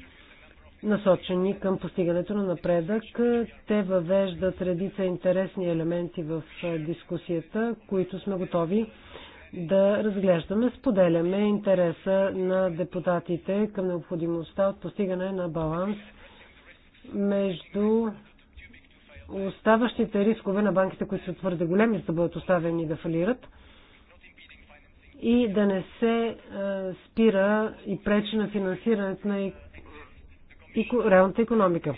[SPEAKER 3] насочени към постигането на напредък. Те въвеждат редица интересни елементи в дискусията, които сме готови да разглеждаме. Споделяме интереса на депутатите към необходимостта от постигане на баланс между оставащите рискове на банките, които са твърде големи, за да бъдат оставени да фалират и да не се е, спира и пречи на финансирането на реалната економика.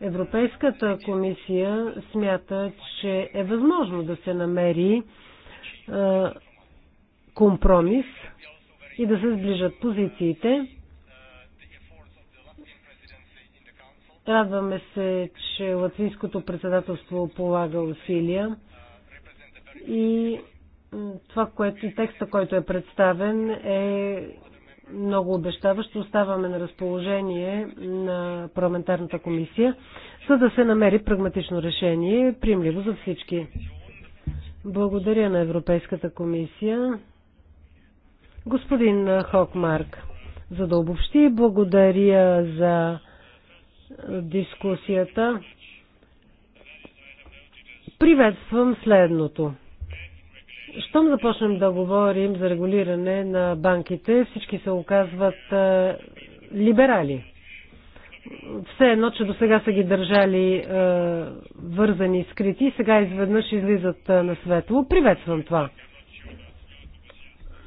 [SPEAKER 3] Европейската комисия смята, че е възможно да се намери е, компромис и да се сближат позициите. Радваме се, че латинското председателство полага усилия и това, което текста, който е представен, е много обещаващо. Оставаме на разположение на парламентарната комисия, за да се намери прагматично решение, приемливо за всички. Благодаря на Европейската комисия. Господин Хокмарк, за да обобщи, благодаря за дискусията. Приветствам следното. Щом започнем да говорим за регулиране на банките, всички се оказват а, либерали. Все едно, че до сега са ги държали а, вързани, скрити, сега изведнъж излизат а, на светло. Приветствам това.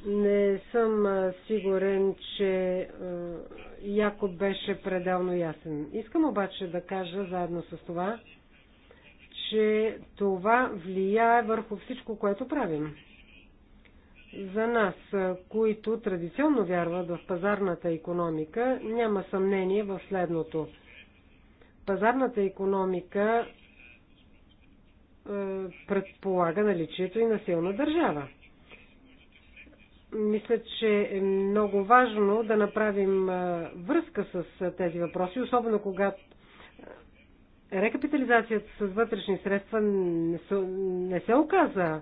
[SPEAKER 3] Не съм а, сигурен, че а, Якоб беше пределно ясен. Искам обаче да кажа заедно с това, че това влияе върху всичко, което правим. За нас, които традиционно вярват в пазарната економика, няма съмнение в следното. Пазарната економика е, предполага наличието и на силна държава мисля, че е много важно да направим връзка с тези въпроси, особено когато рекапитализацията с вътрешни средства не се, не се оказа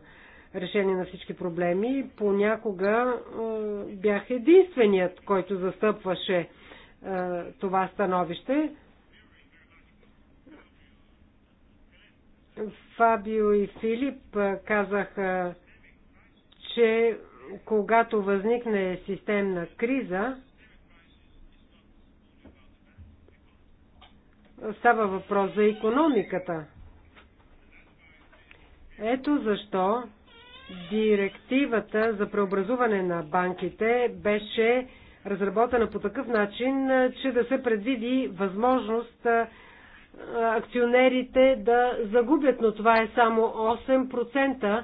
[SPEAKER 3] решение на всички проблеми. Понякога бях единственият, който застъпваше това становище. Фабио и Филип казаха, че когато възникне системна криза, става въпрос за економиката. Ето защо директивата за преобразуване на банките беше разработена по такъв начин, че да се предвиди възможност акционерите да загубят, но това е само 8%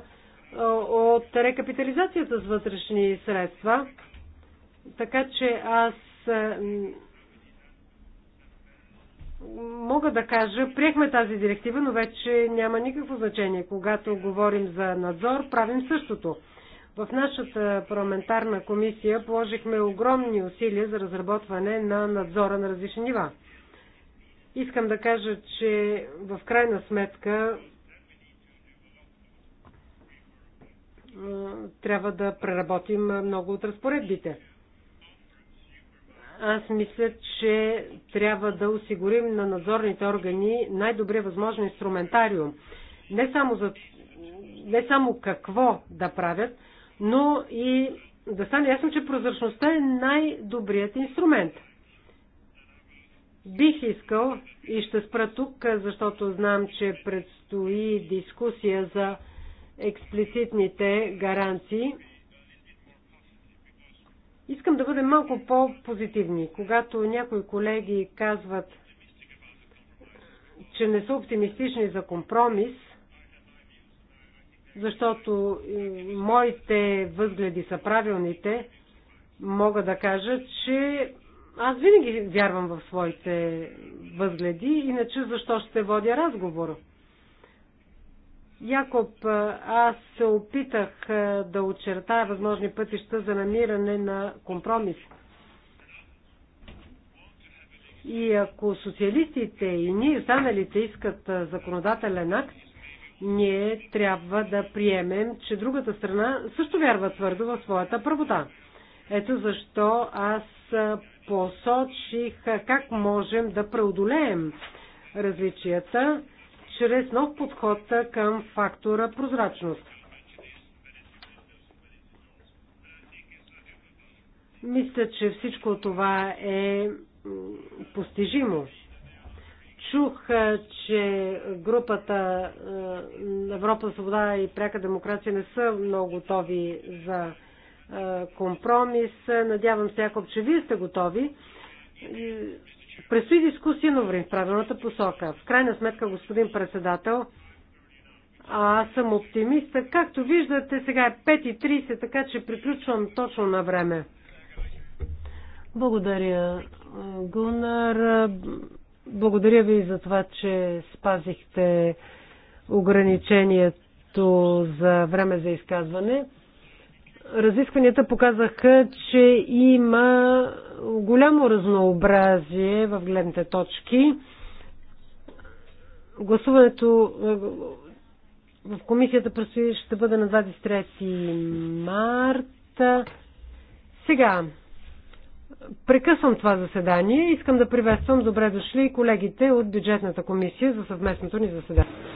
[SPEAKER 3] от рекапитализацията с вътрешни средства. Така че аз мога да кажа, приехме тази директива, но вече няма никакво значение. Когато говорим за надзор, правим същото. В нашата парламентарна комисия положихме огромни усилия за разработване на надзора на различни нива. Искам да кажа, че в крайна сметка трябва да преработим много от разпоредбите. Аз мисля, че трябва да осигурим на надзорните органи най-добре възможен инструментариум. Не само, за, не само какво да правят, но и да стане ясно, че прозрачността е най-добрият инструмент. Бих искал и ще спра тук, защото знам, че предстои дискусия за експлицитните гаранции. Искам да бъдем малко по-позитивни. Когато някои колеги казват, че не са оптимистични за компромис, защото моите възгледи са правилните, мога да кажа, че аз винаги вярвам в своите възгледи, иначе защо ще водя разговор? Якоб, аз се опитах да очертая възможни пътища за намиране на компромис. И ако социалистите и ние останалите искат законодателен акт, ние трябва да приемем, че другата страна също вярва твърдо в своята правота. Ето защо аз посочих как можем да преодолеем различията чрез нов подход към фактора прозрачност. Мисля, че всичко това е постижимо. Чух, че групата Европа, свобода и пряка демокрация не са много готови за компромис. Надявам се, Якоб, че вие сте готови. Предстои дискусия, но вървим в правилната посока. В крайна сметка, господин председател, аз съм оптимист. Както виждате, сега е 5.30, така че приключвам точно на време. Благодаря, Гунар. Благодаря ви за това, че спазихте ограничението за време за изказване. Разискванията показаха, че има голямо разнообразие в гледните точки. Гласуването е, в комисията предстои ще бъде на 23 марта. Сега, прекъсвам това заседание. Искам да приветствам добре дошли колегите от бюджетната комисия за съвместното ни заседание.